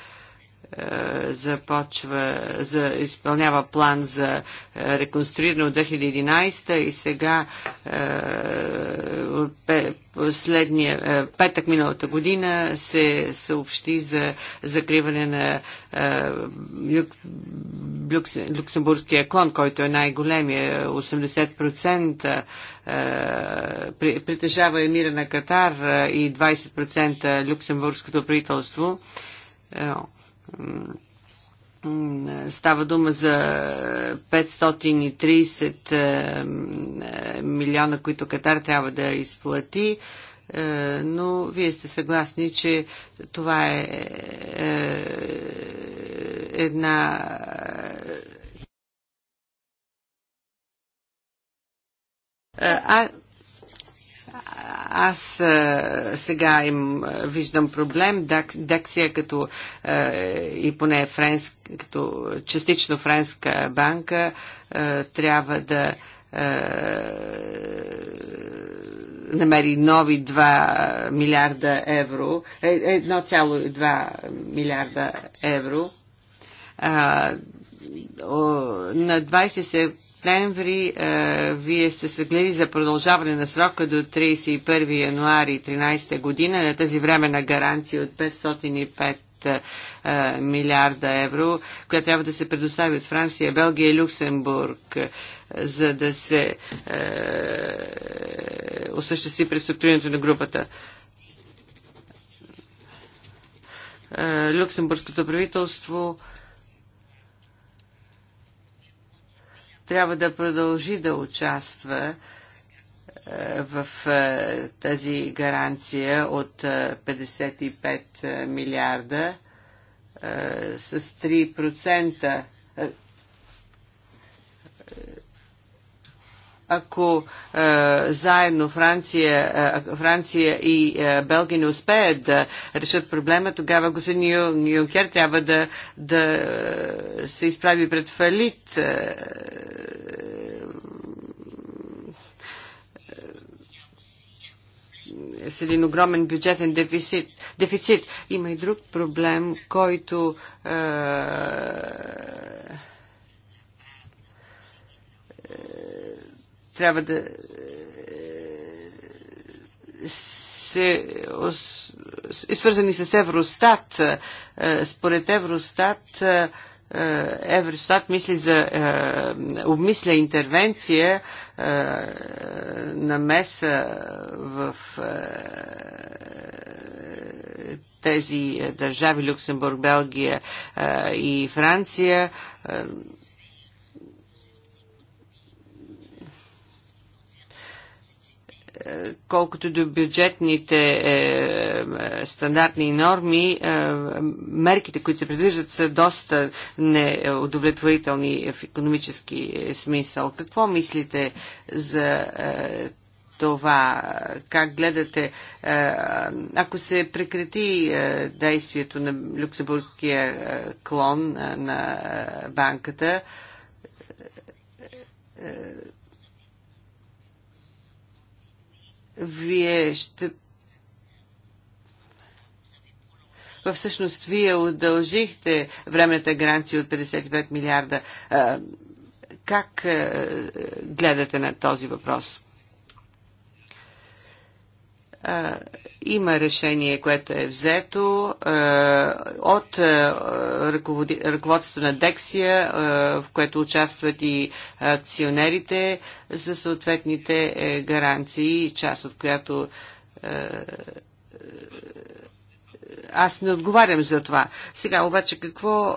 е, започва, за, изпълнява план за е, реконструиране от 2011 и сега е, последния е, петък миналата година се съобщи за закриване на е, Люк, Люкс, Люксембургския клон, който е най-големия, 80% е, притежава емира на Катар и 20% люксембургското правителство. Става дума за 530 е, милиона, които Катар трябва да изплати, е, но вие сте съгласни, че това е, е една а, аз а, е, сега им а, е, виждам проблем. Дак, Даксия като а, е, и поне френск, като частично френска банка а, трябва да а, намери нови 2 милиарда евро, 1,2 милиарда евро. А, на 20 септември. Е, вие сте съгледили за продължаване на срока до 31 януари 13 година на тази на гаранция от 505 е, е, милиарда евро, която трябва да се предостави от Франция, Белгия и Люксембург за да се е, осъществи преструктурирането на групата. Е, Люксембургското правителство е, трябва да продължи да участва е, в е, тази гаранция от 55 е, милиарда с 3%. Ако е, заедно Франция, е, Франция и е, Белгия не успеят да решат проблема, тогава господин Ю, Юнкер трябва да, да се изправи пред фалит. Е, с един огромен бюджетен дефицит. дефицит. Има и друг проблем, който е, е трябва да е, се е свързани с Евростат. Е, според Евростат Евростат мисли за обмисля интервенция е, намеса в е, тези държави Люксембург, Белгия е, и Франция. Е, колкото до бюджетните е, е, стандартни норми, е, мерките, които се предвиждат, са доста неудовлетворителни в економически е, смисъл. Какво мислите за е, това? Как гледате? Е, ако се прекрати действието на люксембургския клон на банката, Вие ще Във всъщност вие удължихте времената гаранция от 55 милиарда. Как гледате на този въпрос? Има решение, което е взето е, от е, ръководи, ръководството на Дексия, е, в което участват и акционерите за съответните е, гаранции, част от която е, аз не отговарям за това. Сега обаче какво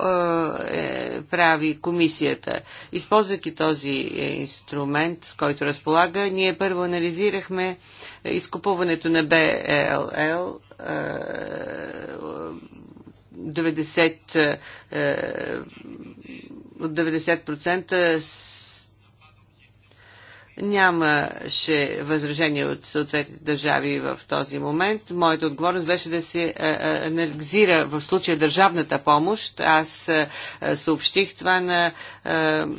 е, прави комисията? Използвайки този е, инструмент, с който разполага, ние първо анализирахме е, изкупуването на БЛЛ. Е, 90, е, е, от 90% Нямаше възражение от съответните държави в този момент. Моята отговорност беше да се е, е, анализира в случая държавната помощ. Аз е, съобщих това на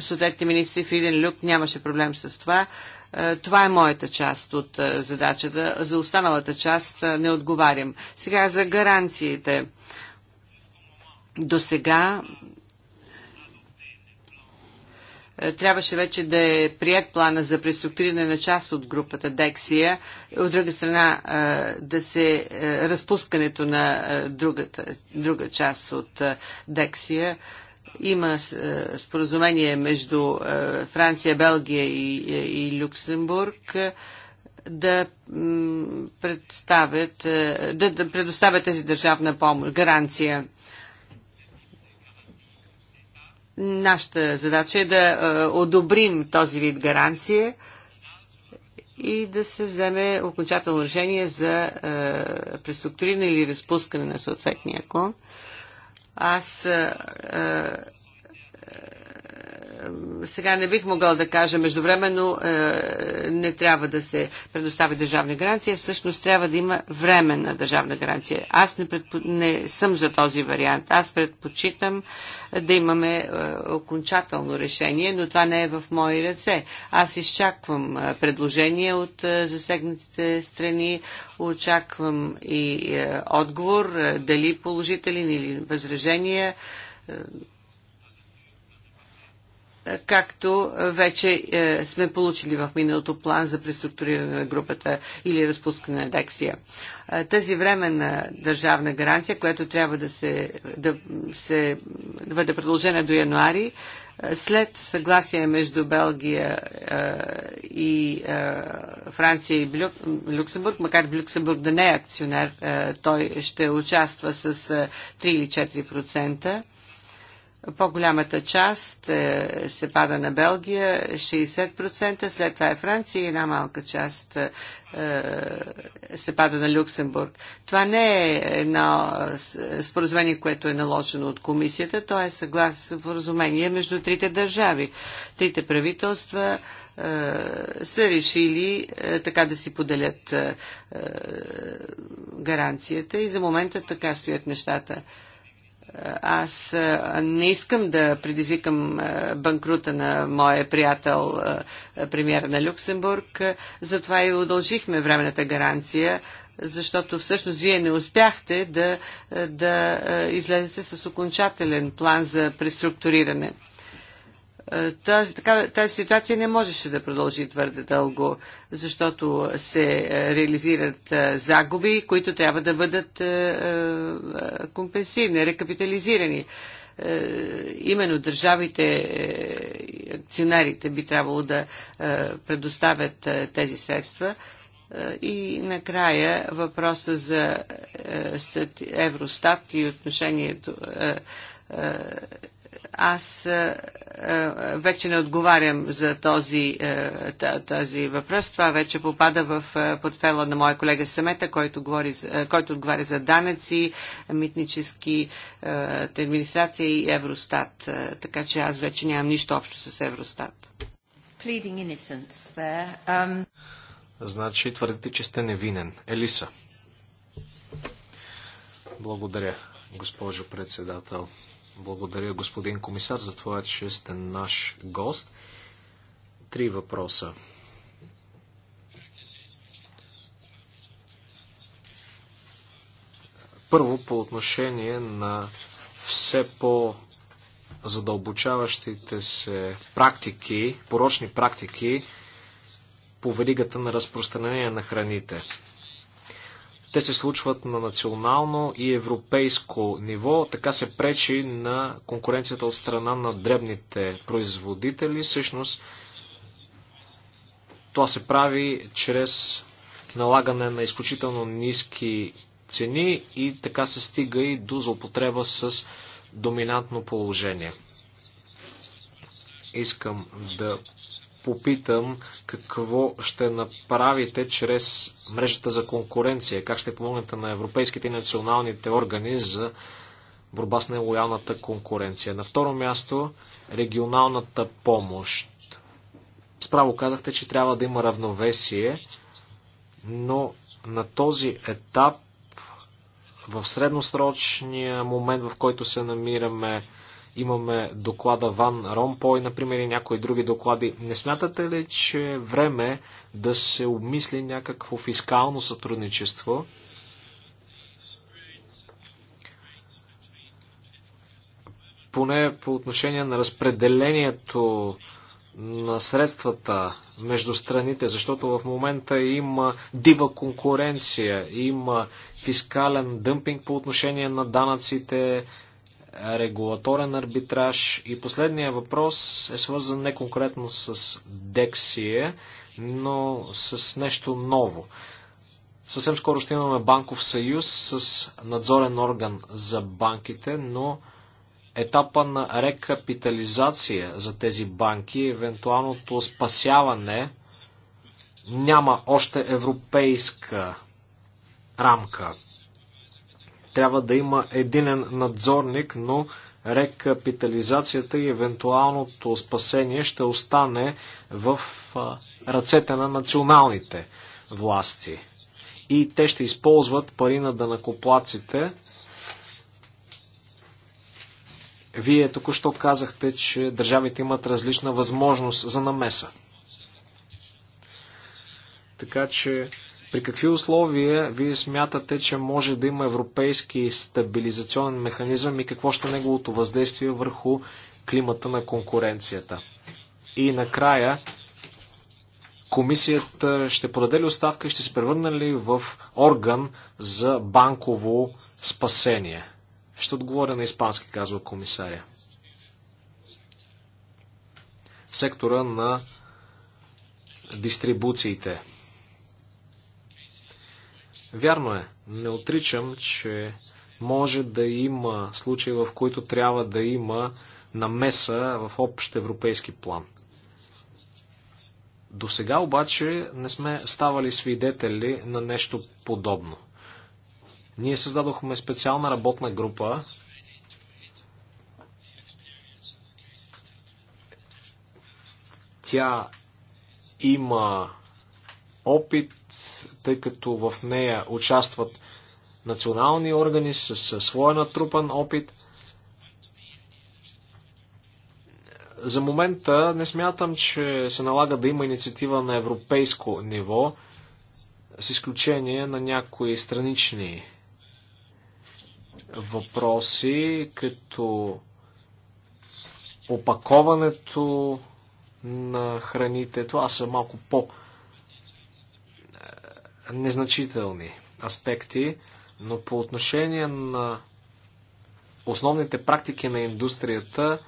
съответните министри Иден Люк. Нямаше проблем с това. Това е моята част от задачата. За останалата част не отговарям. Сега за гаранциите. До сега е, трябваше вече да е прият плана за преструктуриране на част от групата Дексия, от друга страна е, да се е, разпускането на другата, друга част от Дексия. Има споразумение между Франция, Белгия и, и Люксембург да представят, да, да предоставят тази държавна помощ, гаранция Нашата задача е да е, одобрим този вид гаранция и да се вземе окончателно решение за е, преструктуриране или разпускане на съответния клон. Аз е, е, сега не бих могъл да кажа, междувременно е, не трябва да се предостави държавна гаранция, всъщност трябва да има временна държавна гаранция. Аз не, предпо... не съм за този вариант. Аз предпочитам да имаме е, окончателно решение, но това не е в мои ръце. Аз изчаквам е, предложения от е, засегнатите страни, очаквам и е, отговор, е, дали положителен или възражения. Е, както вече е, сме получили в миналото план за преструктуриране на групата или разпускане на Дексия. Е, тази временна държавна гаранция, която трябва да се, да се да бъде продължена до януари, е, след съгласие между Белгия и Франция и Блю, Люксембург, макар Люксембург да не е акционер, той ще участва с 3 или 4%. По-голямата част е, се пада на Белгия, 60%, след това е Франция и една малка част е, е, се пада на Люксембург. Това не е едно споразумение, което е наложено от комисията, то е съгласно споразумение между трите държави. Трите правителства са решили така да си поделят гаранцията и за момента така стоят нещата. Аз не искам да предизвикам банкрута на моя приятел, премьер на Люксембург, затова и удължихме времената гаранция, защото всъщност вие не успяхте да, да излезете с окончателен план за преструктуриране тази, така, тази ситуация не можеше да продължи твърде дълго, защото се реализират загуби, които трябва да бъдат компенсирани, рекапитализирани. Именно държавите, акционарите би трябвало да предоставят тези средства. И накрая въпроса за Евростат и отношението аз е, е, вече не отговарям за този, е, този въпрос. Това вече попада в портфела на моя колега Самета, който, говори, който отговаря за данъци, митнически администрация и Евростат. Така че аз вече нямам нищо общо с Евростат. Um, значи твърдите, че сте невинен. Елиса. Благодаря, госпожо председател. Благодаря, господин комисар, за това, че сте наш гост. Три въпроса. Първо, по отношение на все по задълбочаващите се практики, порочни практики по веригата на разпространение на храните. Те се случват на национално и европейско ниво. Така се пречи на конкуренцията от страна на дребните производители. Всъщност, това се прави чрез налагане на изключително ниски цени и така се стига и до злоупотреба с доминантно положение. Искам да попитам какво ще направите чрез мрежата за конкуренция, как ще помогнете на европейските и националните органи за борба с нелоялната конкуренция. На второ място, регионалната помощ. Справо казахте, че трябва да има равновесие, но на този етап, в средносрочния момент, в който се намираме, Имаме доклада Ван Ромпой, например, и някои други доклади. Не смятате ли, че е време да се обмисли някакво фискално сътрудничество? Поне по отношение на разпределението на средствата между страните, защото в момента има дива конкуренция, има фискален дъмпинг по отношение на данъците, регулаторен арбитраж. И последния въпрос е свързан не конкретно с Дексия, но с нещо ново. Съвсем скоро ще имаме банков съюз с надзорен орган за банките, но етапа на рекапитализация за тези банки, евентуалното спасяване, няма още европейска рамка. Трябва да има единен надзорник, но рекапитализацията и евентуалното спасение ще остане в ръцете на националните власти. И те ще използват пари на данакоплаците. Вие току-що казахте, че държавите имат различна възможност за намеса. Така че при какви условия вие смятате, че може да има европейски стабилизационен механизъм и какво ще е неговото въздействие върху климата на конкуренцията? И накрая, комисията ще подаде ли оставка и ще се превърне ли в орган за банково спасение? Ще отговоря на испански, казва комисаря. Сектора на дистрибуциите. Вярно е, не отричам, че може да има случаи, в които трябва да има намеса в общ европейски план. До сега обаче не сме ставали свидетели на нещо подобно. Ние създадохме специална работна група, тя има опит тъй като в нея участват национални органи с, своя натрупан опит. За момента не смятам, че се налага да има инициатива на европейско ниво, с изключение на някои странични въпроси, като опаковането на храните. Това са малко по- незначителни аспекти, но по отношение на основните практики на индустрията,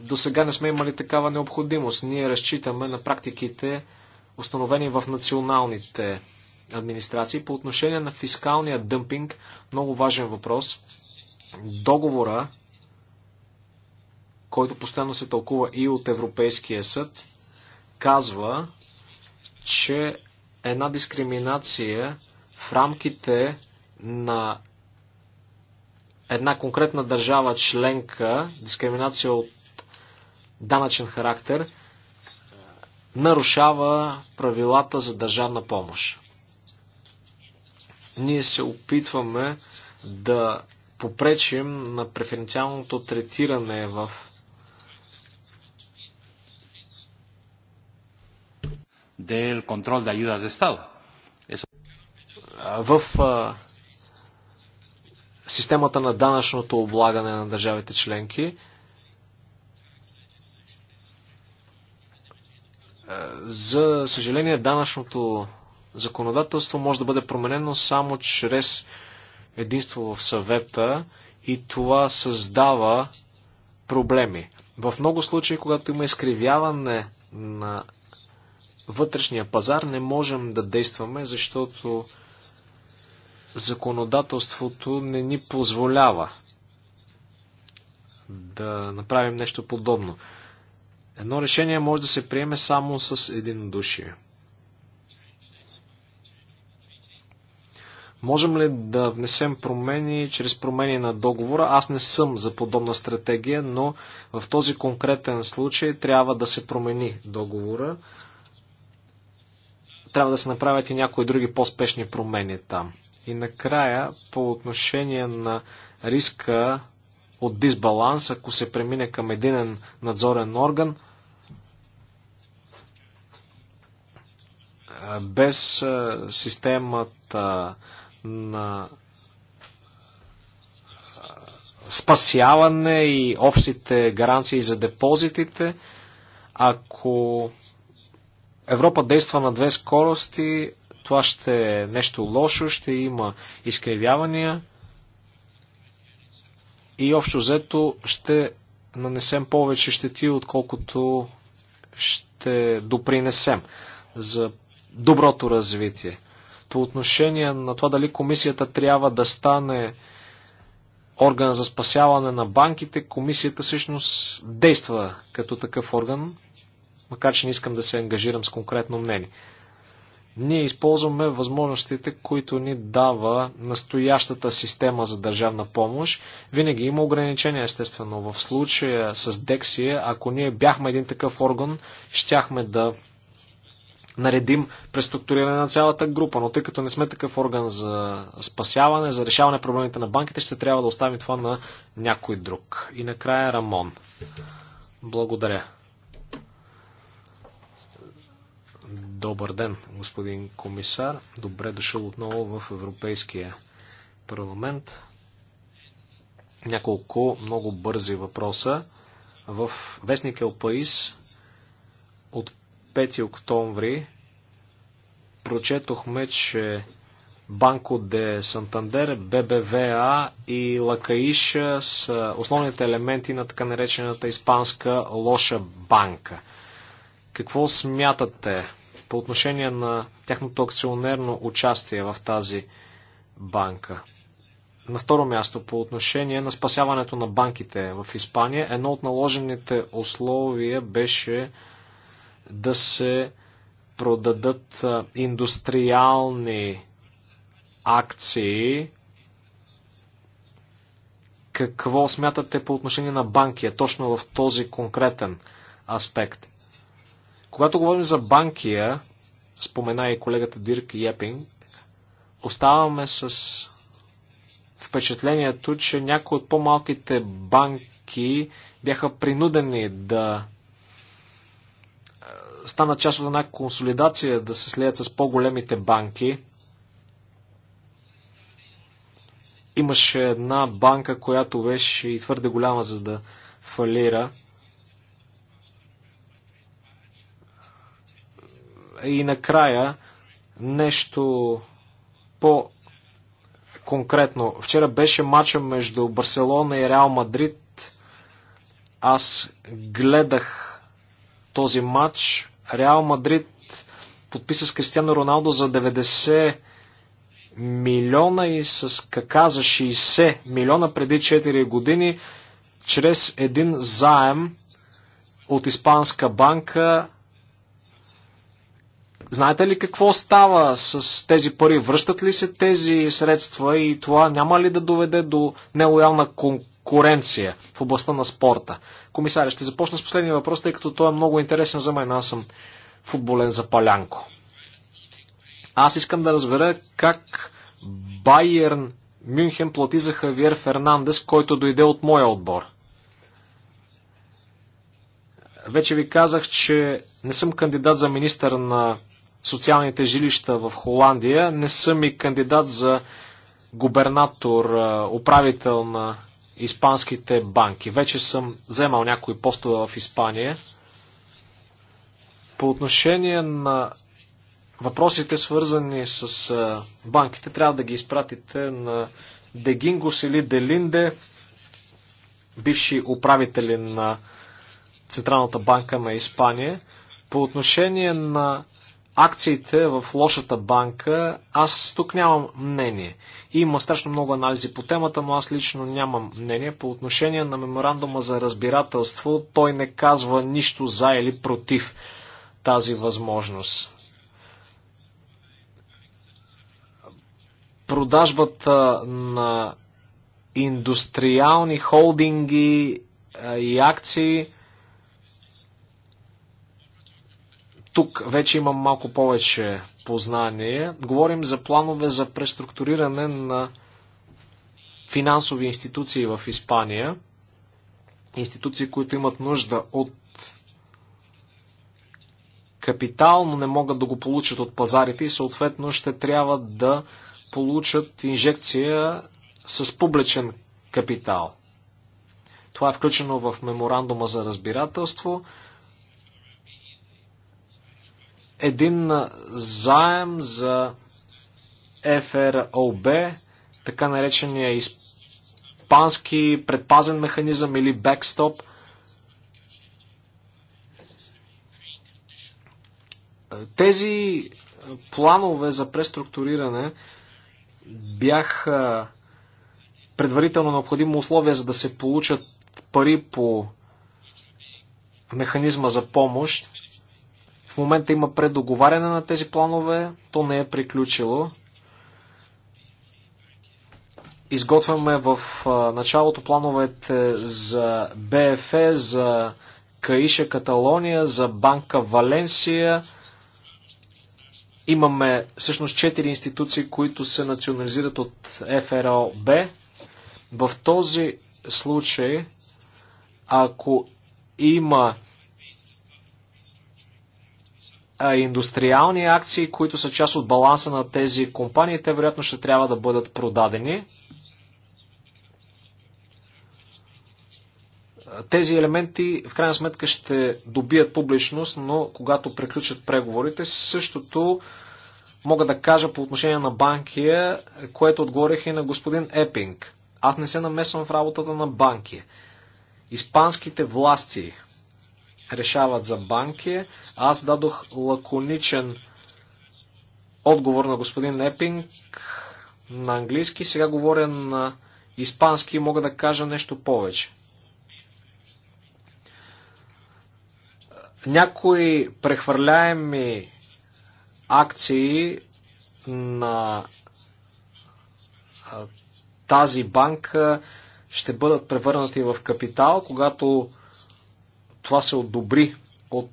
до сега не сме имали такава необходимост. Ние разчитаме на практиките, установени в националните администрации. По отношение на фискалния дъмпинг, много важен въпрос. Договора, който постоянно се тълкува и от Европейския съд, казва, че една дискриминация в рамките на една конкретна държава членка, дискриминация от данъчен характер, нарушава правилата за държавна помощ. Ние се опитваме да попречим на преференциалното третиране в del control de ayudas de Estado. Eso... В а, системата на данъчното облагане на държавите членки за съжаление данъчното законодателство може да бъде променено само чрез единство в съвета и това създава проблеми. В много случаи, когато има изкривяване на вътрешния пазар не можем да действаме, защото законодателството не ни позволява да направим нещо подобно. Едно решение може да се приеме само с един души. Можем ли да внесем промени чрез промени на договора? Аз не съм за подобна стратегия, но в този конкретен случай трябва да се промени договора трябва да се направят и някои други по-спешни промени там. И накрая, по отношение на риска от дисбаланс, ако се премине към единен надзорен орган, без системата на спасяване и общите гаранции за депозитите, ако Европа действа на две скорости, това ще е нещо лошо, ще има изкривявания и общо взето ще нанесем повече щети, отколкото ще допринесем за доброто развитие. По отношение на това дали комисията трябва да стане орган за спасяване на банките, комисията всъщност действа като такъв орган макар че не искам да се ангажирам с конкретно мнение. Ние използваме възможностите, които ни дава настоящата система за държавна помощ. Винаги има ограничения, естествено. В случая с Дексия, ако ние бяхме един такъв орган, щяхме да наредим преструктуриране на цялата група, но тъй като не сме такъв орган за спасяване, за решаване проблемите на банките, ще трябва да оставим това на някой друг. И накрая Рамон. Благодаря. Добър ден, господин комисар. Добре дошъл отново в Европейския парламент. Няколко много бързи въпроса. В вестник Елпаис Паис от 5 октомври прочетохме, че Банко де Сантандер, ББВА и Лакаиша са основните елементи на така наречената испанска лоша банка. Какво смятате по отношение на тяхното акционерно участие в тази банка. На второ място, по отношение на спасяването на банките в Испания, едно от наложените условия беше да се продадат индустриални акции. Какво смятате по отношение на банкия, точно в този конкретен аспект? Когато говорим за Банкия, спомена и колегата Дирк Япинг, оставаме с впечатлението, че някои от по-малките банки бяха принудени да е, станат част от една консолидация, да се следят с по-големите банки. Имаше една банка, която беше и твърде голяма, за да фалира. И накрая нещо по конкретно. Вчера беше матча между Барселона и Реал Мадрид. Аз гледах този матч. Реал Мадрид подписа с Кристиано Роналдо за 90 милиона и с кака за 60 милиона преди 4 години чрез един заем от Испанска банка Знаете ли какво става с тези пари? Връщат ли се тези средства и това няма ли да доведе до нелоялна конкуренция в областта на спорта? Комисаря, ще започна с последния въпрос, тъй като той е много интересен за мен. Аз съм футболен за палянко. Аз искам да разбера как Байерн Мюнхен плати за Хавиер Фернандес, който дойде от моя отбор. Вече ви казах, че не съм кандидат за министър на социалните жилища в Холандия. Не съм и кандидат за губернатор, управител на испанските банки. Вече съм вземал някои постове в Испания. По отношение на въпросите, свързани с банките, трябва да ги изпратите на Дегингус или Делинде, бивши управители на Централната банка на Испания. По отношение на акциите в лошата банка, аз тук нямам мнение. Има страшно много анализи по темата, но аз лично нямам мнение. По отношение на меморандума за разбирателство, той не казва нищо за или против тази възможност. Продажбата на индустриални холдинги и акции – Тук вече имам малко повече познание. Говорим за планове за преструктуриране на финансови институции в Испания. Институции, които имат нужда от капитал, но не могат да го получат от пазарите и съответно ще трябва да получат инжекция с публичен капитал. Това е включено в меморандума за разбирателство един заем за ФРОБ, така наречения испански предпазен механизъм или бекстоп. Тези планове за преструктуриране бяха предварително необходимо условие, за да се получат пари по механизма за помощ. В момента има предоговаряне на тези планове, то не е приключило. Изготвяме в началото плановете за БФ, за Каиша Каталония, за Банка Валенсия. Имаме всъщност четири институции, които се национализират от ФРОБ. В този случай, ако има индустриални акции, които са част от баланса на тези компании, те вероятно ще трябва да бъдат продадени. Тези елементи в крайна сметка ще добият публичност, но когато приключат преговорите, същото мога да кажа по отношение на банкия, което отговорих и на господин Епинг. Аз не се намесвам в работата на банкия. Испанските власти решават за банки. Аз дадох лаконичен отговор на господин Епинг на английски. Сега говоря на испански и мога да кажа нещо повече. Някои прехвърляеми акции на тази банка ще бъдат превърнати в капитал, когато това се одобри от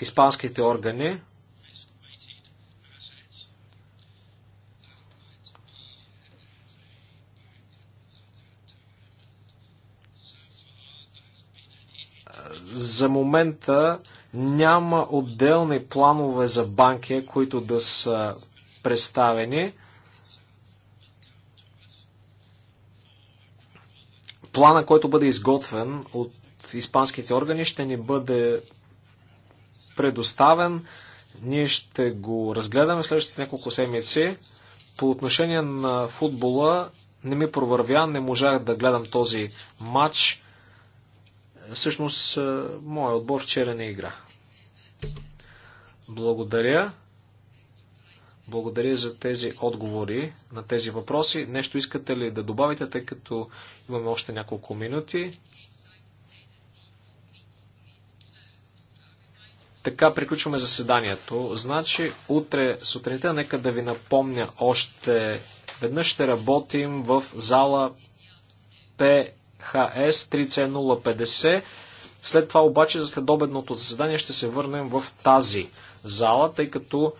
испанските органи. За момента няма отделни планове за банки, които да са представени. Плана, който бъде изготвен от испанските органи ще ни бъде предоставен. Ние ще го разгледаме в следващите няколко седмици. По отношение на футбола не ми провървя, не можах да гледам този матч. Всъщност, е, моят отбор вчера не игра. Благодаря. Благодаря за тези отговори на тези въпроси. Нещо искате ли да добавите, тъй като имаме още няколко минути? Така приключваме заседанието. Значи, утре сутринта, нека да ви напомня още веднъж ще работим в зала PHS 3 След това обаче за следобедното заседание ще се върнем в тази зала, тъй като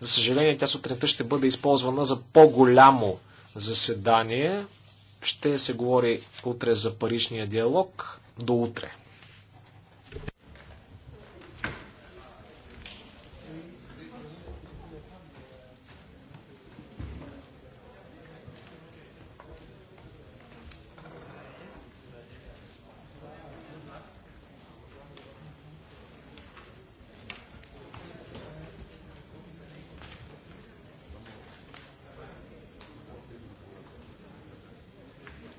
за съжаление тя сутринта ще бъде използвана за по-голямо заседание. Ще се говори утре за паричния диалог. До утре!